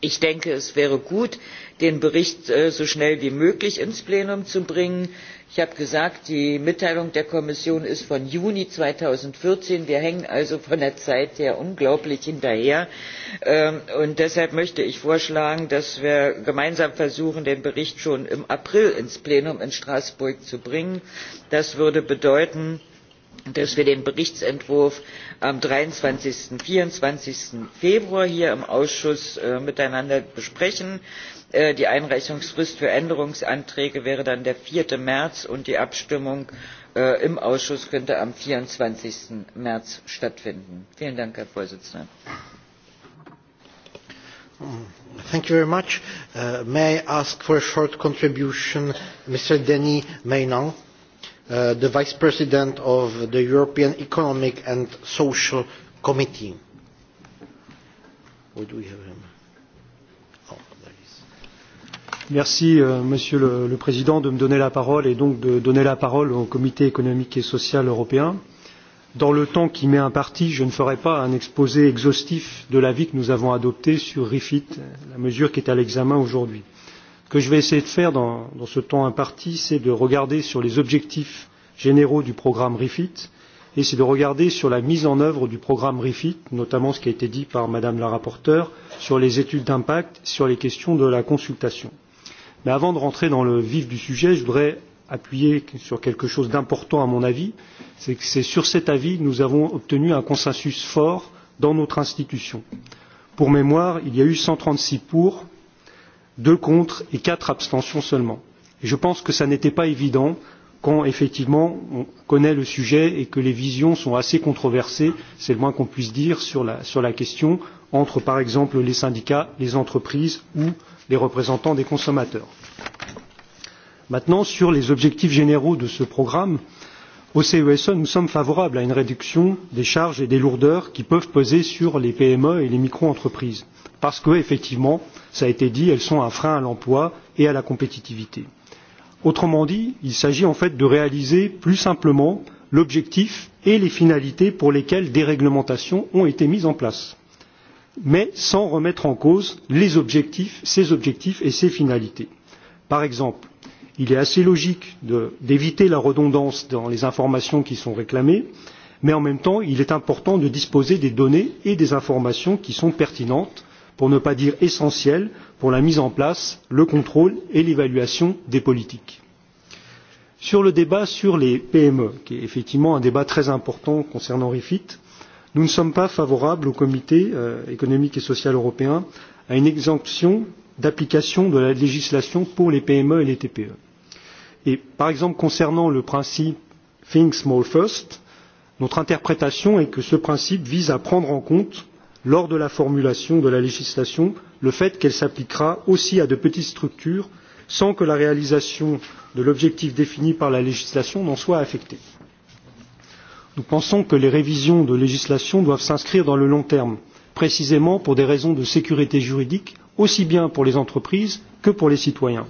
ich denke es wäre gut den bericht äh, so schnell wie möglich ins plenum zu bringen ich habe gesagt die mitteilung der kommission ist von juni zweitausendvierzehn wir hängen also von der zeit her unglaublich hinterher ähm, und deshalb möchte ich vorschlagen dass wir gemeinsam versuchen den bericht schon im april ins plenum in straßburg zu bringen. das würde bedeuten dass wir den berichtsentwurf am. dreiundzwanzig vierundzwanzig februar hier im ausschuss äh, miteinander besprechen. Äh, die einreichungsfrist für änderungsanträge wäre dann der. vier märz und die abstimmung äh, im ausschuss könnte am. vierundzwanzig märz stattfinden. vielen dank herr präsident! Thank you very much. Uh, may I ask for a short contribution, Mr. Denis Maynon, uh, the Vice President of the European Economic and Social Committee? Would we have him? Merci, euh, Monsieur le, le Président, de me donner la parole et donc de donner la parole au Comité économique et social européen. Dans le temps qui m'est imparti, je ne ferai pas un exposé exhaustif de l'avis que nous avons adopté sur REFIT, la mesure qui est à l'examen aujourd'hui. Ce que je vais essayer de faire dans, dans ce temps imparti, c'est de regarder sur les objectifs généraux du programme REFIT et c'est de regarder sur la mise en œuvre du programme REFIT, notamment ce qui a été dit par Madame la rapporteure, sur les études d'impact, sur les questions de la consultation. Euh, Mais avant de rentrer dans le vif du sujet, je voudrais appuyer sur quelque chose d'important à mon avis, c'est que c'est sur cet avis que nous avons obtenu un consensus fort dans notre institution. Pour mémoire, il y a eu 136 pour, 2 contre et 4 abstentions seulement. Et je pense que ça n'était pas évident quand effectivement on connaît le sujet et que les visions sont assez controversées, c'est le moins qu'on puisse dire sur la, sur la question, entre par exemple les syndicats, les entreprises ou euh, les représentants des consommateurs. Maintenant, sur les objectifs généraux de ce programme, au CESE, e, nous sommes favorables à une réduction des charges et des lourdeurs qui peuvent peser sur les PME et les micro-entreprises, parce que, effectivement, ça a été dit, elles sont un frein à l'emploi et à la compétitivité. Autrement dit, il s'agit en fait de réaliser plus simplement l'objectif et les finalités pour lesquelles des réglementations ont été mises en place mais sans remettre en cause les objectifs, ses objectifs et ses finalités. Par exemple, il est assez logique d'éviter la redondance dans les informations qui sont réclamées, mais en même temps, il est important de disposer des données et des informations qui sont pertinentes, pour ne pas dire essentielles, pour la mise en place, le contrôle et l'évaluation des politiques. Sur le débat sur les PME, qui est effectivement un débat très important concernant REFIT, euh, Nous ne sommes pas favorables au Comité euh, économique et social européen à une exemption d'application de la législation pour les PME et les TPE. Et par exemple, concernant le principe Think Small First, notre interprétation est que ce principe vise à prendre en compte, lors de la formulation de la législation, le fait qu'elle s'appliquera aussi à de petites structures sans que la réalisation de l'objectif défini par la législation n'en soit affectée. Nous pensons que les révisions de législation doivent s'inscrire dans le long terme, précisément pour des raisons de sécurité juridique, aussi bien pour les entreprises que pour les citoyens.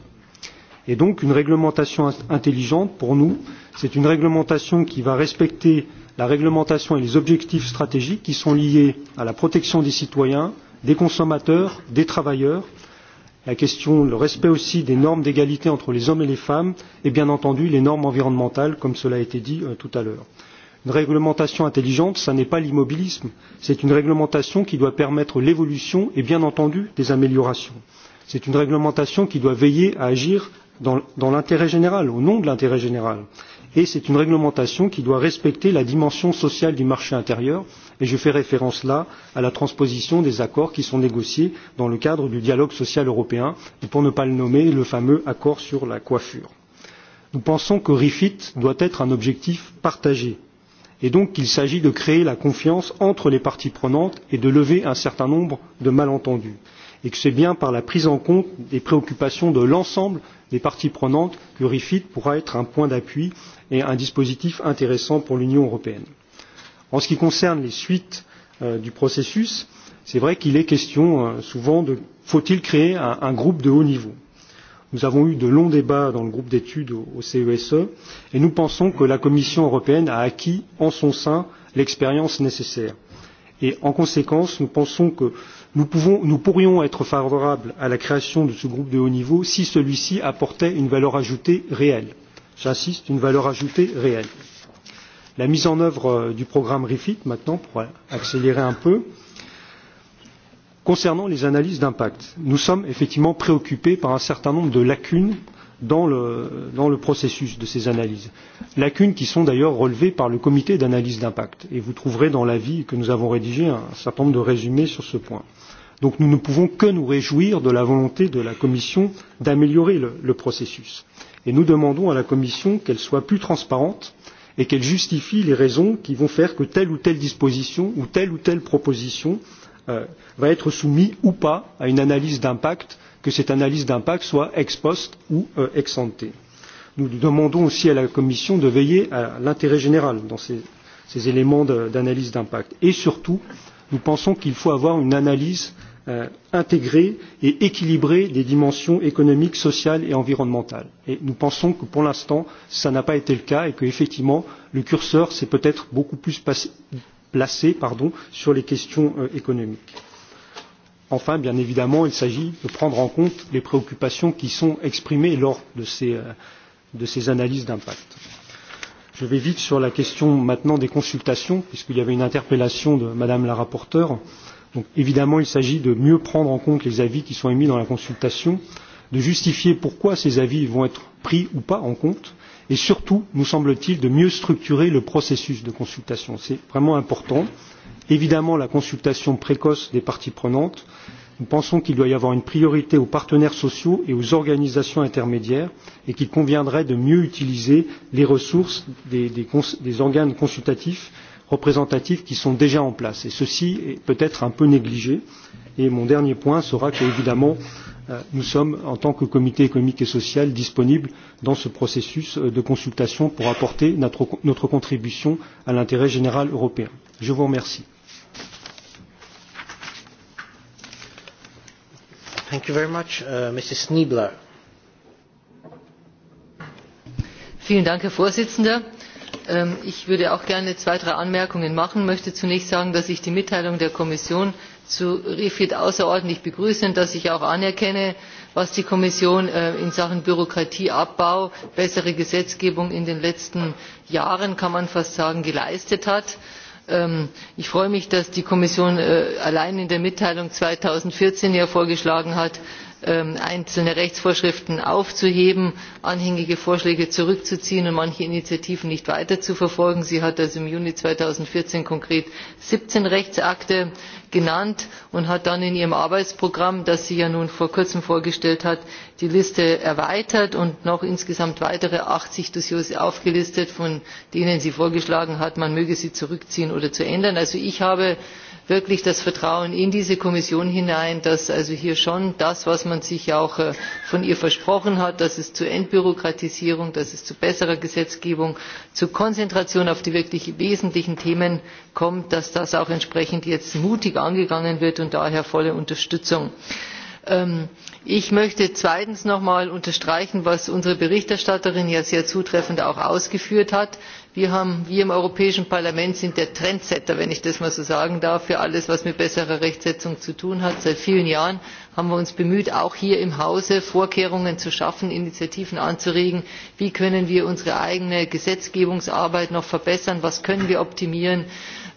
Et donc une réglementation intelligente, pour nous, c'est une réglementation qui va respecter la réglementation et les objectifs stratégiques qui sont liés à la protection des citoyens, des consommateurs, des travailleurs, la question, le respect aussi des normes d'égalité entre les hommes et les femmes et bien entendu les normes environnementales, comme cela a été dit euh, tout à l'heure. Une réglementation intelligente, ça n'est pas l'immobilisme, c'est une réglementation qui doit permettre l'évolution et bien entendu des améliorations. C'est une réglementation qui doit veiller à agir dans, dans l'intérêt général, au nom de l'intérêt général. Et c'est une réglementation qui doit respecter la dimension sociale du marché intérieur, et je fais référence là à la transposition des accords qui sont négociés dans le cadre du dialogue social européen, et pour ne pas le nommer, le fameux accord sur la coiffure. Nous pensons que REFIT doit être un objectif partagé et donc qu'il s'agit de créer la confiance entre les parties prenantes et de lever un certain nombre de malentendus et que c'est bien par la prise en compte des préoccupations de l'ensemble des parties prenantes que refit pourra être un point d'appui et un dispositif intéressant pour l'union européenne. en ce qui concerne les suites euh, du processus c'est vrai qu'il est question euh, souvent de faut il créer un, un groupe de haut niveau? Nous avons eu de longs débats dans le groupe d'études au, au CESE e et nous pensons que la Commission européenne a acquis en son sein l'expérience nécessaire. Et en conséquence, nous pensons que nous, pouvons, nous pourrions être favorables à la création de ce groupe de haut niveau si celui-ci apportait une valeur ajoutée réelle. J'insiste, une valeur ajoutée réelle. La mise en œuvre euh, du programme REFIT, maintenant, pour accélérer un peu, euh, Concernant les analyses d'impact, nous sommes effectivement préoccupés par un certain nombre de lacunes dans le, dans le processus de ces analyses, lacunes qui sont d'ailleurs relevées par le comité d'analyse d'impact. Et vous trouverez dans l'avis que nous avons rédigé un certain nombre de résumés sur ce point. Donc nous ne pouvons que nous réjouir de la volonté de la Commission d'améliorer le, le processus. Et nous demandons à la Commission qu'elle soit plus transparente et qu'elle justifie les raisons qui vont faire que telle ou telle disposition ou telle ou telle proposition euh, euh, va être soumis ou pas à une analyse d'impact, que cette analyse d'impact soit ex post ou euh, ex ante. Nous demandons aussi à la Commission de veiller à l'intérêt général dans ces, ces éléments d'analyse d'impact. Et surtout, nous pensons qu'il faut avoir une analyse euh, intégrée et équilibrée des dimensions économiques, sociales et environnementales. Et nous pensons que pour l'instant, ça n'a pas été le cas et qu'effectivement, le curseur s'est peut-être beaucoup plus passé, placée pardon, sur les questions euh, économiques. Enfin, bien évidemment, il s'agit de prendre en compte les préoccupations qui sont exprimées lors de ces, euh, de ces analyses d'impact. Je vais vite sur la question maintenant des consultations, puisqu'il y avait une interpellation de Madame la rapporteure. Donc, évidemment, il s'agit de mieux prendre en compte les avis qui sont émis dans la consultation, de justifier pourquoi ces avis vont être pris ou pas en compte, et surtout nous semble t il de mieux structurer le processus de consultation c'est vraiment important évidemment la consultation précoce des parties prenantes nous pensons qu'il doit y avoir une priorité aux partenaires sociaux et aux organisations intermédiaires et qu'il conviendrait de mieux utiliser les ressources des, des, des organes consultatifs représentatifs qui sont déjà en place et ceci est peut être un peu négligé et mon dernier point sera qu'évidemment évidemment Euh, nous sommes, en tant que comité économique et social, disponibles dans ce processus euh, de consultation pour apporter notre, notre contribution à l'intérêt général européen. Je vous remercie. Thank you very much, uh, Mrs. Niebler. Vielen Dank, Herr Vorsitzender. Ähm, ich würde auch gerne zwei, drei Anmerkungen machen. Ich möchte zunächst sagen, dass ich die Mitteilung der Kommission zu refit außerordentlich begrüßen dass ich auch anerkenne was die kommission äh, in sachen bürokratieabbau bessere gesetzgebung in den letzten jahren kann man fast sagen geleistet hat. Ähm, ich freue mich dass die kommission äh, allein in der mitteilung zweitausendvierzehn vorgeschlagen hat Ähm, einzelne rechtsvorschriften aufzuheben anhängige vorschläge zurückzuziehen und manche initiativen nicht weiterzuverfolgen. sie hat also im juni zweitausendvierzehn konkret siebzehn rechtsakte genannt und hat dann in ihrem arbeitsprogramm das sie ja nun vor kurzem vorgestellt hat die liste erweitert und noch insgesamt weitere achtzig dossiers aufgelistet von denen sie vorgeschlagen hat man möge sie zurückziehen oder ändern. also ich habe wirklich das Vertrauen in diese Kommission hinein, dass also hier schon das, was man sich auch äh, von ihr versprochen hat, dass es zu Entbürokratisierung, dass es zu besserer Gesetzgebung, zu Konzentration auf die wirklich wesentlichen Themen kommt, dass das auch entsprechend jetzt mutig angegangen wird und daher volle Unterstützung. Ähm, ich möchte zweitens noch einmal unterstreichen was unsere berichterstatterin ja sehr zutreffend auch ausgeführt hat wir, haben, wir im europäischen parlament sind der trendsetter wenn ich das mal so sagen darf für alles was mit besserer rechtsetzung zu tun hat. seit vielen jahren haben wir uns bemüht auch hier im hause vorkehrungen zu schaffen initiativen anzuregen wie können wir unsere eigene gesetzgebungsarbeit noch verbessern was können wir optimieren?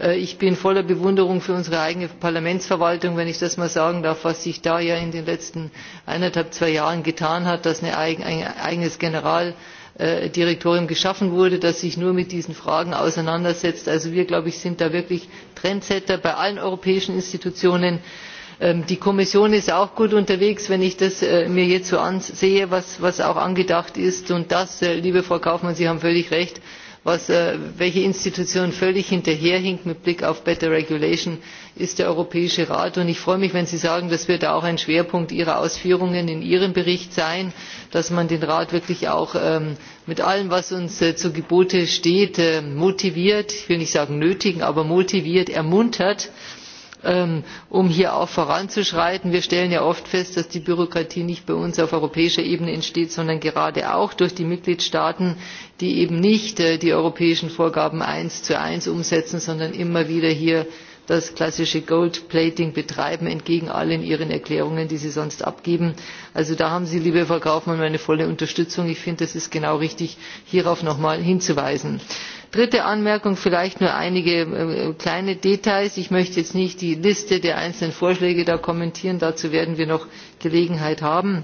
Äh, ich bin voller bewunderung für unsere eigene parlamentsverwaltung wenn ich das mal sagen darf was sich da ja in den letzten eineinhalb zwei jahren getan hat dass ein eigenes general direktorium äh, geschaffen wurde das sich nur mit diesen fragen auseinandersetzt. also wir glaube ich sind da wirklich trendsetter bei allen europäischen institutionen. Ähm, die kommission ist auch gut unterwegs wenn ich äh, mir jetzt so ansehe was auch angedacht ist und das äh, liebe frau kaufmann sie haben völlig recht was, äh, welche institution völlig hinterherhinkt mit blick auf better regulation ist der europäische rat. Und ich freue mich wenn sie sagen das wird auch ein schwerpunkt ihrer ausführungen in ihrem bericht sein dass man den rat wirklich auch ähm, mit allem was uns äh, zu gebote steht äh, motiviert ich will nicht sagen nötigen aber motiviert ermuntert Ähm, um hier auch voranzuschreiten. wir stellen ja oft fest dass die bürokratie nicht bei uns auf europäischer ebene entsteht sondern gerade auch durch die mitgliedstaaten die eben nicht äh, die europäischen vorgaben eins zu eins umsetzen sondern immer wieder hier das klassische gold plating betreiben entgegen allen ihren erklärungen die sie sonst abgeben. also da haben sie liebe frau kaufmann meine volle unterstützung. ich finde es ist genau richtig hierauf noch einmal hinzuweisen. dritte anmerkung vielleicht nur einige äh, kleine details ich möchte jetzt nicht die liste der einzelnen vorschläge kommentieren dazu werden wir noch gelegenheit haben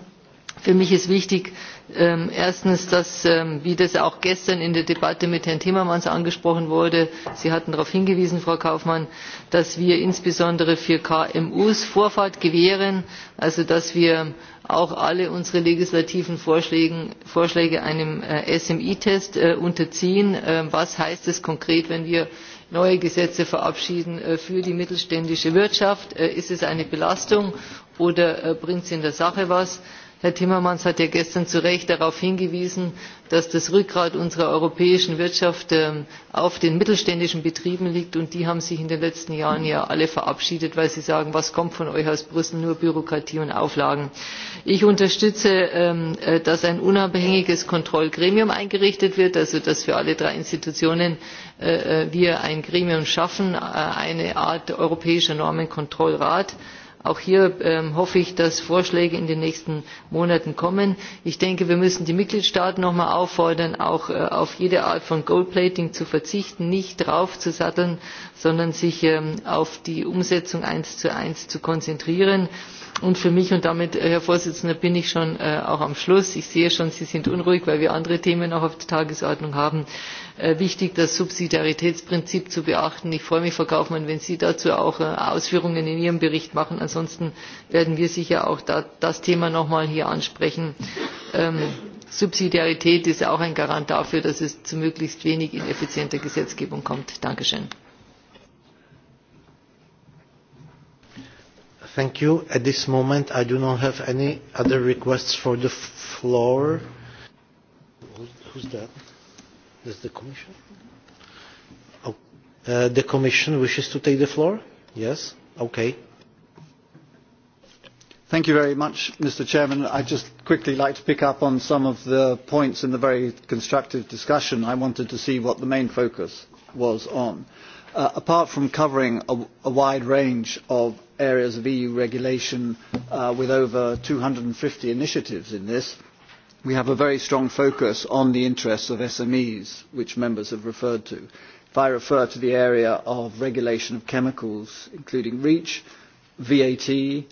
für mich ist wichtig ähm, erstens dass ähm, wie das auch gestern in der debatte mit herrn timmermans angesprochen wurde sie hatten darauf hingewiesen frau kaufmann dass wir insbesondere für kmu vorfahrt gewähren also dass wir auch alle unsere legislativen vorschläge einem äh, smi test äh, unterziehen ähm, was heißt es konkret wenn wir neue gesetze verabschieden äh, für die mittelständische wirtschaft? ist es eine belastung oder bringt es in der sache etwas? herr timmermans hat ja gestern zu recht darauf hingewiesen dass das rückgrat unserer europäischen wirtschaft ähm, auf den mittelständischen betrieben liegt und die haben sich in den letzten jahren ja alle verabschiedet weil sie sagen was kommt von euch aus brüssel nur bürokratie und auflagen. ich unterstütze ähm, äh, dass ein unabhängiges kontrollgremium eingerichtet wird also dass wir alle drei institutionen äh, äh, ein gremium schaffen eine art europäischer normenkontrollrat Auch hier ähm, hoffe ich, dass Vorschläge in den nächsten Monaten kommen. Ich denke, wir müssen die Mitgliedstaaten nochmal auffordern, auch äh, auf jede Art von Goldplating zu verzichten, nicht drauf zu satteln, sondern sich ähm, auf die Umsetzung eins zu eins zu konzentrieren. Und für mich, und damit, äh, Herr Vorsitzender, bin ich schon äh, auch am Schluss. Ich sehe schon, Sie sind unruhig, weil wir andere Themen auch auf der Tagesordnung haben. Äh, Äh, wichtig das subsidiaritätsprinzip zu beachten. ich freue mich frau kaufmann wenn sie dazu auch äh, ausführungen in ihrem bericht machen. ansonsten werden wir sicher auch da, das thema noch einmal hier ansprechen. Ähm, subsidiarität ist auch ein garant dafür dass es zu möglichst wenig ineffizienter gesetzgebung kommt. danke schön. Thank you. At this moment, I do not have any other requests for the floor. Who's that? Does the Commission? Oh, uh, the Commission wishes to take the floor? Yes? Okay. Thank you very much, Mr. Chairman. I'd just quickly like to pick up on some of the points in the very constructive discussion. I wanted to see what the main focus was on. Uh, apart from covering a, a wide range of areas of EU regulation uh, with over 250 initiatives in this, uh, we have a very strong focus on the interests of SMEs, which members have referred to. If I refer to the area of regulation of chemicals, including REACH, VAT,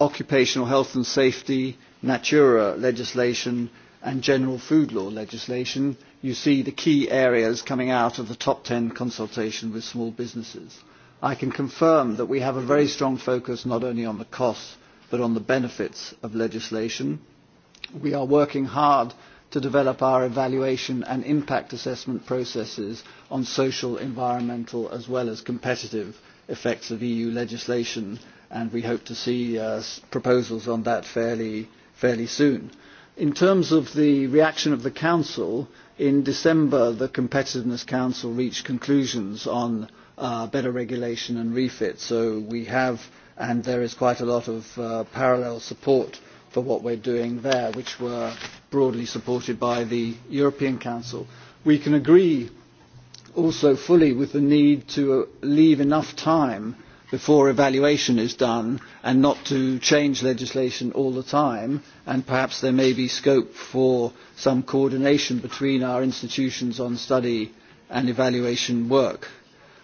occupational health and safety, Natura legislation, and general food law legislation, you see the key areas coming out of the top 10 consultation with small businesses. I can confirm that we have a very strong focus not only on the costs, but on the benefits of legislation we are working hard to develop our evaluation and impact assessment processes on social, environmental as well as competitive effects of EU legislation and we hope to see uh, proposals on that fairly, fairly soon. In terms of the reaction of the Council, in December the Competitiveness Council reached conclusions on uh, better regulation and refit, so we have, and there is quite a lot of uh, parallel support for what we're doing there, which were broadly supported by the European Council. We can agree also fully with the need to uh, leave enough time before evaluation is done and not to change legislation all the time and perhaps there may be scope for some coordination between our institutions on study and evaluation work.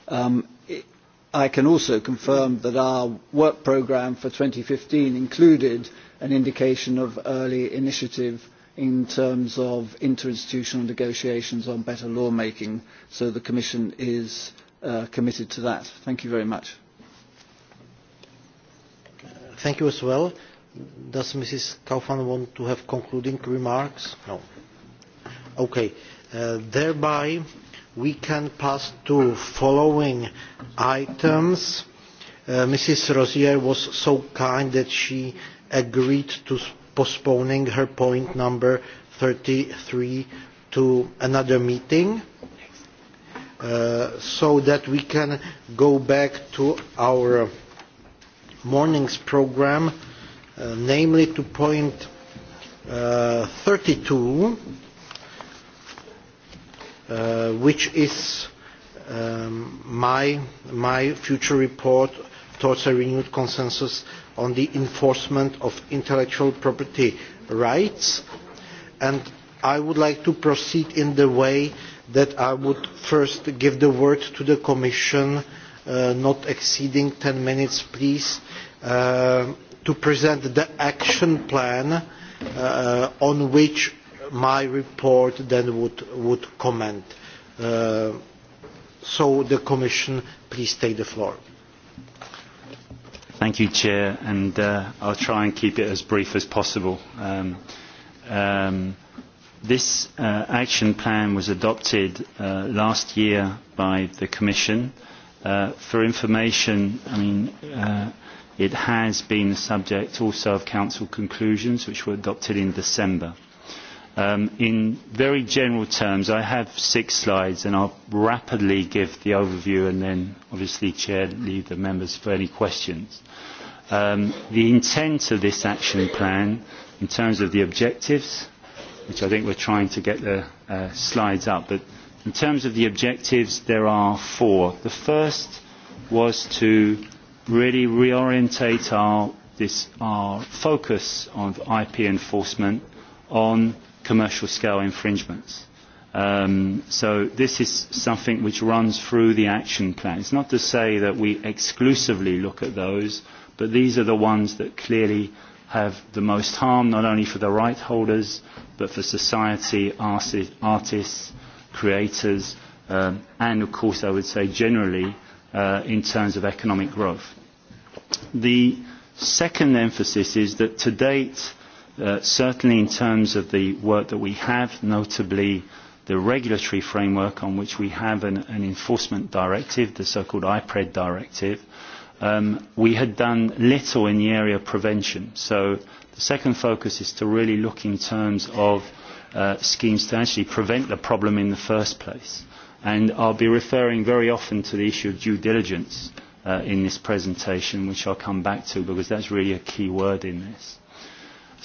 Um, it, I can also confirm that our work programme for 2015 included an indication of early initiative in terms of interinstitutional negotiations on better lawmaking. So the Commission is uh, committed to that. Thank you very much. Thank you as well. Does Mrs. Kaufmann want to have concluding remarks? No. Okay. Uh, thereby, we can pass to following items. Uh, Mrs. Rosier was so kind that she uh, agreed to postponing her point number 33 to another meeting uh, so that we can go back to our morning's program, uh, namely to point uh, 32, uh, which is um, my, my future report towards a renewed consensus on the enforcement of intellectual property rights and i would like to proceed in the way that i would first give the word to the commission uh, not exceeding 10 minutes please uh, to present the action plan uh, on which my report then would would comment uh, so the commission please take the floor Thank you, Chair, and uh, I'll try and keep it as brief as possible. Um, um, this uh, action plan was adopted uh, last year by the Commission. Uh, for information, I mean, uh, it has been the subject also of Council conclusions, which were adopted in December. Um, in very general terms, I have six slides and I'll rapidly give the overview and then obviously chair leave the members for any questions. Um, the intent of this action plan in terms of the objectives, which I think we're trying to get the uh, slides up, but in terms of the objectives, there are four. The first was to really reorientate our, this, our focus on IP enforcement on commercial scale infringements. Um, so this is something which runs through the action plan. It's not to say that we exclusively look at those, but these are the ones that clearly have the most harm, not only for the right holders, but for society, artists, creators, um, and of course, I would say generally uh, in terms of economic growth. The second emphasis is that to date, uh, certainly in terms of the work that we have, notably the regulatory framework on which we have an, an enforcement directive, the so-called IPRED directive, um, we had done little in the area of prevention. So the second focus is to really look in terms of uh, schemes to actually prevent the problem in the first place. And I'll be referring very often to the issue of due diligence uh, in this presentation, which I'll come back to because that's really a key word in this.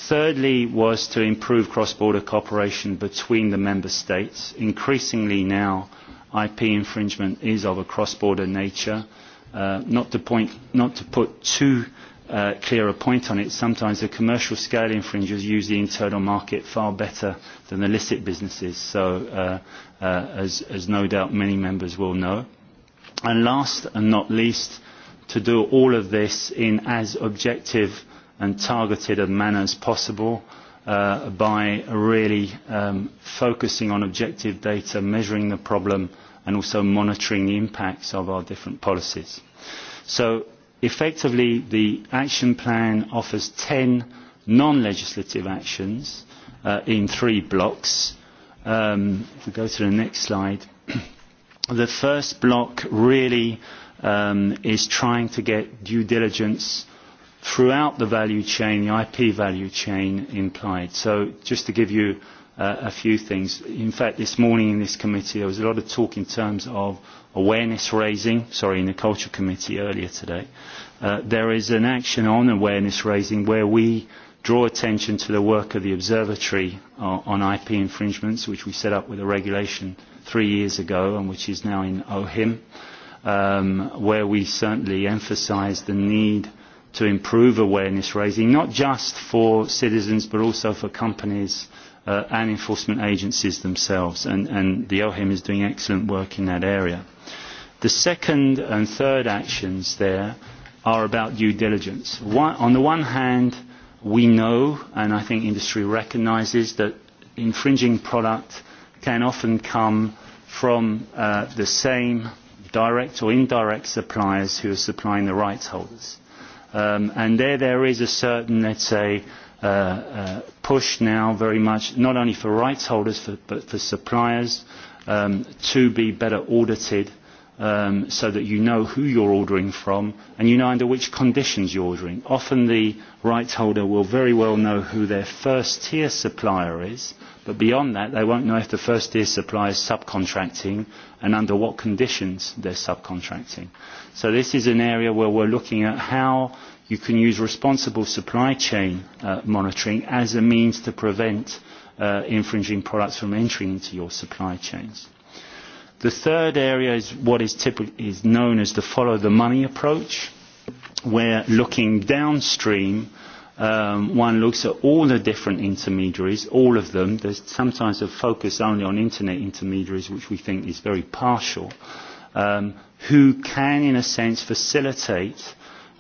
Thirdly was to improve cross-border cooperation between the member states. Increasingly now, IP infringement is of a cross-border nature. Uh, not, to point, not to put too uh, clear a point on it, sometimes the commercial scale infringers use the internal market far better than the illicit businesses, so uh, uh, as, as no doubt many members will know. And last and not least, to do all of this in as objective uh, and targeted a manner as possible uh, by really um, focusing on objective data, measuring the problem, and also monitoring the impacts of our different policies. So effectively, the action plan offers 10 non-legislative actions uh, in three blocks. Um, if we go to the next slide. (clears throat) the first block really um, is trying to get due diligence uh, throughout the value chain, the IP value chain implied. So just to give you uh, a few things. In fact, this morning in this committee, there was a lot of talk in terms of awareness raising, sorry, in the Culture Committee earlier today. Uh, there is an action on awareness raising where we draw attention to the work of the Observatory uh, on IP infringements, which we set up with a regulation three years ago and which is now in OHIM, um, where we certainly emphasize the need to improve awareness raising, not just for citizens but also for companies uh, and enforcement agencies themselves. And, and the OHIM e is doing excellent work in that area. The second and third actions there are about due diligence. One, on the one hand, we know, and I think industry recognises, that infringing product can often come from uh, the same direct or indirect suppliers who are supplying the rights holders Um, and there, there is a certain, let's say, uh, uh, push now very much, not only for rights holders, for, but for suppliers, um, to be better audited um, so that you know who you're ordering from and you know under which conditions you're ordering. Often the rights holder will very well know who their first tier supplier is, uh, But beyond that, they won't know if the first-tier supplier is subcontracting and under what conditions they're subcontracting. So this is an area where we're looking at how you can use responsible supply chain uh, monitoring as a means to prevent uh, infringing products from entering into your supply chains. The third area is what is, typically, is known as the follow the money approach. We're looking downstream uh, um, one looks at all the different intermediaries, all of them. There's sometimes a focus only on internet intermediaries, which we think is very partial, um, who can, in a sense, facilitate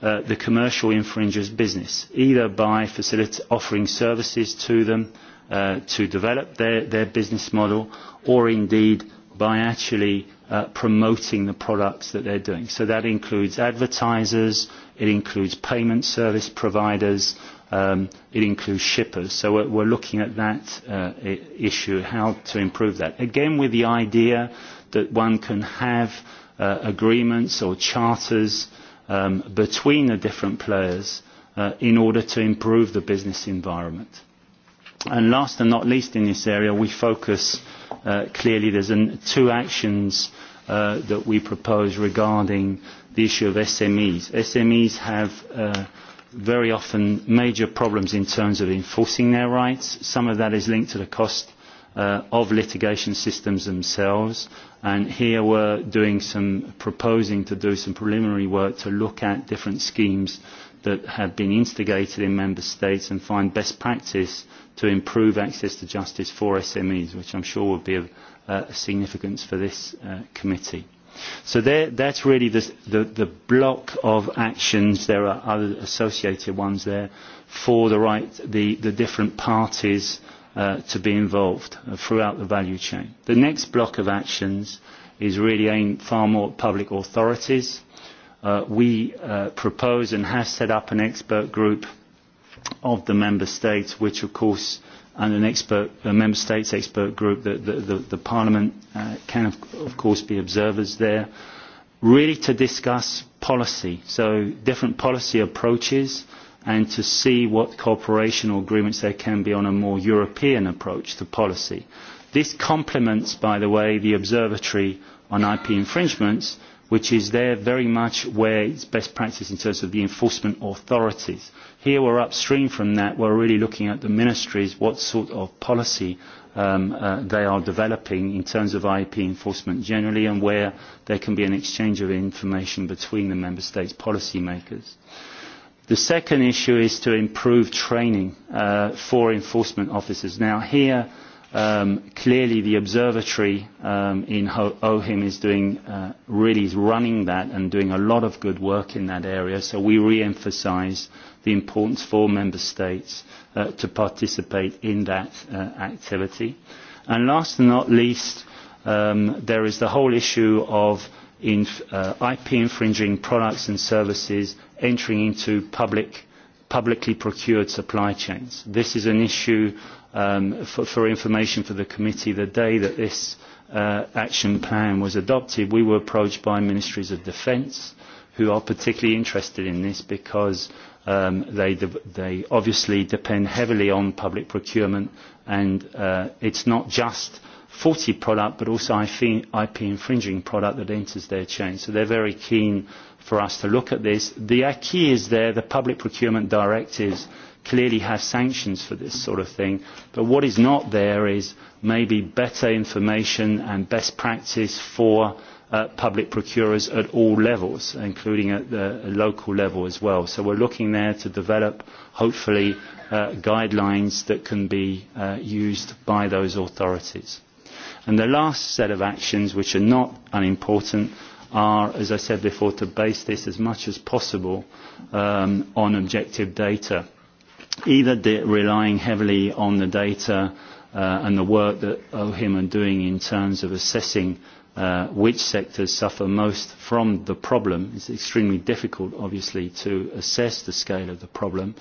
uh, the commercial infringer's business, either by facilit- offering services to them uh, to develop their, their business model, or indeed by actually uh, promoting the products that they're doing. So that includes advertisers, it includes payment service providers, um, it includes shippers. So we're, we're looking at that uh, issue, how to improve that. Again, with the idea that one can have uh, agreements or charters um, between the different players uh, in order to improve the business environment. And last and not least in this area, we focus uh, clearly there's an, two actions uh, that we propose regarding the issue of SMEs. SMEs have uh, very often major problems in terms of enforcing their rights. Some of that is linked to the cost uh, of litigation systems themselves. And here we're doing some proposing to do some preliminary work to look at different schemes that have been instigated in member states and find best practice to improve access to justice for SMEs, which I'm sure will be of uh, significance for this uh, committee. So there, that's really the, the, the block of actions. There are other associated ones there for the right, the, the different parties uh, to be involved uh, throughout the value chain. The next block of actions is really aimed far more at public authorities. Uh, we uh, propose and have set up an expert group of the member states, which of course and an expert, a member states expert group, the, the, the, the parliament uh, can of, of course be observers there, really to discuss policy, so different policy approaches and to see what cooperation or agreements there can be on a more European approach to policy. This complements, by the way, the observatory on IP infringements, which is there very much where it's best practice in terms of the enforcement authorities. Here we're upstream from that. We're really looking at the ministries, what sort of policy um, uh, they are developing in terms of IEP enforcement generally and where there can be an exchange of information between the Member States policymakers. The second issue is to improve training uh, for enforcement officers. Now here, um, clearly the observatory um, in Ho- OHIM is doing uh, really is running that and doing a lot of good work in that area. So we re-emphasize the importance for member states uh, to participate in that uh, activity. And last and not least, um, there is the whole issue of inf uh, IP infringing products and services entering into public, publicly procured supply chains. This is an issue um, for, for information for the committee the day that this uh, uh, action plan was adopted, we were approached by ministries of defence who are particularly interested in this because um, they, they obviously depend heavily on public procurement and uh, it's not just 40 product but also IP, IP infringing product that enters their chain. So they're very keen for us to look at this. The acquis is there, the public procurement directives clearly have sanctions for this sort of thing, but what is not there is maybe better information and best practice for uh, public procurers at all levels, including at the local level as well. So we're looking there to develop, hopefully, uh, guidelines that can be uh, used by those authorities. And the last set of actions, which are not unimportant, are, as I said before, to base this as much as possible um, on objective data, either de- relying heavily on the data uh, uh, and the work that OHIM are doing in terms of assessing uh, which sectors suffer most from the problem. It's extremely difficult, obviously, to assess the scale of the problem,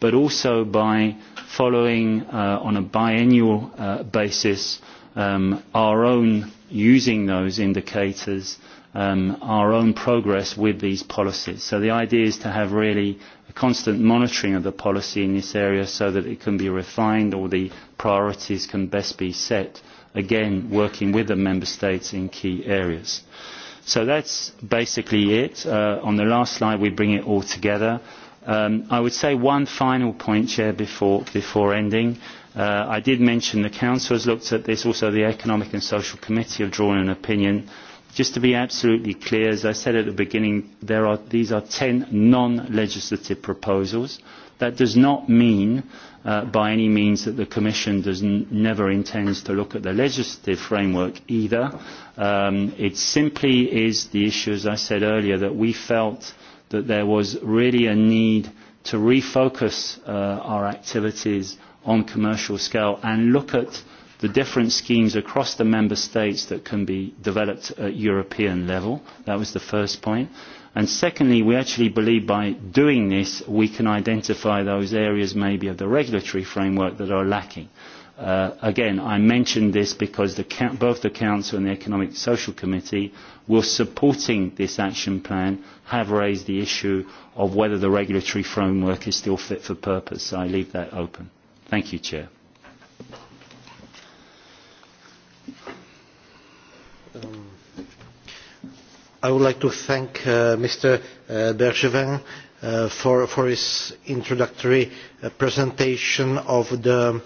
but also by following uh, on a biennial uh, basis um, our own using those indicators, um, our own progress with these policies. So the idea is to have really constant monitoring of the policy in this area so that it can be refined or the priorities can best be set, again, working with the member states in key areas. So that's basically it. Uh, on the last slide, we bring it all together. Um, I would say one final point, Chair, before, before ending. Uh, I did mention the Council has looked at this, also the Economic and Social Committee have drawn an opinion uh, Just to be absolutely clear, as I said at the beginning, there are, these are 10 non-legislative proposals. That does not mean uh, by any means that the Commission does n never intends to look at the legislative framework either. Um, it simply is the issue, as I said earlier, that we felt that there was really a need to refocus uh, our activities on commercial scale and look at uh, the different schemes across the member states that can be developed at European level. That was the first point. And secondly, we actually believe by doing this, we can identify those areas maybe of the regulatory framework that are lacking. Uh, again, I mentioned this because the, both the Council and the Economic Social Committee were supporting this action plan, have raised the issue of whether the regulatory framework is still fit for purpose. So I leave that open. Thank you, Chair. Um, I would like to thank uh, Mr. Uh, Bergevin uh, for, for his introductory uh, presentation of the,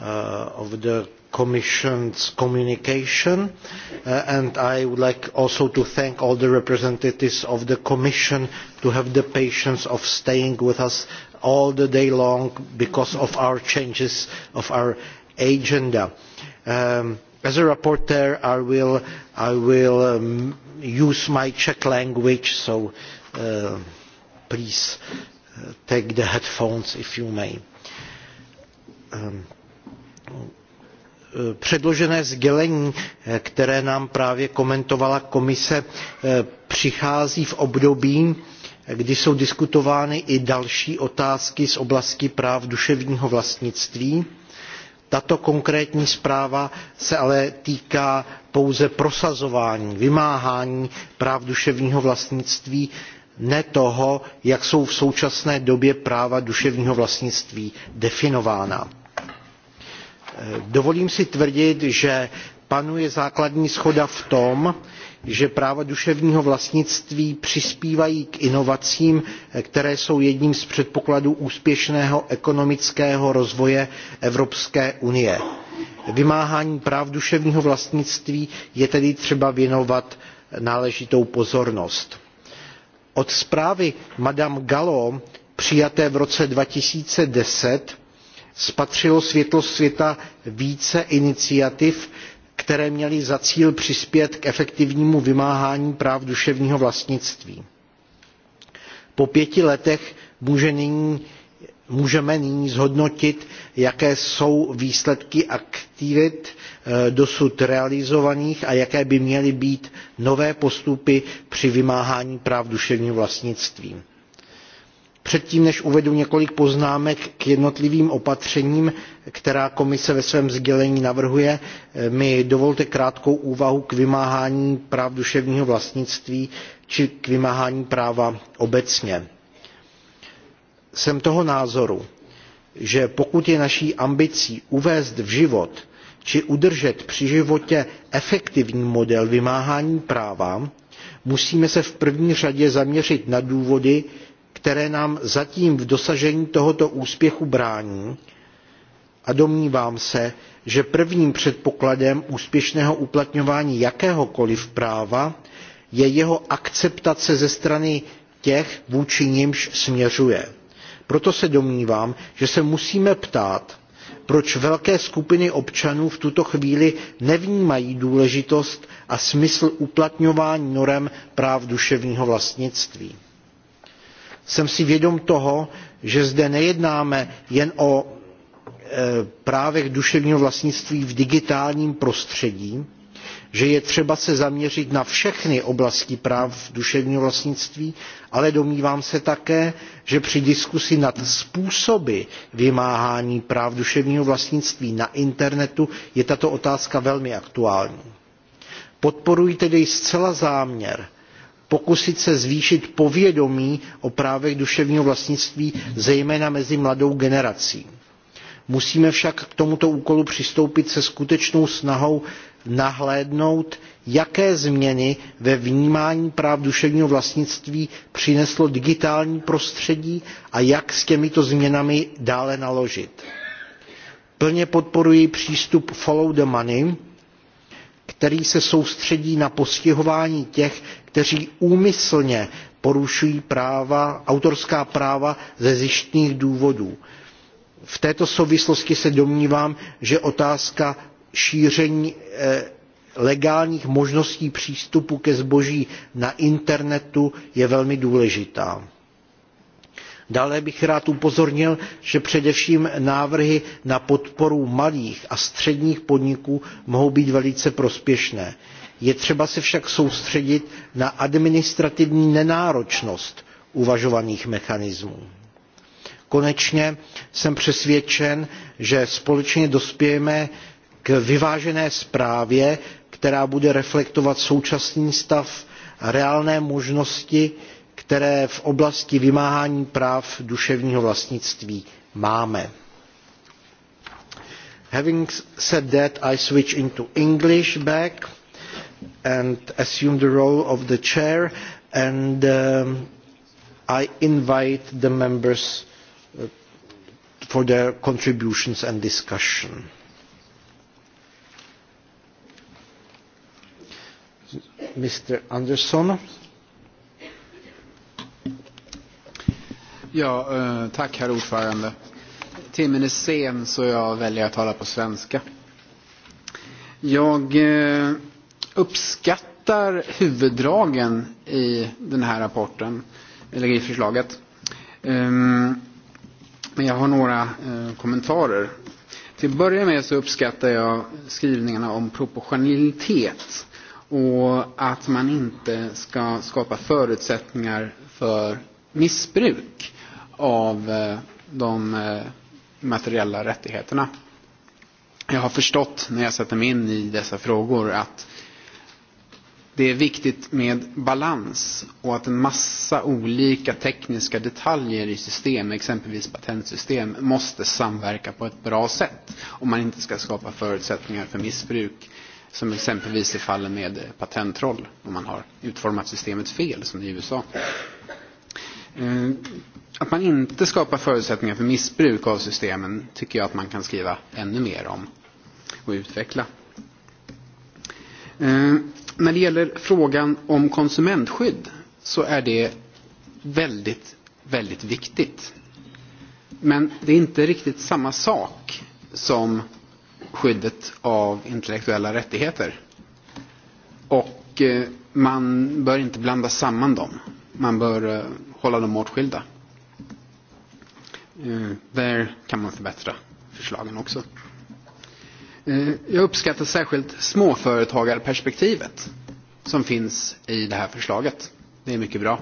uh, of the Commission's communication, uh, and I would like also to thank all the representatives of the Commission to have the patience of staying with us all the day long because of our changes of our agenda. Um, as a rapporteur i will, I will um, use my czech language so uh, please uh, take the headphones if you may. Um, uh, předložené sdělení eh, které nám právě komentovala komise eh, přichází v období kdy jsou diskutovány i další otázky z oblasti práv duševního vlastnictví tato konkrétní zpráva se ale týká pouze prosazování vymáhání práv duševního vlastnictví ne toho jak jsou v současné době práva duševního vlastnictví definována. dovolím si tvrdit že panuje základní shoda v tom že že práva duševního vlastnictví přispívají k inovacím které jsou jedním z předpokladů úspěšného ekonomického rozvoje evropské unie. vymáhání práv duševního vlastnictví je tedy třeba věnovat náležitou pozornost. od zprávy madame galloové přijaté v roce two thousand and ten spatřilo světlo světa více iniciativ které měly za cíl přispět k efektivnímu vymáhání práv duševního vlastnictví. Po pěti letech může nyní, můžeme nyní zhodnotit, jaké jsou výsledky aktivit eh, dosud realizovaných a jaké by měly být nové postupy při vymáhání práv duševního vlastnictví Předtím, než uvedu několik poznámek k jednotlivým opatřením, která komise ve svém sdělení navrhuje, mi dovolte krátkou úvahu k vymáhání práv duševního vlastnictví či k vymáhání práva obecně. Jsem toho názoru, že pokud je naší ambicí uvést v život či udržet při životě efektivní model vymáhání práva, musíme se v první řadě zaměřit na důvody, které nám zatím v dosažení tohoto úspěchu brání a domnívám se že prvním předpokladem úspěšného uplatňování jakéhokoliv práva je jeho akceptace ze strany těch vůči nimž směřuje. proto se domnívám že se musíme ptát proč velké skupiny občanů v tuto chvíli nevnímají důležitost a smysl uplatňování norem práv duševního vlastnictví jsem si vědom toho že zde nejednáme jen o e, právech duševního vlastnictví v digitálním prostředí že je třeba se zaměřit na všechny oblasti práv duševního vlastnictví ale domnívám se také že při diskusi nad způsoby vymáhání práv duševního vlastnictví na internetu je tato otázka velmi aktuální. podporuji tedy zcela záměr pokusit se zvýšit povědomí o právech duševního vlastnictví zejména mezi mladou generací. musíme však k tomuto úkolu přistoupit se skutečnou snahou nahlédnout jaké změny ve vnímání práv duševního vlastnictví přineslo digitální prostředí a jak s těmito změnami dále naložit. plně podporuji přístup follow the money který se soustředí na postihování těch, kteří úmyslně porušují práva, autorská práva ze zjištních důvodů. V této souvislosti se domnívám, že otázka šíření eh, legálních možností přístupu ke zboží na internetu je velmi důležitá dále bych rád upozornil že především návrhy na podporu malých a středních podniků mohou být velice prospěšné. je třeba se však soustředit na administrativní nenáročnost uvažovaných mechanismů. konečně jsem přesvědčen že společně dospějeme k vyvážené zprávě která bude reflektovat současný stav reálné možnosti které v oblasti vymáhání práv duševního vlastnictví máme. having said that i switch into english back and assume the role of the chair and um, i invite the members uh, for their contributions and discussion. Mr. Anderson. Ja, eh, tack herr ordförande. Timmen är sen så jag väljer att tala på svenska. Jag eh, uppskattar huvuddragen i den här rapporten, eller i förslaget. Eh, men jag har några eh, kommentarer. Till att börja med så uppskattar jag skrivningarna om proportionalitet och att man inte ska skapa förutsättningar för missbruk av eh, de eh, materiella rättigheterna. Jag har förstått när jag sätter mig in i dessa frågor att det är viktigt med balans och att en massa olika tekniska detaljer i system, exempelvis patentsystem, måste samverka på ett bra sätt om man inte ska skapa förutsättningar för missbruk som exempelvis i fallen med patenttroll om man har utformat systemet fel som i USA. Mm, att man inte skapar förutsättningar för missbruk av systemen tycker jag att man kan skriva ännu mer om och utveckla. Mm, när det gäller frågan om konsumentskydd så är det väldigt, väldigt viktigt. Men det är inte riktigt samma sak som skyddet av intellektuella rättigheter. Och eh, man bör inte blanda samman dem man bör eh, hålla dem åtskilda. Eh, där kan man förbättra förslagen också. Eh, jag uppskattar särskilt småföretagarperspektivet som finns i det här förslaget. Det är mycket bra.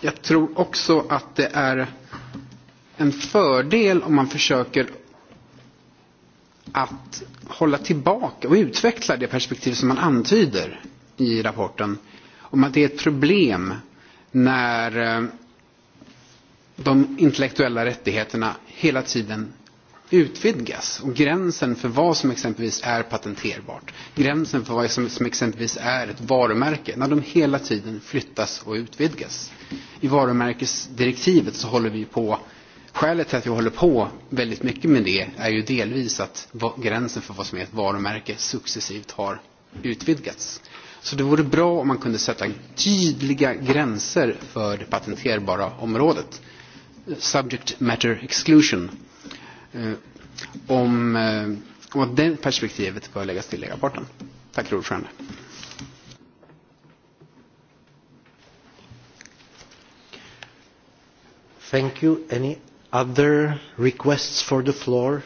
Jag tror också att det är en fördel om man försöker att hålla tillbaka och utveckla det perspektiv som man antyder i rapporten om att det är ett problem när eh, de intellektuella rättigheterna hela tiden utvidgas och gränsen för vad som exempelvis är patenterbart, gränsen för vad som, som exempelvis är ett varumärke, när de hela tiden flyttas och utvidgas. I varumärkesdirektivet så håller vi på, skälet till att vi håller på väldigt mycket med det är ju delvis att gränsen för vad som är ett varumärke successivt har utvidgats. Så det vore bra om man kunde sätta tydliga gränser för det patenterbara området. Subject matter exclusion. Eh, om, eh, om att det perspektivet bör läggas till i rapporten. Tack, ordförande. Thank you. Any other requests for the floor?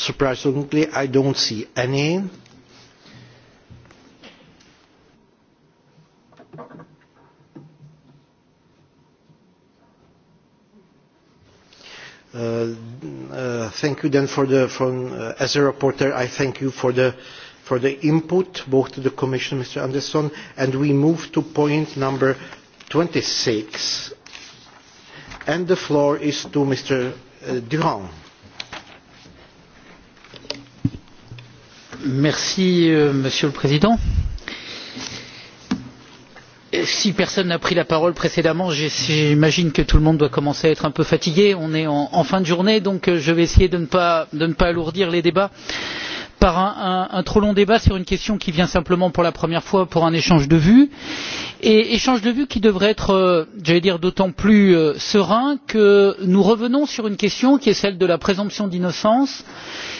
surprisingly i do not see any. Uh, uh, thank you then for the from uh, as a rapporteur i thank you for the for the input both to the commission mr anderson and we move to point number 26 and the floor is to mr uh, durand Merci, euh, monsieur le président si personne n'a pris la parole précédemment j'imagine que tout le monde doit commencer à être un peu fatigué on est en, en fin de journée donc euh, je vais essayer de ne pas, de ne pas alourdir les débats par un, un, un trop long débat sur une question qui vient simplement pour la première fois pour un échange de vues et échange de vues qui devrait être euh, j'allais dire d'autant plus euh, serein que nous revenons sur une question qui est celle de la présomption d'innocence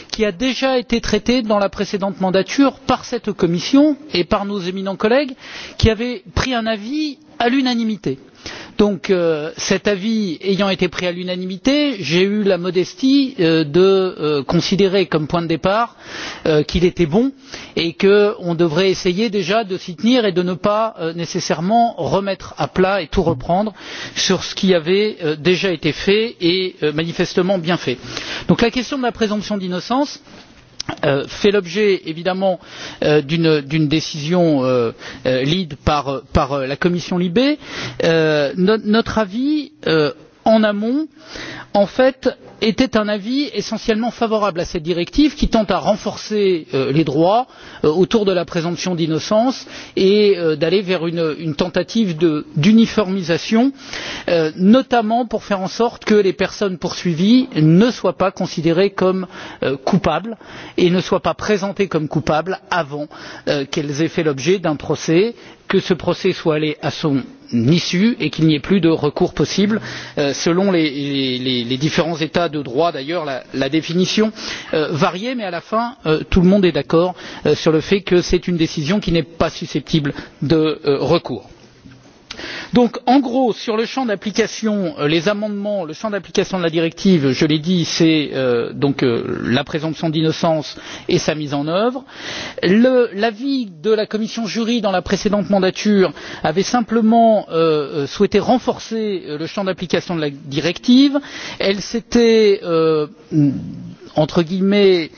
et qui a déjà été traité dans la précédente mandature par cette commission et par nos éminents collègues qui avaient pris un avis à l'unanimité donc euh, cet avis ayant été pris à l'unanimité j'ai eu la modestie euh, de euh, considérer comme point de départ qu'il était bon et qu'on devrait essayer déjà de s'y tenir et de ne pas nécessairement remettre à plat et tout reprendre sur ce qui avait déjà été fait et manifestement bien fait. donc la question de la présomption d'innocence est Euh, fait l'objet évidemment euh, d'une décision euh, lead par la commission libe notre avis en amont en fait était un avis essentiellement favorable à cette directive qui tend à renforcer euh, les droits euh, autour de la présomption d'innocence et euh, d'aller vers une, une tentative d'uniformisation euh, notamment pour faire en sorte que les personnes poursuivies ne soient pas considérées comme euh, coupables et ne soient pas présentées comme coupables avant euh, qu'elles aient fait l'objet d'un procès que ce procès soit allé à son issue et qu'il n'y ait plus de recours possible euh, selon les, les, les différents états de droit d'ailleurs la, la définition euh, variait mais à la fin euh, tout le monde est d'accord sur le fait que c'est une décision qui n'est pas susceptible de recours donc en gros sur le champ d'application euh, les amendements le champ d'application de la directive je l'ai dit c'est euh, donc euh, la présomption d'innocence et sa mise en œuvre. l'avis de la commission juri dans la précédente mandature avait simplement euh, euh souhaité renforcer euh, le champ d'application de la directive elle s'était entre guillemets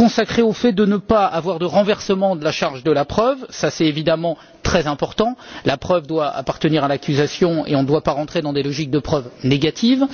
consacré au fait de ne pas avoir de renversement de la charge de la preuve c'est évidemment très important la preuve doit appartenir à l'accusation et on ne doit pas entrer dans des logiques de preuve négative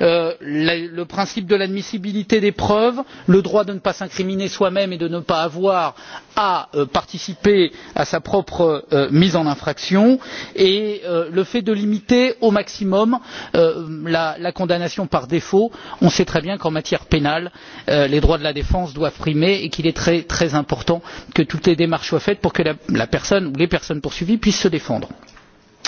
euh, le principe de l'admissibilité des preuves le droit de ne pas s'incriminer soi même et de ne pas avoir a euh, participé à sa propre euh, mise en infraction et euh, le fait de limiter au maximum la condamnation par défaut on sait très bien qu'en matière pénale les droits de la défense doivent primer et qu'il est très important que toutes les démarches soient faites pour que la personne ou les personnes poursuivies puissent se défendre.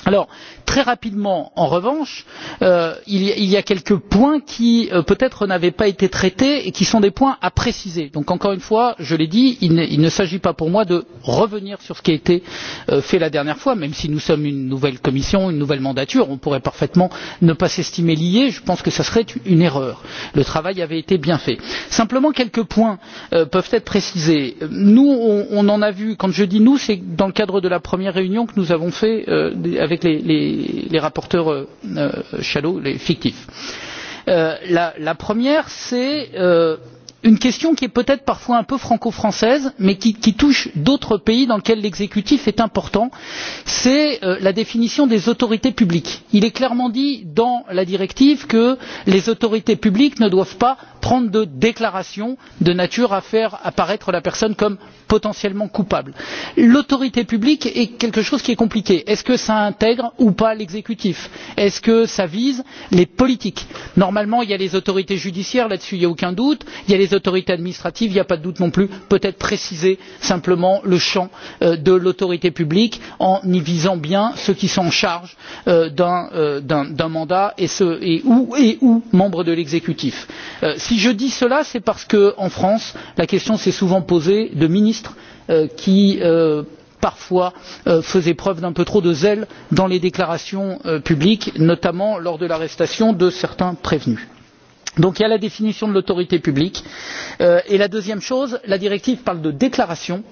Alors, très rapidement en revanche euh, il, y, il y a quelques points qui euh, peut être n'avaient pas été traités et qui sont des points à préciser. donc encore une fois je l'ai dit il ne, ne s'agit pas pour moi de revenir sur ce qui a été euh, fait la dernière fois même si nous sommes une nouvelle commission une nouvelle mandature on pourrait parfaitement ne pas s'estimer lié je pense que ce serait une erreur. le travail avait été bien fait. simplement quelques points euh, peuvent être précisés. nous on, on en a vu quand je dis nous c'est dans le cadre de la première réunion que nous avons faite euh, avec les, les, les rapporteurs euh, euh, shadow les fictifs. Euh, la, la première c'est euh, une question qui est peut être parfois un peu franco française mais qui, qui touche d'autres pays dans lesquels l'exécutif est important c'est euh, la définition des autorités publiques. il est clairement dit dans la directive que les autorités publiques ne doivent pas trente deux déclarations de nature à faire apparaître la personne comme potentiellement coupable. l'autorité publique est quelque chose qui est compliqué est ce que ça intègre ou pas l'exécutif? est ce que ça vise les politiques? normalement il y a les autorités judiciaires là dessus il n'y a aucun doute il y a les autorités administratives il n'y a pas de doute non plus peut être préciser simplement le champ euh, de l'autorité publique en y visant bien ceux qui sont en charge euh, euh, d'un mandat et, ce, et, ou, et ou membres de l'exécutif. Euh, si je dis cela c'est parce qu'en france la question s'est souvent posée de ministres euh, qui euh, parfois euh, faisaient preuve d'un peu trop de zèle dans les déclarations publiques notamment lors de l'arrestation de certains prévenus. donc il y a la définition de l'autorité publique et la deuxième chose la directive parle de déclaration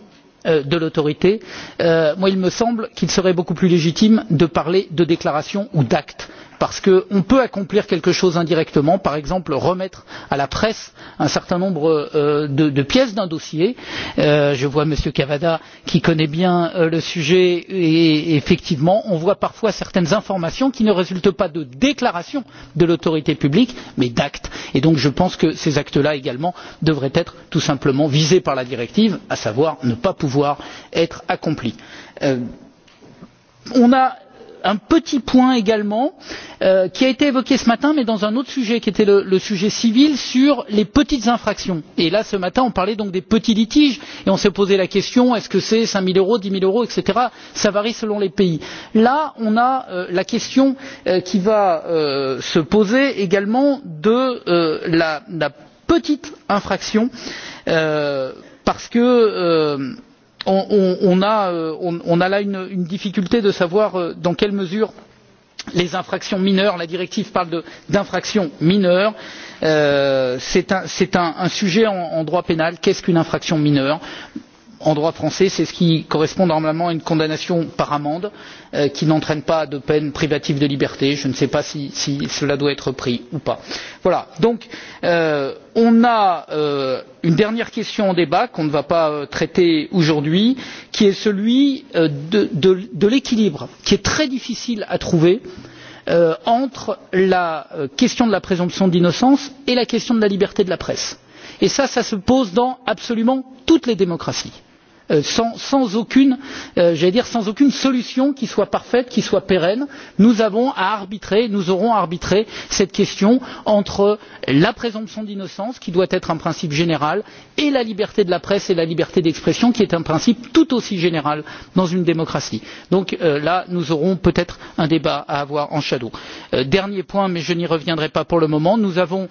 de l'autorité. il me semble qu'il serait beaucoup plus légitime de parler de déclaration ou d'acte parce qu'on peut accomplir quelque chose indirectement par exemple remettre à la presse un certain nombre euh, de, de pièces d'un dossier euh, je vois m. cavada qui connaît bien euh, le sujet et effectivement on voit parfois certaines informations qui ne résultent pas de déclarations de l'autorité publique mais d'actes et donc je pense que ces actes là également devraient être tout simplement visés par la directive à savoir ne pas pouvoir être accomplis. Euh, on a un petit point également euh, qui a été évoqué ce matin mais dans un autre sujet qui était le, le sujet civil sur les petites infractions. Et là ce matin on parlait donc des petits litiges et on s'est posé la question est ce que c'est cinq zéro euros dix zéro euros etc. ça varie selon les pays. là on a euh, la question euh, qui va euh, se poser également de euh, la, la petite infraction euh, parce que on, on, on, a, euh, on, on a là une, une difficulté de savoir euh, dans quelle mesure les infractions mineures la directive parle d'infractions mineures euh, c'est un, un, un sujet en, en droit pénal qu'est ce qu'une infraction mineure? en droit français c'est ce qui correspond normalement à une condamnation par amende. Euh, qui n'entraîne pas de peine privative de liberté. je ne sais pas si, si cela doit être pris ou pas. voilà donc euh, on a euh, une dernière question en débat qu'on ne va pas euh, traiter aujourd'hui qui est celle euh, de, de, de l'équilibre qui est très difficile à trouver euh, entre la question de la présomption d'innocence et la question de la liberté de la presse. et ça, ça se pose dans absolument toutes les démocraties Euh, sans, sans aucune euh, j'allais dire sans aucune solution qui soit parfaite qui soit pérenne nous avons à arbitrer nous aurons à arbitrer cette question entre la présomption d'innocence qui doit être un principe général et la liberté de la presse et la liberté d'expression qui est un principe tout aussi général dans une démocratie. donc euh, là nous aurons peut être un débat à avoir en shadow. dernier point mais je n'y reviendrai pas pour le moment nous avons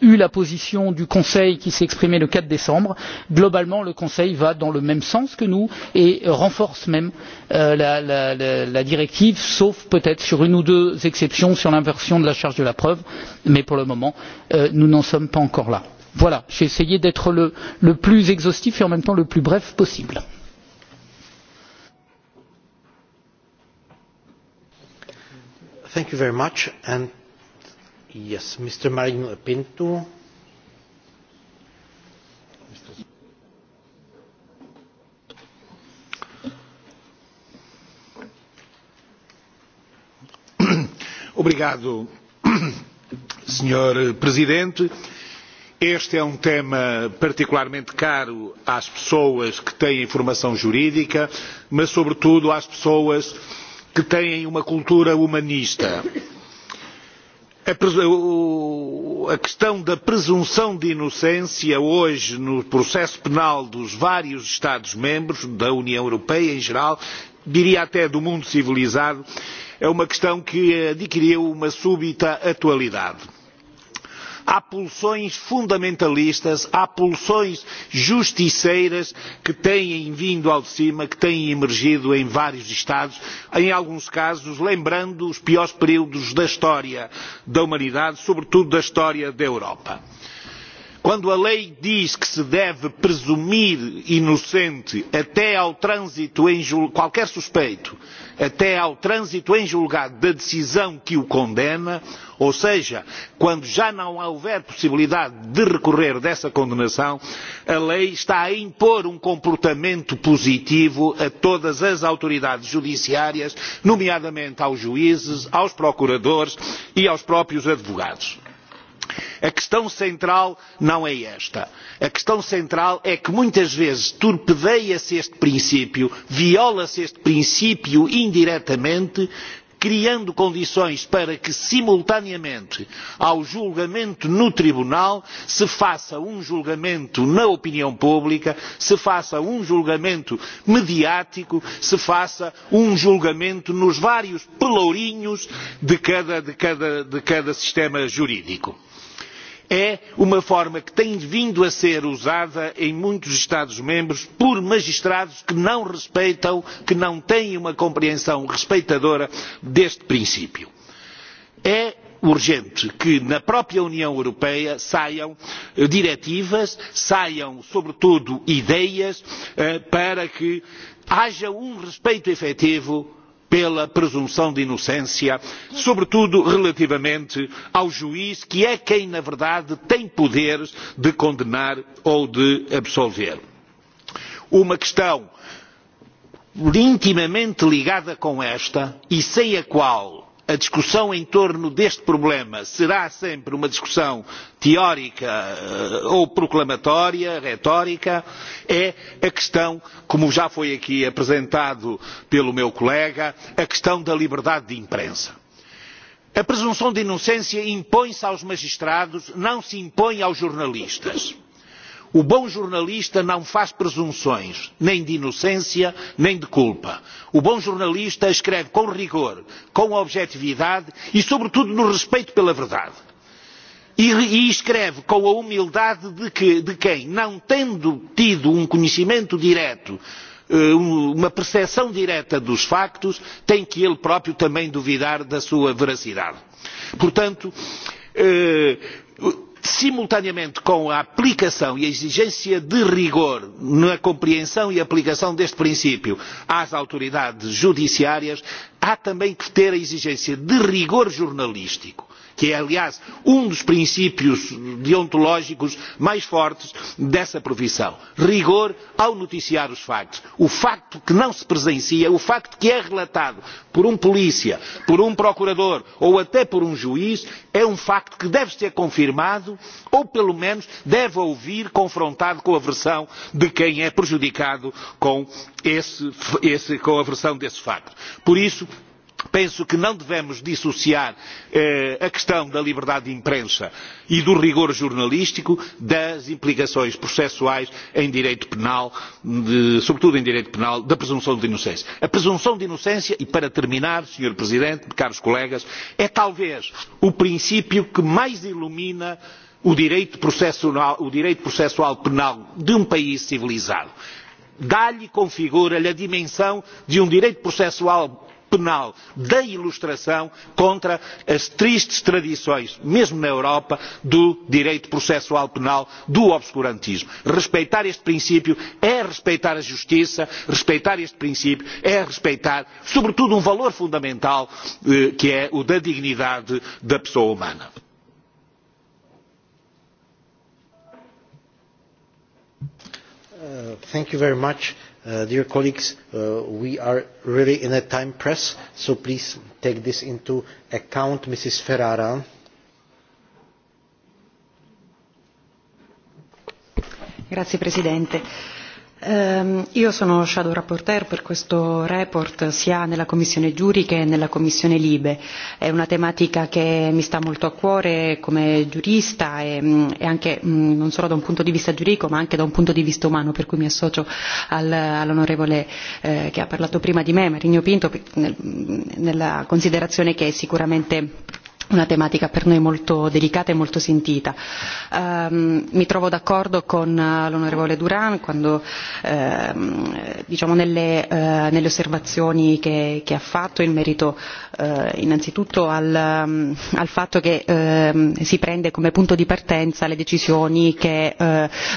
eu la position du conseil qui s'est exprimée le quatre décembre. globalement le conseil va dans le même sens que nous et renforce même euh, la, la, la, la directive sauf peut être sur une ou deux exceptions sur l'inversion de la charge de la preuve mais pour le moment euh, nous n'en sommes pas encore là. voilà j'ai essayé d'être le, le plus exhaustif et en même temps le plus bref possible. Thank you very much. And yes, Mr. Marino Pinto. Obrigado, Sr. (clears throat) Presidente. Este é um tema particularmente caro às pessoas que têm formação jurídica, mas, sobretudo, às pessoas que têm uma cultura humanista. A, a questão da presunção de inocência hoje no processo penal dos vários Estados-membros, da União Europeia em geral, diria até do mundo civilizado, é uma questão que adquiriu uma súbita atualidade. Há pulsões fundamentalistas, há pulsões justiceiras que têm vindo ao de cima, que têm emergido em vários Estados, em alguns casos lembrando os piores períodos da história da humanidade, sobretudo da história da Europa quando a lei diz que se deve presumir inocente até ao trânsito em julgado, qualquer suspeito, até ao trânsito em julgado da decisão que o condena, ou seja, quando já não houver possibilidade de recorrer dessa condenação, a lei está a impor um comportamento positivo a todas as autoridades judiciárias, nomeadamente aos juízes, aos procuradores e aos próprios advogados A questão central não é esta. A questão central é que muitas vezes torpedeia-se este princípio, viola-se este princípio indiretamente, criando condições para que, simultaneamente ao julgamento no tribunal, se faça um julgamento na opinião pública, se faça um julgamento mediático, se faça um julgamento nos vários pelourinhos de cada, de cada, de cada sistema jurídico é uma forma que tem vindo a ser usada em muitos estados membros por magistrados que não respeitam que não têm uma compreensão respeitadora deste princípio. é urgente que na própria união europeia saiam eh, diretivas saiam sobretudo ideias eh, para que haja um respeito efetivo pela presunção de inocência, sobretudo relativamente ao juiz, que é quem, na verdade, tem poderes de condenar ou de absolver. Uma questão intimamente ligada com esta e sem a qual a discussão em torno deste problema será sempre uma discussão teórica eh, ou proclamatória, retórica, é a questão, como já foi aqui apresentado pelo meu colega, a questão da liberdade de imprensa. A presunção de inocência impõe-se aos magistrados, não se impõe aos jornalistas O bom jornalista não faz presunções, nem de inocência, nem de culpa. O bom jornalista escreve com rigor, com objetividade e, sobretudo, no respeito pela verdade. E, e escreve com a humildade de, que, de quem, não tendo tido um conhecimento direto eh, um, uma percepção direta dos factos, tem que ele próprio também duvidar da sua veracidade. Portanto, eh, simultaneamente com a aplicação e a exigência de rigor na compreensão e aplicação deste princípio às autoridades judiciárias há também que ter a exigência de rigor jornalístico que é, aliás, um dos princípios deontológicos mais fortes dessa profissão. Rigor ao noticiar os factos. O facto que não se presencia, o facto que é relatado por um polícia, por um procurador ou até por um juiz, é um facto que deve ser confirmado ou, pelo menos, deve ouvir confrontado com a versão de quem é prejudicado com, esse, esse, com a versão desse facto. Por isso, penso que não devemos dissociar eh, a questão da liberdade de imprensa e do rigor jornalístico das implicações processuais em direito penal, de, sobretudo em direito penal, da presunção de inocência. A presunção de inocência, e para terminar, Sr. Presidente, caros colegas, é talvez o princípio que mais ilumina o direito processual, o direito processual penal de um país civilizado. Dá-lhe, configura-lhe a dimensão de um direito processual penal da ilustração contra as tristes tradições, mesmo na Europa, do direito processual penal, do obscurantismo. Respeitar este princípio é respeitar a justiça, respeitar este princípio é respeitar, sobretudo, um valor fundamental eh, que é o da dignidade da pessoa humana. Uh, thank you very much. Uh, dear colleagues, uh, we are really in a time press, so please take this into account. Mrs. Ferrara. Grazie Presidente Ehm, io sono shadow rapporteur per questo report sia nella commissione giuri che nella commissione libe. È una tematica che mi sta molto a cuore come giurista e, mm, e anche mm, non solo da un punto di vista giuridico ma anche da un punto di vista umano per cui mi associo al, all'onorevole eh, che ha parlato prima di me, Marino Pinto, nel, mm, nella considerazione che sicuramente una tematica per noi molto delicata e molto sentita. Um, mi trovo d'accordo con uh, l'onorevole Duran quando, uh, diciamo nelle, uh, nelle osservazioni che, che ha fatto in merito uh, innanzitutto al, um, al fatto che uh, si prende come punto di partenza le decisioni che uh,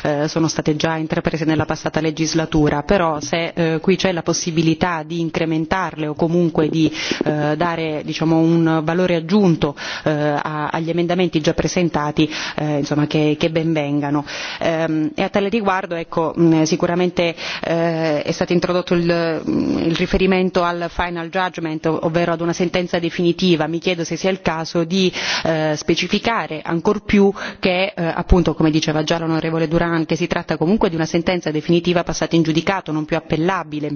uh, sono state già intraprese nella passata legislatura, però se uh, qui c'è la possibilità di incrementarle o comunque di uh, dare diciamo, un valore aggiunto eh, a, agli emendamenti già presentati eh, insomma, che, che ben vengano. Ehm, e a tale riguardo ecco, mh, sicuramente eh, è stato introdotto il, il riferimento al final judgment, ov ovvero ad una sentenza definitiva. Mi chiedo se sia il caso di eh, specificare ancor più che eh, appunto come diceva già l'onorevole Duran che si tratta comunque di una sentenza definitiva passata in giudicato, non più appellabile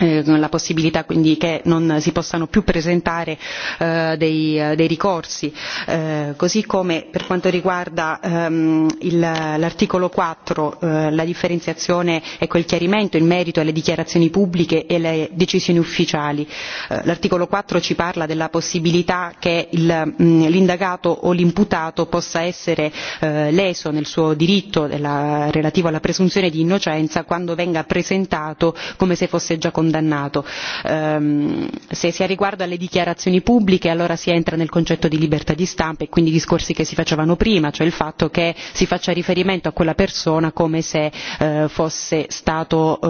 Eh, la possibilità quindi che non si possano più presentare eh, dei, eh, dei ricorsi eh, così come per quanto riguarda ehm, l'articolo quattro eh, la differenziazione e quel chiarimento in merito alle dichiarazioni pubbliche e alle decisioni ufficiali eh, l'articolo quattro ci parla della possibilità che mm, l'indagato o l'imputato possa essere leso nel suo diritto della, relativo alla presunzione di innocenza quando venga presentato come se fosse già condannato condannato. Ehm, se si è riguardo alle dichiarazioni pubbliche allora si entra nel concetto di libertà di stampa e quindi i discorsi che si facevano prima, cioè il fatto che si faccia riferimento a quella persona come se eh, fosse stato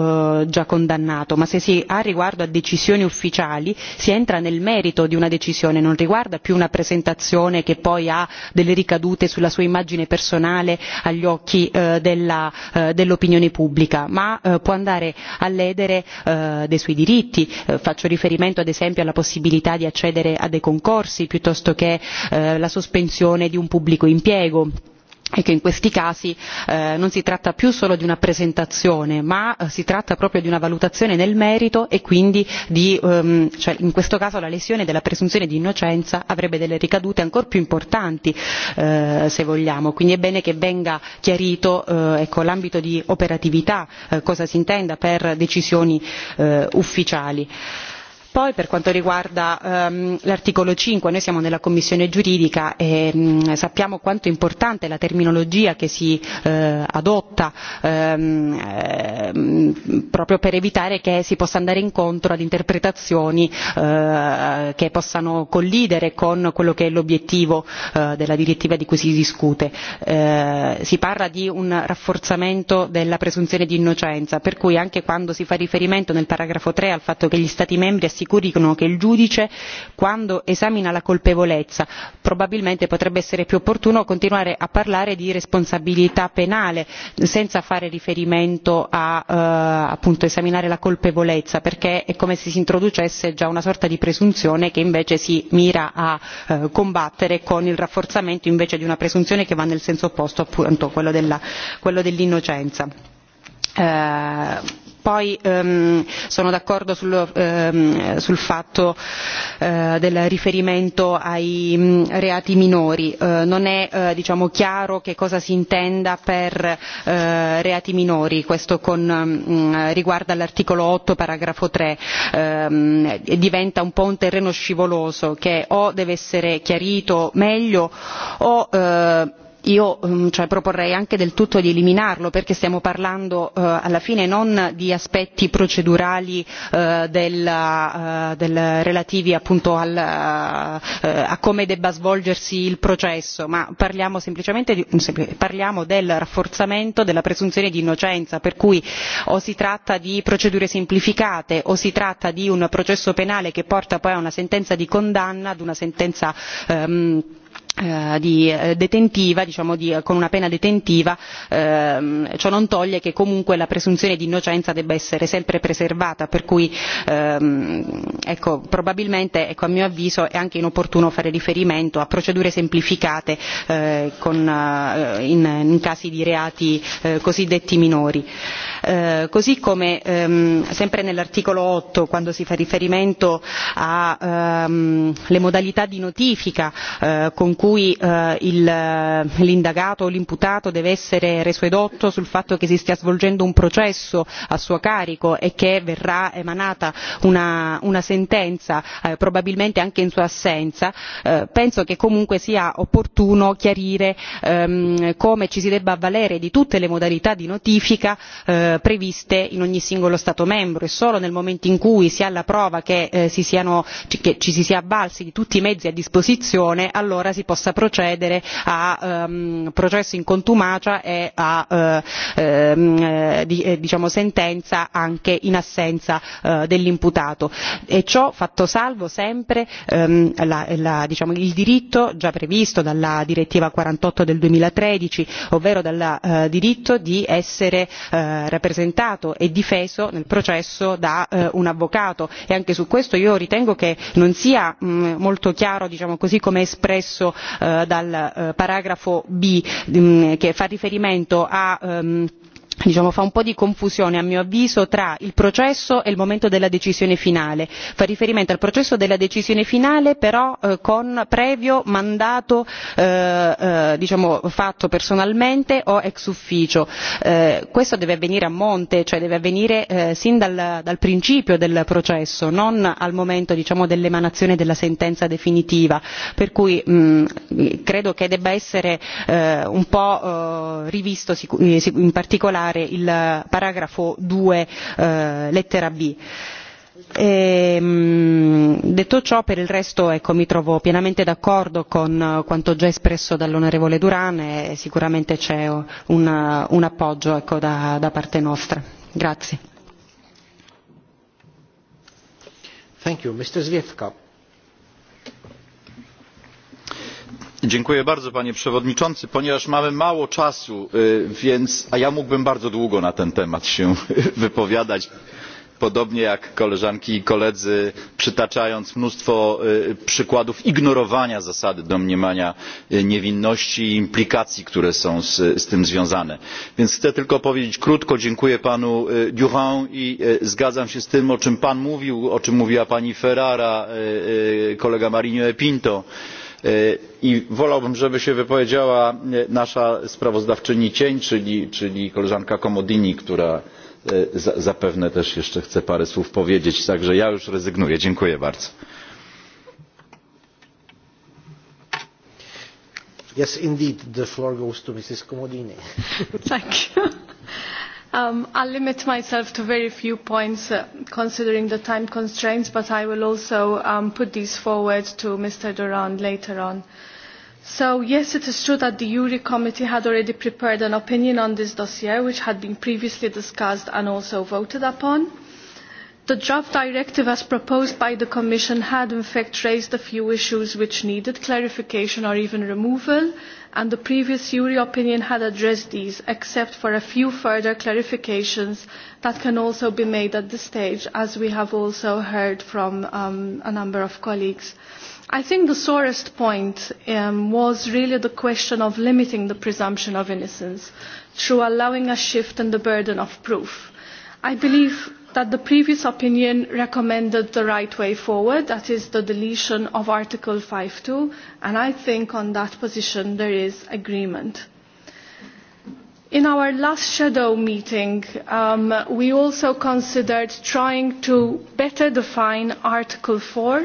eh, già condannato, ma se si ha riguardo a decisioni ufficiali si entra nel merito di una decisione, non riguarda più una presentazione che poi ha delle ricadute sulla sua immagine personale agli occhi eh, della, eh, dell'opinione pubblica, ma eh, può andare a ledere eh, dei suoi diritti eh, faccio riferimento ad esempio alla possibilità di accedere a dei concorsi piuttosto che alla eh, sospensione di un pubblico impiego e che in questi casi eh, non si tratta più solo di una presentazione ma eh, si tratta proprio di una valutazione nel merito e quindi di, ehm, cioè in questo caso la lesione della presunzione di innocenza avrebbe delle ricadute ancor più importanti eh, se vogliamo quindi è bene che venga chiarito eh, ecco, l'ambito di operatività eh, cosa si intenda per decisioni eh, ufficiali. Eh, poi per quanto riguarda ehm, l'articolo cinque noi siamo nella commissione giuridica e mh, mm, sappiamo quanto è importante la terminologia che si eh, adotta ehm, ehm, proprio per evitare che si possa andare incontro ad interpretazioni eh, che possano collidere con quello che è l'obiettivo eh, della direttiva di cui si discute. Eh, si parla di un rafforzamento della presunzione di innocenza per cui anche quando si fa riferimento nel paragrafo tre al fatto che gli stati membri assicurino che il giudice quando esamina la colpevolezza probabilmente potrebbe essere più opportuno continuare a parlare di responsabilità penale senza fare riferimento a eh, appunto esaminare la colpevolezza perché è come se si introducesse già una sorta di presunzione che invece si mira a eh, combattere con il rafforzamento invece di una presunzione che va nel senso opposto appunto quello dell'innocenza. Eh, poi ehm, sono d'accordo sul, ehm, sul fatto eh, del riferimento ai mh, mm, reati minori eh, non è eh, diciamo chiaro che cosa si intenda per eh, reati minori questo con mh, mm, riguardo all'articolo otto paragrafo tre ehm, e diventa un po' un terreno scivoloso che o deve essere chiarito meglio o eh, io mm, cioè, proporrei anche del tutto di eliminarlo perché stiamo parlando eh, alla fine non di aspetti procedurali eh, del, eh, del, relativi appunto al, eh, a come debba svolgersi il processo ma parliamo semplicemente di, mm, parliamo del rafforzamento della presunzione di innocenza per cui o si tratta di procedure semplificate o si tratta di un processo penale che porta poi a una sentenza di condanna ad una sentenza ehm, Eh, di eh, detentiva diciamo di, eh, con una pena detentiva ehm, ciò non toglie che comunque la presunzione di innocenza debba essere sempre preservata per cui ehm, ecco, probabilmente ecco, a mio avviso è anche inopportuno fare riferimento a procedure semplificate eh, con, eh, in, in casi di reati eh, cosiddetti minori. Eh, così come ehm, sempre nell'articolo 8 quando si fa riferimento alle ehm, modalità di notifica eh, con cui cui eh, eh l'indagato o l'imputato deve essere reso edotto sul fatto che si stia svolgendo un processo a suo carico e che verrà emanata una, una sentenza eh, probabilmente anche in sua assenza eh, penso che comunque sia opportuno chiarire ehm, come ci si debba avvalere di tutte le modalità di notifica eh, previste in ogni singolo stato membro e solo nel momento in cui si ha la prova che, eh, si siano, che ci si sia avvalsi di tutti i mezzi a disposizione allora si possa procedere a ehm, processi in contumacia e a eh, ehm, eh, di, eh, diciamo sentenza anche in assenza eh, dell'imputato e ciò fatto salvo sempre ehm, la, la, diciamo, il diritto già previsto dalla direttiva 48 del 2013 ovvero dal eh, diritto di essere eh, rappresentato e difeso nel processo da eh, un avvocato e anche su questo io ritengo che non sia mh, molto chiaro diciamo così come è espresso Eh, dal eh, paragrafo b mm, che fa riferimento a ehm, diciamo fa un po' di confusione a mio avviso tra il processo e il momento della decisione finale fa riferimento al processo della decisione finale però eh, con previo mandato eh, eh, diciamo fatto personalmente o ex ufficio questo deve avvenire a monte cioè deve avvenire sin dal, dal principio del processo non al momento diciamo dell'emanazione della sentenza definitiva per cui mh, mm, credo che debba essere un po' rivisto in particolare particolare il paragrafo 2 eh, lettera b. E, detto ciò per il resto ecco, mi trovo pienamente d'accordo con eh, quanto già espresso dall'onorevole Duran e sicuramente c'è un, un appoggio ecco, da, da parte nostra. Grazie. Thank you. Mr. Zviefka. Bardzo, panie przewodniczący! ponieważ mamy mało czasu więc, a ja mógłbym bardzo długo na ten temat się (laughs) wypowiadać podobnie jak koleżanki i koledzy przytaczając mnóstwo przykładów ignorowania zasady domniemania niewinności i implikacji które są z, z tym związane więc chcę tylko powiedzieć krótko dziękuję panu durand i zgadzam się z tym o czym pan mówił o czym mówiła pani ferrara kolega marinho e pinto że E, i wolałbym żeby się wypowiedziała e, nasza sprawozdawczyni cień czyli, czyli koleżanka comodini która e, zapewne też jeszcze chce parę słów powiedzieć także ja już rezygnuję. dziękuję bardzo. Yes, indeed, the floor goes to Mrs. Comodini. (laughs) Thank you. Um, I'll limit myself to very few points uh, considering the time constraints, but I will also um, put these forward to Mr. Durand later on. So yes, it is true that the URI committee had already prepared an opinion on this dossier, which had been previously discussed and also voted upon. The draft directive as proposed by the Commission had in fact raised a few issues which needed clarification or even removal, and the previous URI opinion had addressed these, except for a few further clarifications that can also be made at this stage, as we have also heard from um, a number of colleagues. I think the sorest point um, was really the question of limiting the presumption of innocence through allowing a shift in the burden of proof. I believe that the previous opinion recommended the right way forward, that is the deletion of Article 5.2, and I think on that position there is agreement. In our last shadow meeting, um, we also considered trying to better define Article 4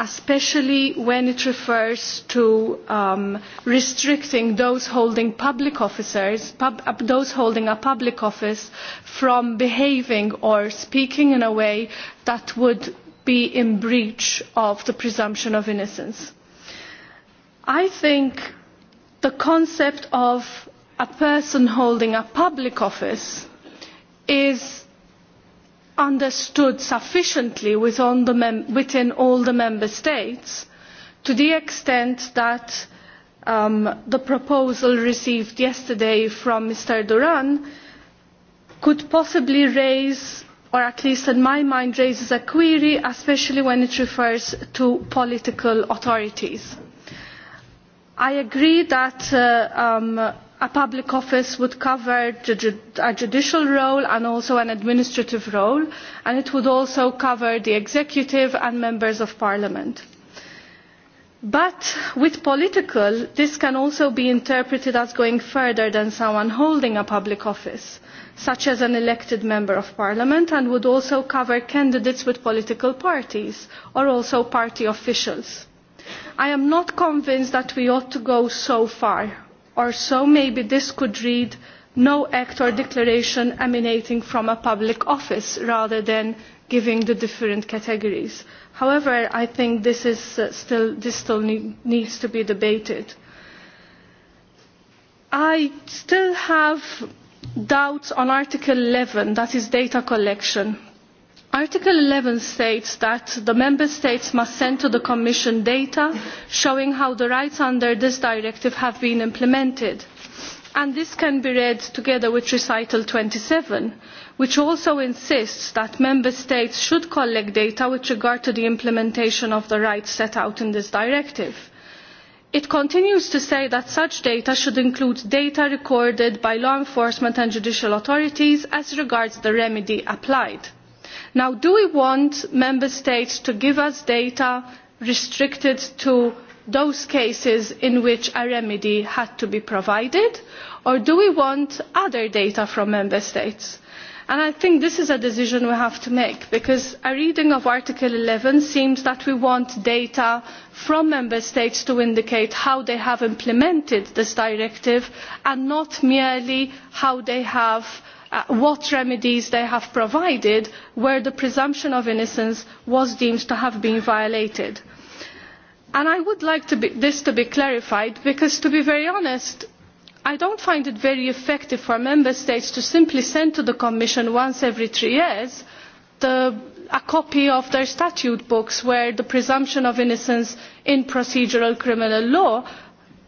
especially when it refers to um, restricting those holding public officers, pub, uh, those holding a public office, from behaving or speaking in a way that would be in breach of the presumption of innocence. I think the concept of a person holding a public office is understood sufficiently within, the within all the member states to the extent that um, the proposal received yesterday from Mr. Duran could possibly raise, or at least in my mind raises a query, especially when it refers to political authorities. I agree that uh, um, a public office would cover a judicial role and also an administrative role and it would also cover the executive and members of parliament. but with political this can also be interpreted as going further than someone holding a public office such as an elected member of parliament and would also cover candidates with political parties or also party officials. i am not convinced that we ought to go so far or so maybe this could read no act or declaration emanating from a public office rather than giving the different categories. However, I think this, is, uh, still, this still need, needs to be debated. I still have doubts on Article 11, that is data collection Article 11 states that the Member States must send to the Commission data showing how the rights under this directive have been implemented. And this can be read together with Recital 27, which also insists that Member States should collect data with regard to the implementation of the rights set out in this directive. It continues to say that such data should include data recorded by law enforcement and judicial authorities as regards the remedy applied Now, do we want member states to give us data restricted to those cases in which a remedy had to be provided, or do we want other data from member states? And I think this is a decision we have to make because a reading of Article 11 seems that we want data from member states to indicate how they have implemented this directive and not merely how they have uh, uh, what remedies they have provided where the presumption of innocence was deemed to have been violated. And i would like to be, this to be clarified because to be very honest i do not find it very effective for member states to simply send to the commission once every three years the, a copy of their statute books where the presumption of innocence in procedural criminal law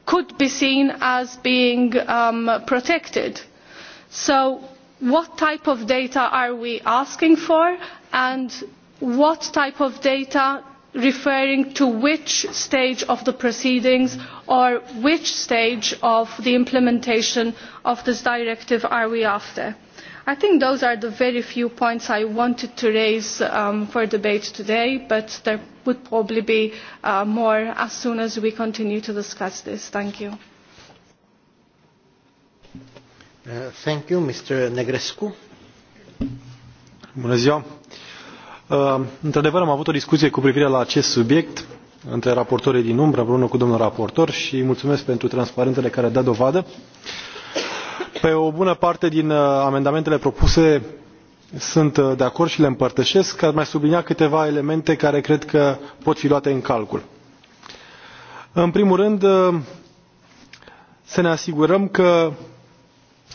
could be seen as being um, protected. so what type of data are we asking for and what type of data referring to which stage of the proceedings or which stage of the implementation of this directive are we after? I think those are the very few points I wanted to raise um, for debate today, but there would probably be uh, more as soon as we continue to discuss this. Thank you. Uh, thank you, Mr. Negrescu. Bună ziua! Uh, într-adevăr, am avut o discuție cu privire la acest subiect între raportorii din umbră, împreună cu domnul raportor și îi mulțumesc pentru transparența de care a dat dovadă. Pe o bună parte din uh, amendamentele propuse sunt de acord și le împărtășesc. Aș mai sublinia câteva elemente care cred că pot fi luate în calcul. În primul rând, să ne asigurăm că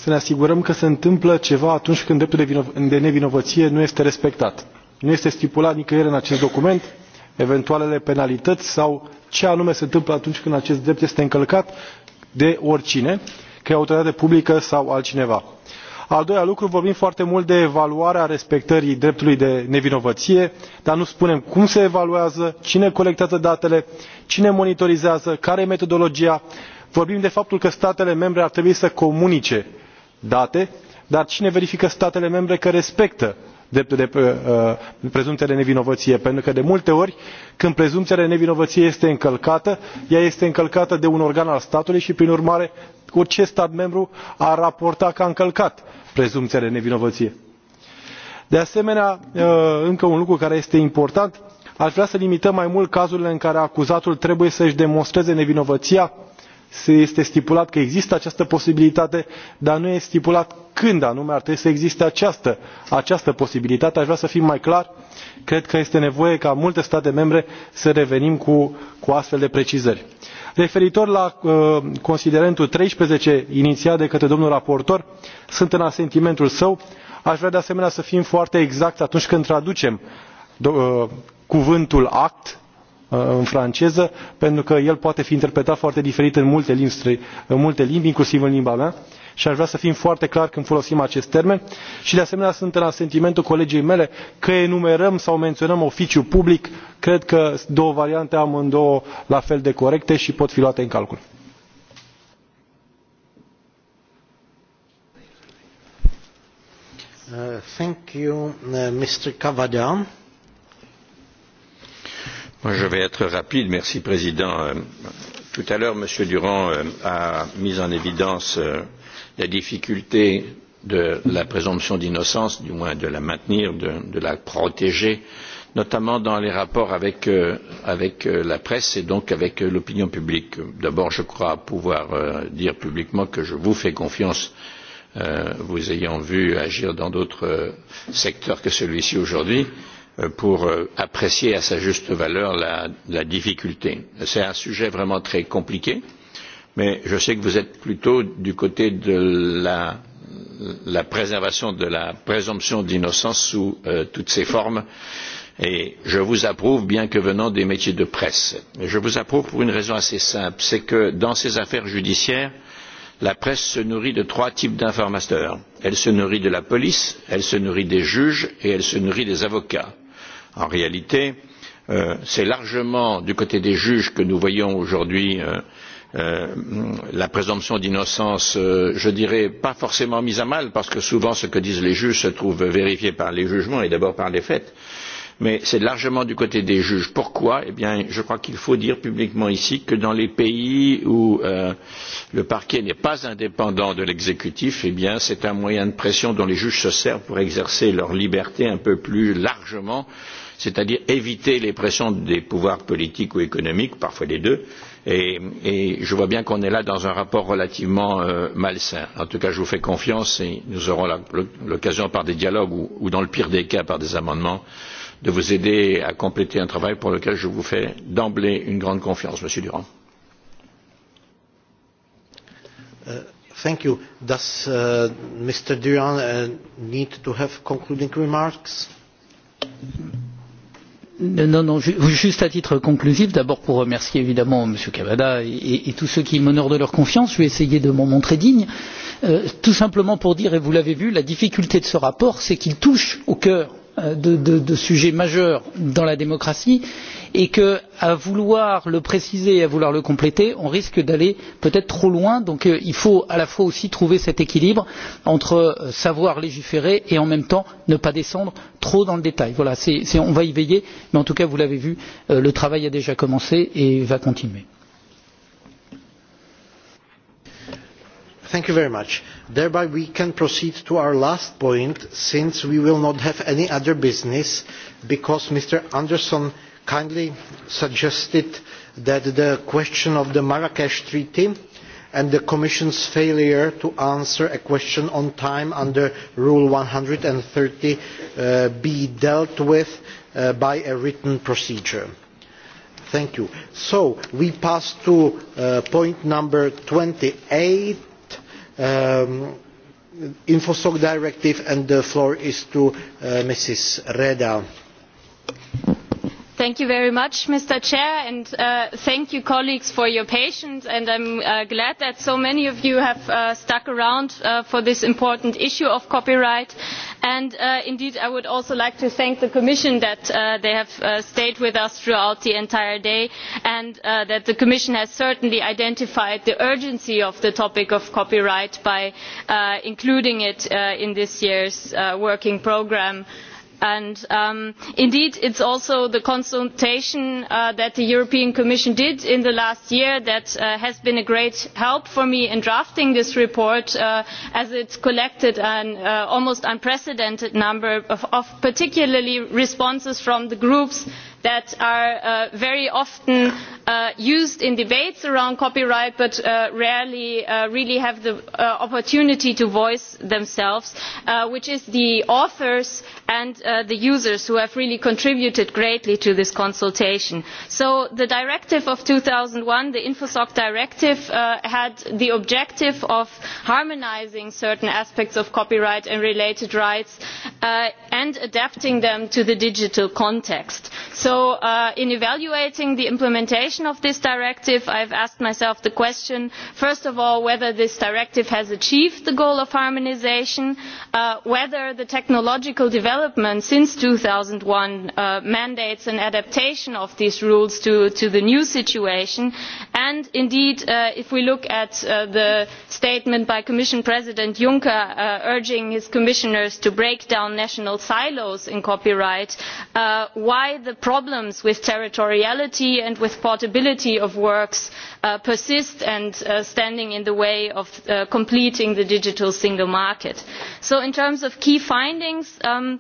să ne asigurăm că se întâmplă ceva atunci când dreptul de nevinovăție nu este respectat. Nu este stipulat nicăieri în acest document eventualele penalități sau ce anume se întâmplă atunci când acest drept este încălcat de oricine, că e autoritate publică sau altcineva. Al doilea lucru, vorbim foarte mult de evaluarea respectării dreptului de nevinovăție, dar nu spunem cum se evaluează, cine colectează datele, cine monitorizează, care e metodologia. Vorbim de faptul că statele membre ar trebui să comunice date dar cine verifică statele membre că respectă uh, prezumția de nevinovăție pentru că de multe ori când prezumția de nevinovăție este încălcată ea este încălcată de un organ al statului și prin urmare orice stat membru ar raporta că a încălcat prezumția de nevinovăție. de asemenea uh, încă un lucru care este important aș vrea să limităm mai mult cazurile în care acuzatul trebuie să își demonstreze nevinovăția este stipulat că există această posibilitate dar nu e stipulat când anume ar trebui să existe această, această posibilitate. aș vrea să fim mai clar cred că este nevoie ca multe state membre să revenim cu, cu astfel de precizări. referitor la uh, considerentul treisprezece inițiat de către domnul raportor sunt în asentimentul său aș vrea de asemenea să fim foarte exacti atunci când traducem uh, cuvântul act Uh, în franceză, pentru că el poate fi interpretat foarte diferit în multe limbi, în multe limbi inclusiv în limba mea și aș vrea să fim foarte clar când folosim acest termen și de asemenea sunt în asentimentul colegei mele că enumerăm sau menționăm oficiul public cred că două variante amândouă la fel de corecte și pot fi luate în calcul. Uh, thank you, uh, Mr. Cavada. Je vais être rapide, merci Président. Euh, tout à l'heure, M. Durand euh, a mis en évidence euh, la difficulté de la présomption d'innocence, du moins de la maintenir, de, de la protéger, notamment dans les rapports avec, euh, avec la presse et donc avec l'opinion publique. D'abord, je crois pouvoir euh, dire publiquement que je vous fais confiance, euh, vous ayant vu agir dans d'autres secteurs que celui-ci aujourd'hui. Euh, Euh, pour euh, apprécier à sa juste valeur la, la difficulté. C'est un sujet vraiment très compliqué, mais je sais que vous êtes plutôt du côté de la, la préservation de la présomption d'innocence sous euh, toutes ses formes, et je vous approuve bien que venant des métiers de presse. Et je vous approuve pour une raison assez simple, c'est que dans ces affaires judiciaires, la presse se nourrit de trois types d'informateurs. Elle se nourrit de la police, elle se nourrit des juges et elle se nourrit des avocats en réalité euh, c'est largement du côté des juges que nous voyons aujourd'hui euh, euh, la présomption d'innocence je dirais pas forcément mise à mal parce que souvent ce que disent les juges se trouve vérifié par les jugements et d'abord par les faits mais c'est largement du côté des juges. Pourquoi Eh bien, je crois qu'il faut dire publiquement ici que dans les pays où euh, le parquet n'est pas indépendant de l'exécutif, eh bien, c'est un moyen de pression dont les juges se servent pour exercer leur liberté un peu plus largement c'est à dire éviter les pressions des pouvoirs politiques ou économiques parfois les deux et, et je vois bien qu'on est là dans un rapport relativement euh, malsain. en tout cas je vous fais confiance et nous aurons l'occasion par des dialogues ou, ou dans le pire des cas par des amendements de vous aider à compléter un travail pour lequel je vous fais d'emblée une grande confiance monsieur durand. Uh, thank you. Does uh, Mr. Durand uh, need to have concluding remarks? Mm -hmm Non, non, juste à titre conclusif, d'abord pour remercier évidemment M. Cavada et, et, et tous ceux qui m'honorent de leur confiance, je vais essayer de m'en montrer digne, euh, tout simplement pour dire, et vous l'avez vu, la difficulté de ce rapport, c'est qu'il touche au cœur euh, de, de, de sujets majeurs dans la démocratie et que à vouloir le préciser et à vouloir le compléter on risque d'aller peut être trop loin. donc euh, il faut à la fois aussi trouver cet équilibre entre euh, savoir légiférer et en même temps ne pas descendre trop dans le détail. voilà on va y veiller mais en tout cas vous l'avez vu euh, le travail a déjà commencé et va continuer. thank you very much. thereby we can proceed to our last point since we will not have any other business because mr andersson kindly suggested that the question of the Marrakesh Treaty and the Commission's failure to answer a question on time under Rule 130 uh, be dealt with uh, by a written procedure. Thank you. So, we pass to uh, point number 28, um, InfoSoc Directive, and the floor is to uh, Mrs. Reda thank you very much mr president and uh, thank you colleagues for your patience and i am uh, glad that so many of you have uh, stuck around uh, for this important issue of copyright and uh, indeed i would also like to thank the commission that uh, they have stayed with us throughout the entire day and that the commission has certainly identified the urgency of the topic of copyright by including it in this year's working programme and um, indeed it is also the consultation uh, that the european commission did in the last year that uh, has been a great help for me in drafting this report uh, as it collected an uh, almost unprecedented number of, of particularly responses from the groups and that are uh, very often uh, used in debates around copyright but uh, rarely uh, really have the uh, opportunity to voice themselves, uh, which is the authors and uh, the users who have really contributed greatly to this consultation. So the directive of 2001, the InfoSoc directive, uh, had the objective of harmonizing certain aspects of copyright and related rights uh, and adapting them to the digital context. So so uh, in evaluating the implementation of this directive i have asked myself the question first of all whether this directive has achieved the goal of harmonisation uh, whether the technological development since two thousand and one uh, mandates an adaptation of these rules to, to the new situation and indeed uh, if we look at uh, the statement by commission president juncker urging his commissioners to break down national silos in copyright why the problems with territoriality and with portability of works uh, persist and uh, stand in the way of uh, completing the digital single market. so in terms of key findings um,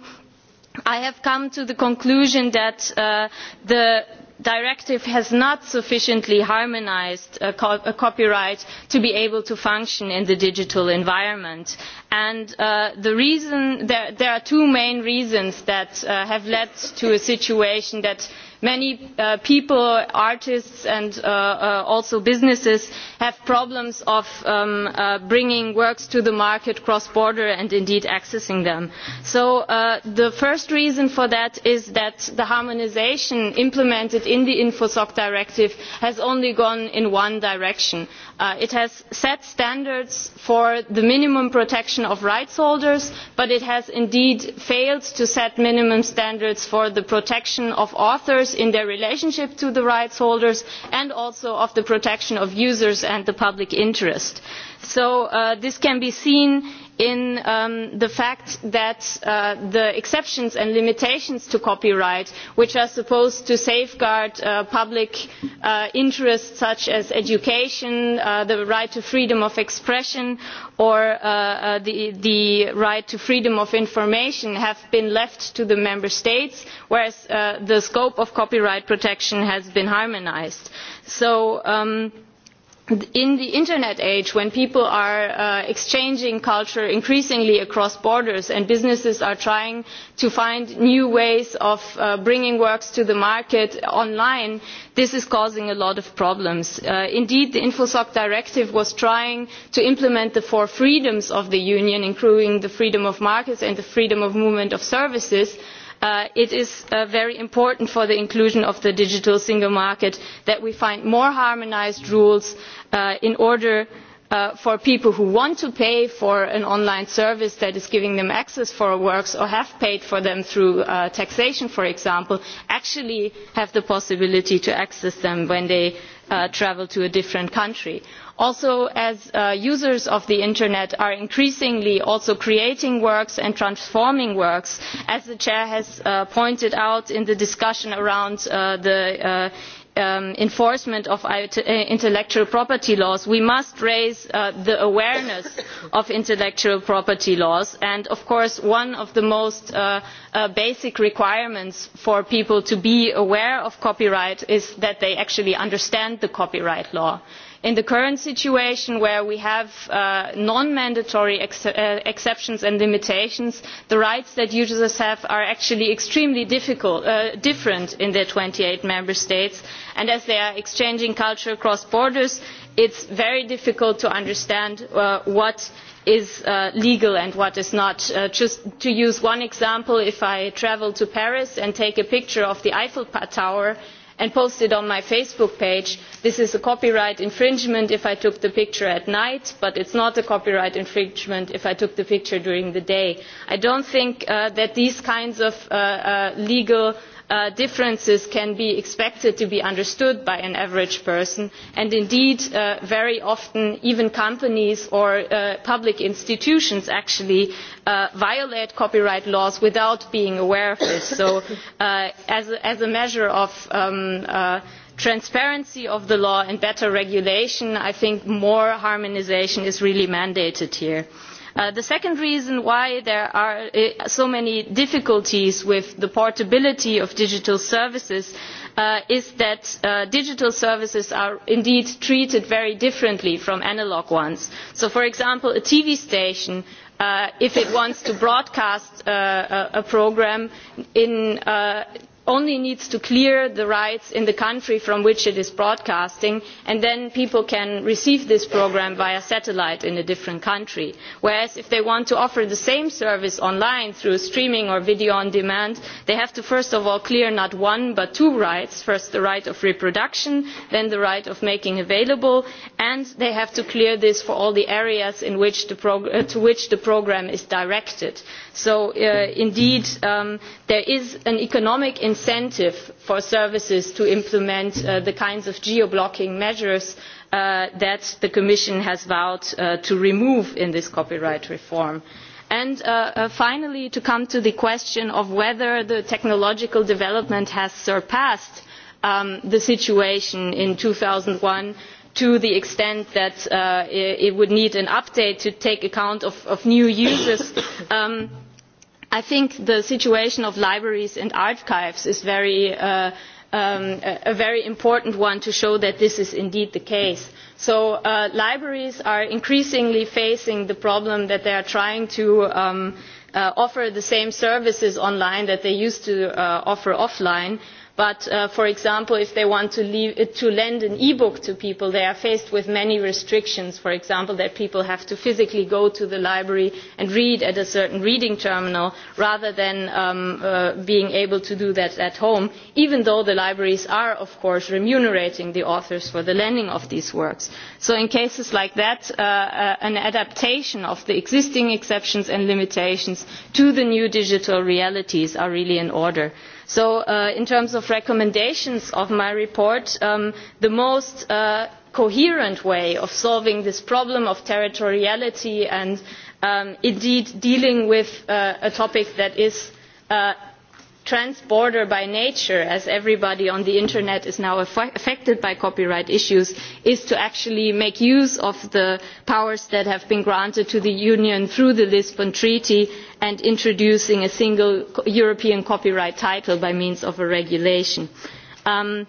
i have come to the conclusion that uh, the directive has not sufficiently harmonised copyright to be able to function in the digital environment and uh, the reason, there, there are two main reasons that uh, have led to a situation that many uh, people artists and uh, uh, also businesses have problems with um, uh, bringing works to the market cross border and indeed accessing them. so uh, the first reason for that is that the harmonisation implemented in the infosoc directive has only gone in one direction. Uh, it has set standards for the minimum protection of rights holders but it has indeed failed to set minimum standards for the protection of authors users in their relationship to the rights holders and also of the protection of users and the public interest. so uh, this can be seen in um, the fact that uh, the exceptions and limitations to copyright which are supposed to safeguard uh, public uh, interests such as education uh, the right to freedom of expression or uh, uh, the, the right to freedom of information have been left to the member states whereas the scope of copyright protection has been harmonised. so um, in the internet age when people are uh, exchanging culture increasingly across borders and businesses are trying to find new ways of uh, bringing works to the market online this is causing a lot of problems. Uh, indeed the infosoc directive was trying to implement the four freedoms of the union including the freedom of markets and the freedom of movement of services but Uh, it is uh, very important for the inclusion of the digital single market that we find more harmonised rules uh, in order Uh, for people who want to pay for an online service that is giving them access to works or have paid for them through uh, taxation for example actually have the possibility to access them when they uh, travel to a different country also as uh, users of the internet are increasingly also creating works and transforming works as the chair has uh, pointed out in the discussion around uh, the uh, um, enforcement of uh, intellectual property laws we must raise uh, the awareness of intellectual property laws and of course one of the most basic requirements for people to be aware of copyright is that they actually understand the copyright law in the current situation where we have uh, non mandatory ex uh, exceptions and limitations the rights that users have are actually extremely uh, different in the twenty eight member states and as they are exchanging culture across borders it is very difficult to understand uh, what is uh, legal and what is not. Uh, just to use one example if i travel to paris and take a picture of the eiffel tower and posted on my facebook page this is a copyright infringement if i took the picture at night but it is not a copyright infringement if i took the picture during the day. i do not think uh, that these kinds of uh, uh, legal uh, differences can be expected to be understood by an average person and indeed uh, very often even companies or uh, public institutions actually uh, violate copyright laws without being aware of this. so uh, as a, as a measure of um, uh, transparency of the law and better regulation i think more harmonisation is really mandated here. Uh, the second reason why there are uh, so many difficulties with the portability of digital services uh, is that uh, digital services are indeed treated very differently from analog ones. So for example, a TV station uh, if it wants to broadcast uh, a, a program in uh, only needs to clear the rights in the country from which it is broadcasting and then people can receive this programme via satellite in a different country whereas if they want to offer the same service online through streaming or video on demand they have to first of all clear not one but two rights first the right of reproduction then the right of making available and they have to clear this for all the areas which the uh, to which the programme is directed. so uh, indeed um, there is an economic incentive for services to implement uh, the kinds of geo blocking measures uh, that the commission has vowed uh, to remove in this copyright reform. And, uh, uh, finally to come to the question of whether the technological development has surpassed um, the situation in two thousand and one to the extent that uh, it would need an update to take account of, of new users um, i think the situation of libraries and archives is very, uh, um, a very important one to show that this is indeed the case. so uh, libraries are increasingly facing the problem that they are trying to um, uh, offer the same services online that they used to uh, offer offline and but uh, for example if they want to, leave, uh, to lend an e book to people they are faced with many restrictions for example that people have to physically go to the library and read at a certain reading terminal rather than um, uh, being able to do that at home even though the libraries are of course remunerating the authors for the lending of these works. so in cases like that uh, uh, an adaptation of the existing exceptions and limitations to the new digital realities are really in order. Uh, so uh, in terms of recommendations of my report um, the most uh, coherent way of solving this problem of territoriality and um, indeed dealing with uh, a topic that is uh, transborder by nature as everybody on the internet is now aff affected by copyright issues is to actually make use of the powers that have been granted to the union through the lisbon treaty and introducing a single european copyright title by means of a regulation. Um,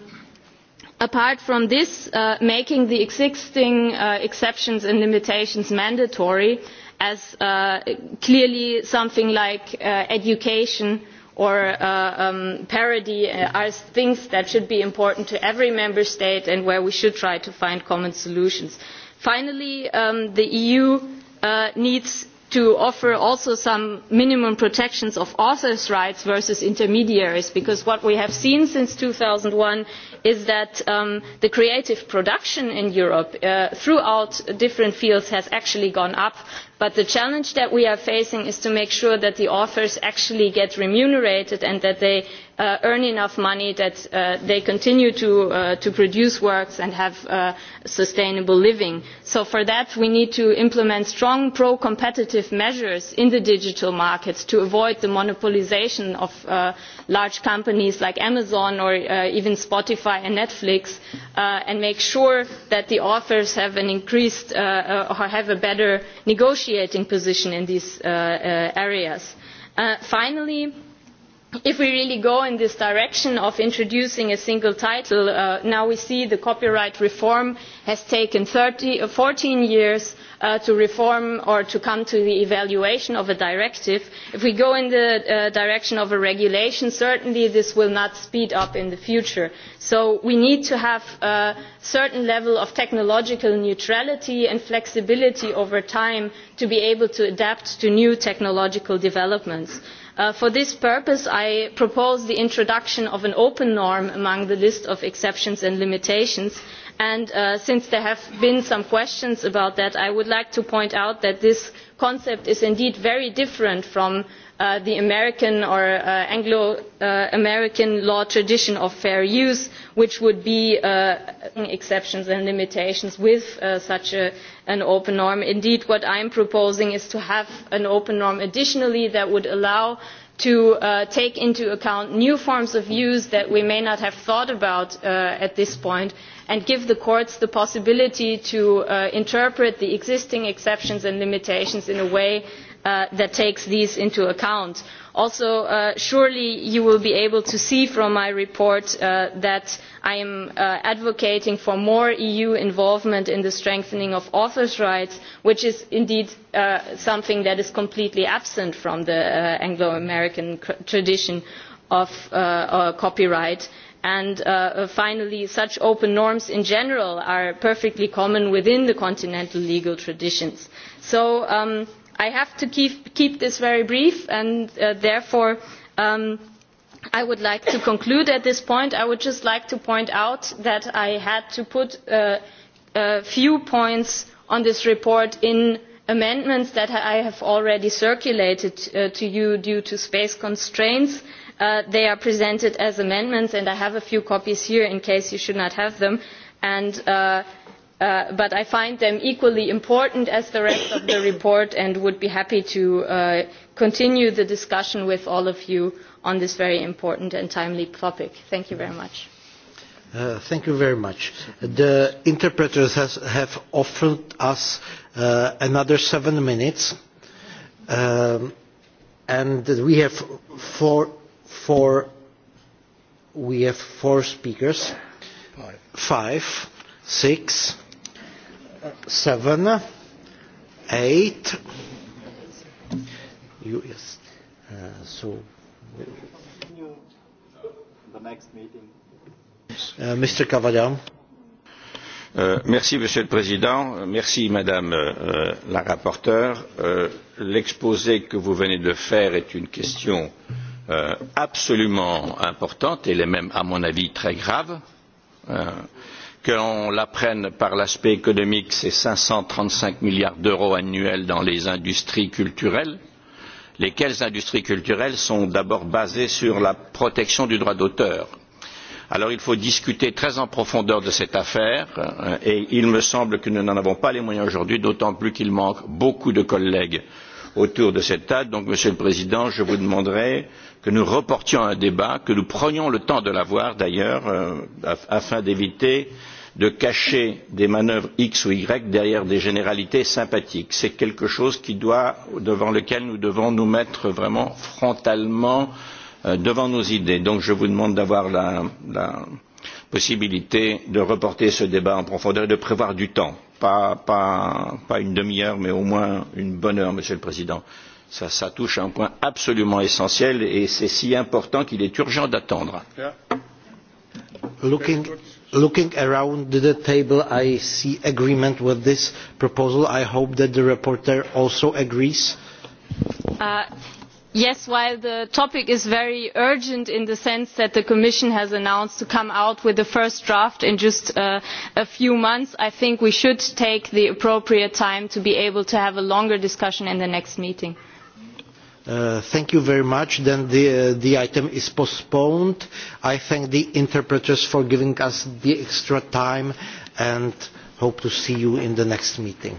apart from this uh, making the existing uh, exceptions and limitations mandatory as uh, clearly something like uh, education or uh, um, parity uh, are things that should be important to every member state and where we should try to find common solutions. finally um, the eu uh, needs to offer also some minimum protections of authors' rights versus intermediaries because what we have seen since two thousand and one is that um, the creative production in europe uh, throughout different fields has actually gone up but the challenge that we are facing is to make sure that the authors actually get remunerated and that they uh, earn enough money that uh, they continue to, uh, to produce works and have uh, sustainable living. So for that we need to implement strong pro-competitive measures in the digital markets to avoid the monopolization of uh, large companies like Amazon or uh, even Spotify and Netflix uh, and make sure that the authors have an increased uh, uh, or have a better negotiation negotiating position in these uh, uh, areas. Uh, finally, if we really go in this direction of introducing a single title, uh, now we see the copyright reform has taken 30, uh, 14 years uh, to reform or to come to the evaluation of a directive. if we go in the uh, direction of a regulation certainly this will not speed up in the future. so we need to have a certain level of technological neutrality and flexibility over time to be able to adapt to new technological developments. Uh, for this purpose i propose the introduction of an open norm among the list of exceptions and limitations and uh, since there have been some questions about that i would like to point out that this concept is indeed very different from uh, the american or uh, anglo uh, american law tradition of fair use which would be uh, exceptions and limitations with uh, such a, an open norm. indeed what i am proposing is to have an open norm additionally that would allow to uh, take into account new forms of use that we may not have thought about uh, at this point and give the courts the possibility to uh, interpret the existing exceptions and limitations in a way uh, that takes these into account also uh, surely you will be able to see from my report uh, that i am uh, advocating for more eu involvement in the strengthening of authors' rights which is indeed uh, something that is completely absent from the uh, anglo american tradition of copyright and uh, finally such open norms in general are perfectly common within the continental legal traditions. so um, i have to keep, keep this very brief and uh, therefore um, i would like to conclude at this point. i would just like to point out that i had to put uh, a few points on this report in amendments that i have already circulated uh, to you due to space constraints. Uh, they are presented as amendments and i have a few copies here in case you should not have them and uh, Uh, but i find them equally important as the rest of the (coughs) report and would be happy to uh, continue the discussion with all of you on this very important and timely topic. thank you very much. Uh, thank you very much. The interpreters has, have offered us uh, another seven minutes, um, and we have four, four, we have four speakers, five, five six, seven, eight. You, yes. Uh, so. The next meeting. Uh, Mr. Cavadam. Euh, merci, Monsieur le Président. Merci, Madame euh, la rapporteure. Euh, L'exposé que vous venez de faire est une question euh, absolument importante. Elle est même, à mon avis, très grave. Euh, qu'on l'apprenne par l'aspect économique, c'est 535 milliards d'euros annuels dans les industries culturelles, lesquelles industries culturelles sont d'abord basées sur la protection du droit d'auteur. Alors il faut discuter très en profondeur de cette affaire euh, et il me semble que nous n'en avons pas les moyens aujourd'hui, d'autant plus qu'il manque beaucoup de collègues autour de cette table. Donc, Monsieur le Président, je vous demanderai euh, que nous reportions un débat que nous prenions le temps de l'avoir d'ailleurs euh, afin d'éviter de cacher des manœuvres x ou y derrière des généralités sympathiques. c'est quelque chose qui doit, devant lequel nous devons nous mettre vraiment frontalement euh, devant nos idées. donc je vous demande d'avoir la, la possibilité de reporter ce débat en profondeur et de prévoir du temps pas, pas, pas une demi heure mais au moins une bonne heure monsieur le président ça, ça touche à un point absolument essentiel et c'est si important qu'il est urgent d'attendre. Yeah. Looking, looking around the table, I see agreement with this proposal. I hope that the reporter also agrees. Uh, yes, while the topic is very urgent in the sense that the Commission has announced to come out with the first draft in just uh, a few months, I think we should take the appropriate time to be able to have a longer discussion in the next meeting. Uh, thank you very much. Then the, uh, the item is postponed. I thank the interpreters for giving us the extra time and hope to see you in the next meeting.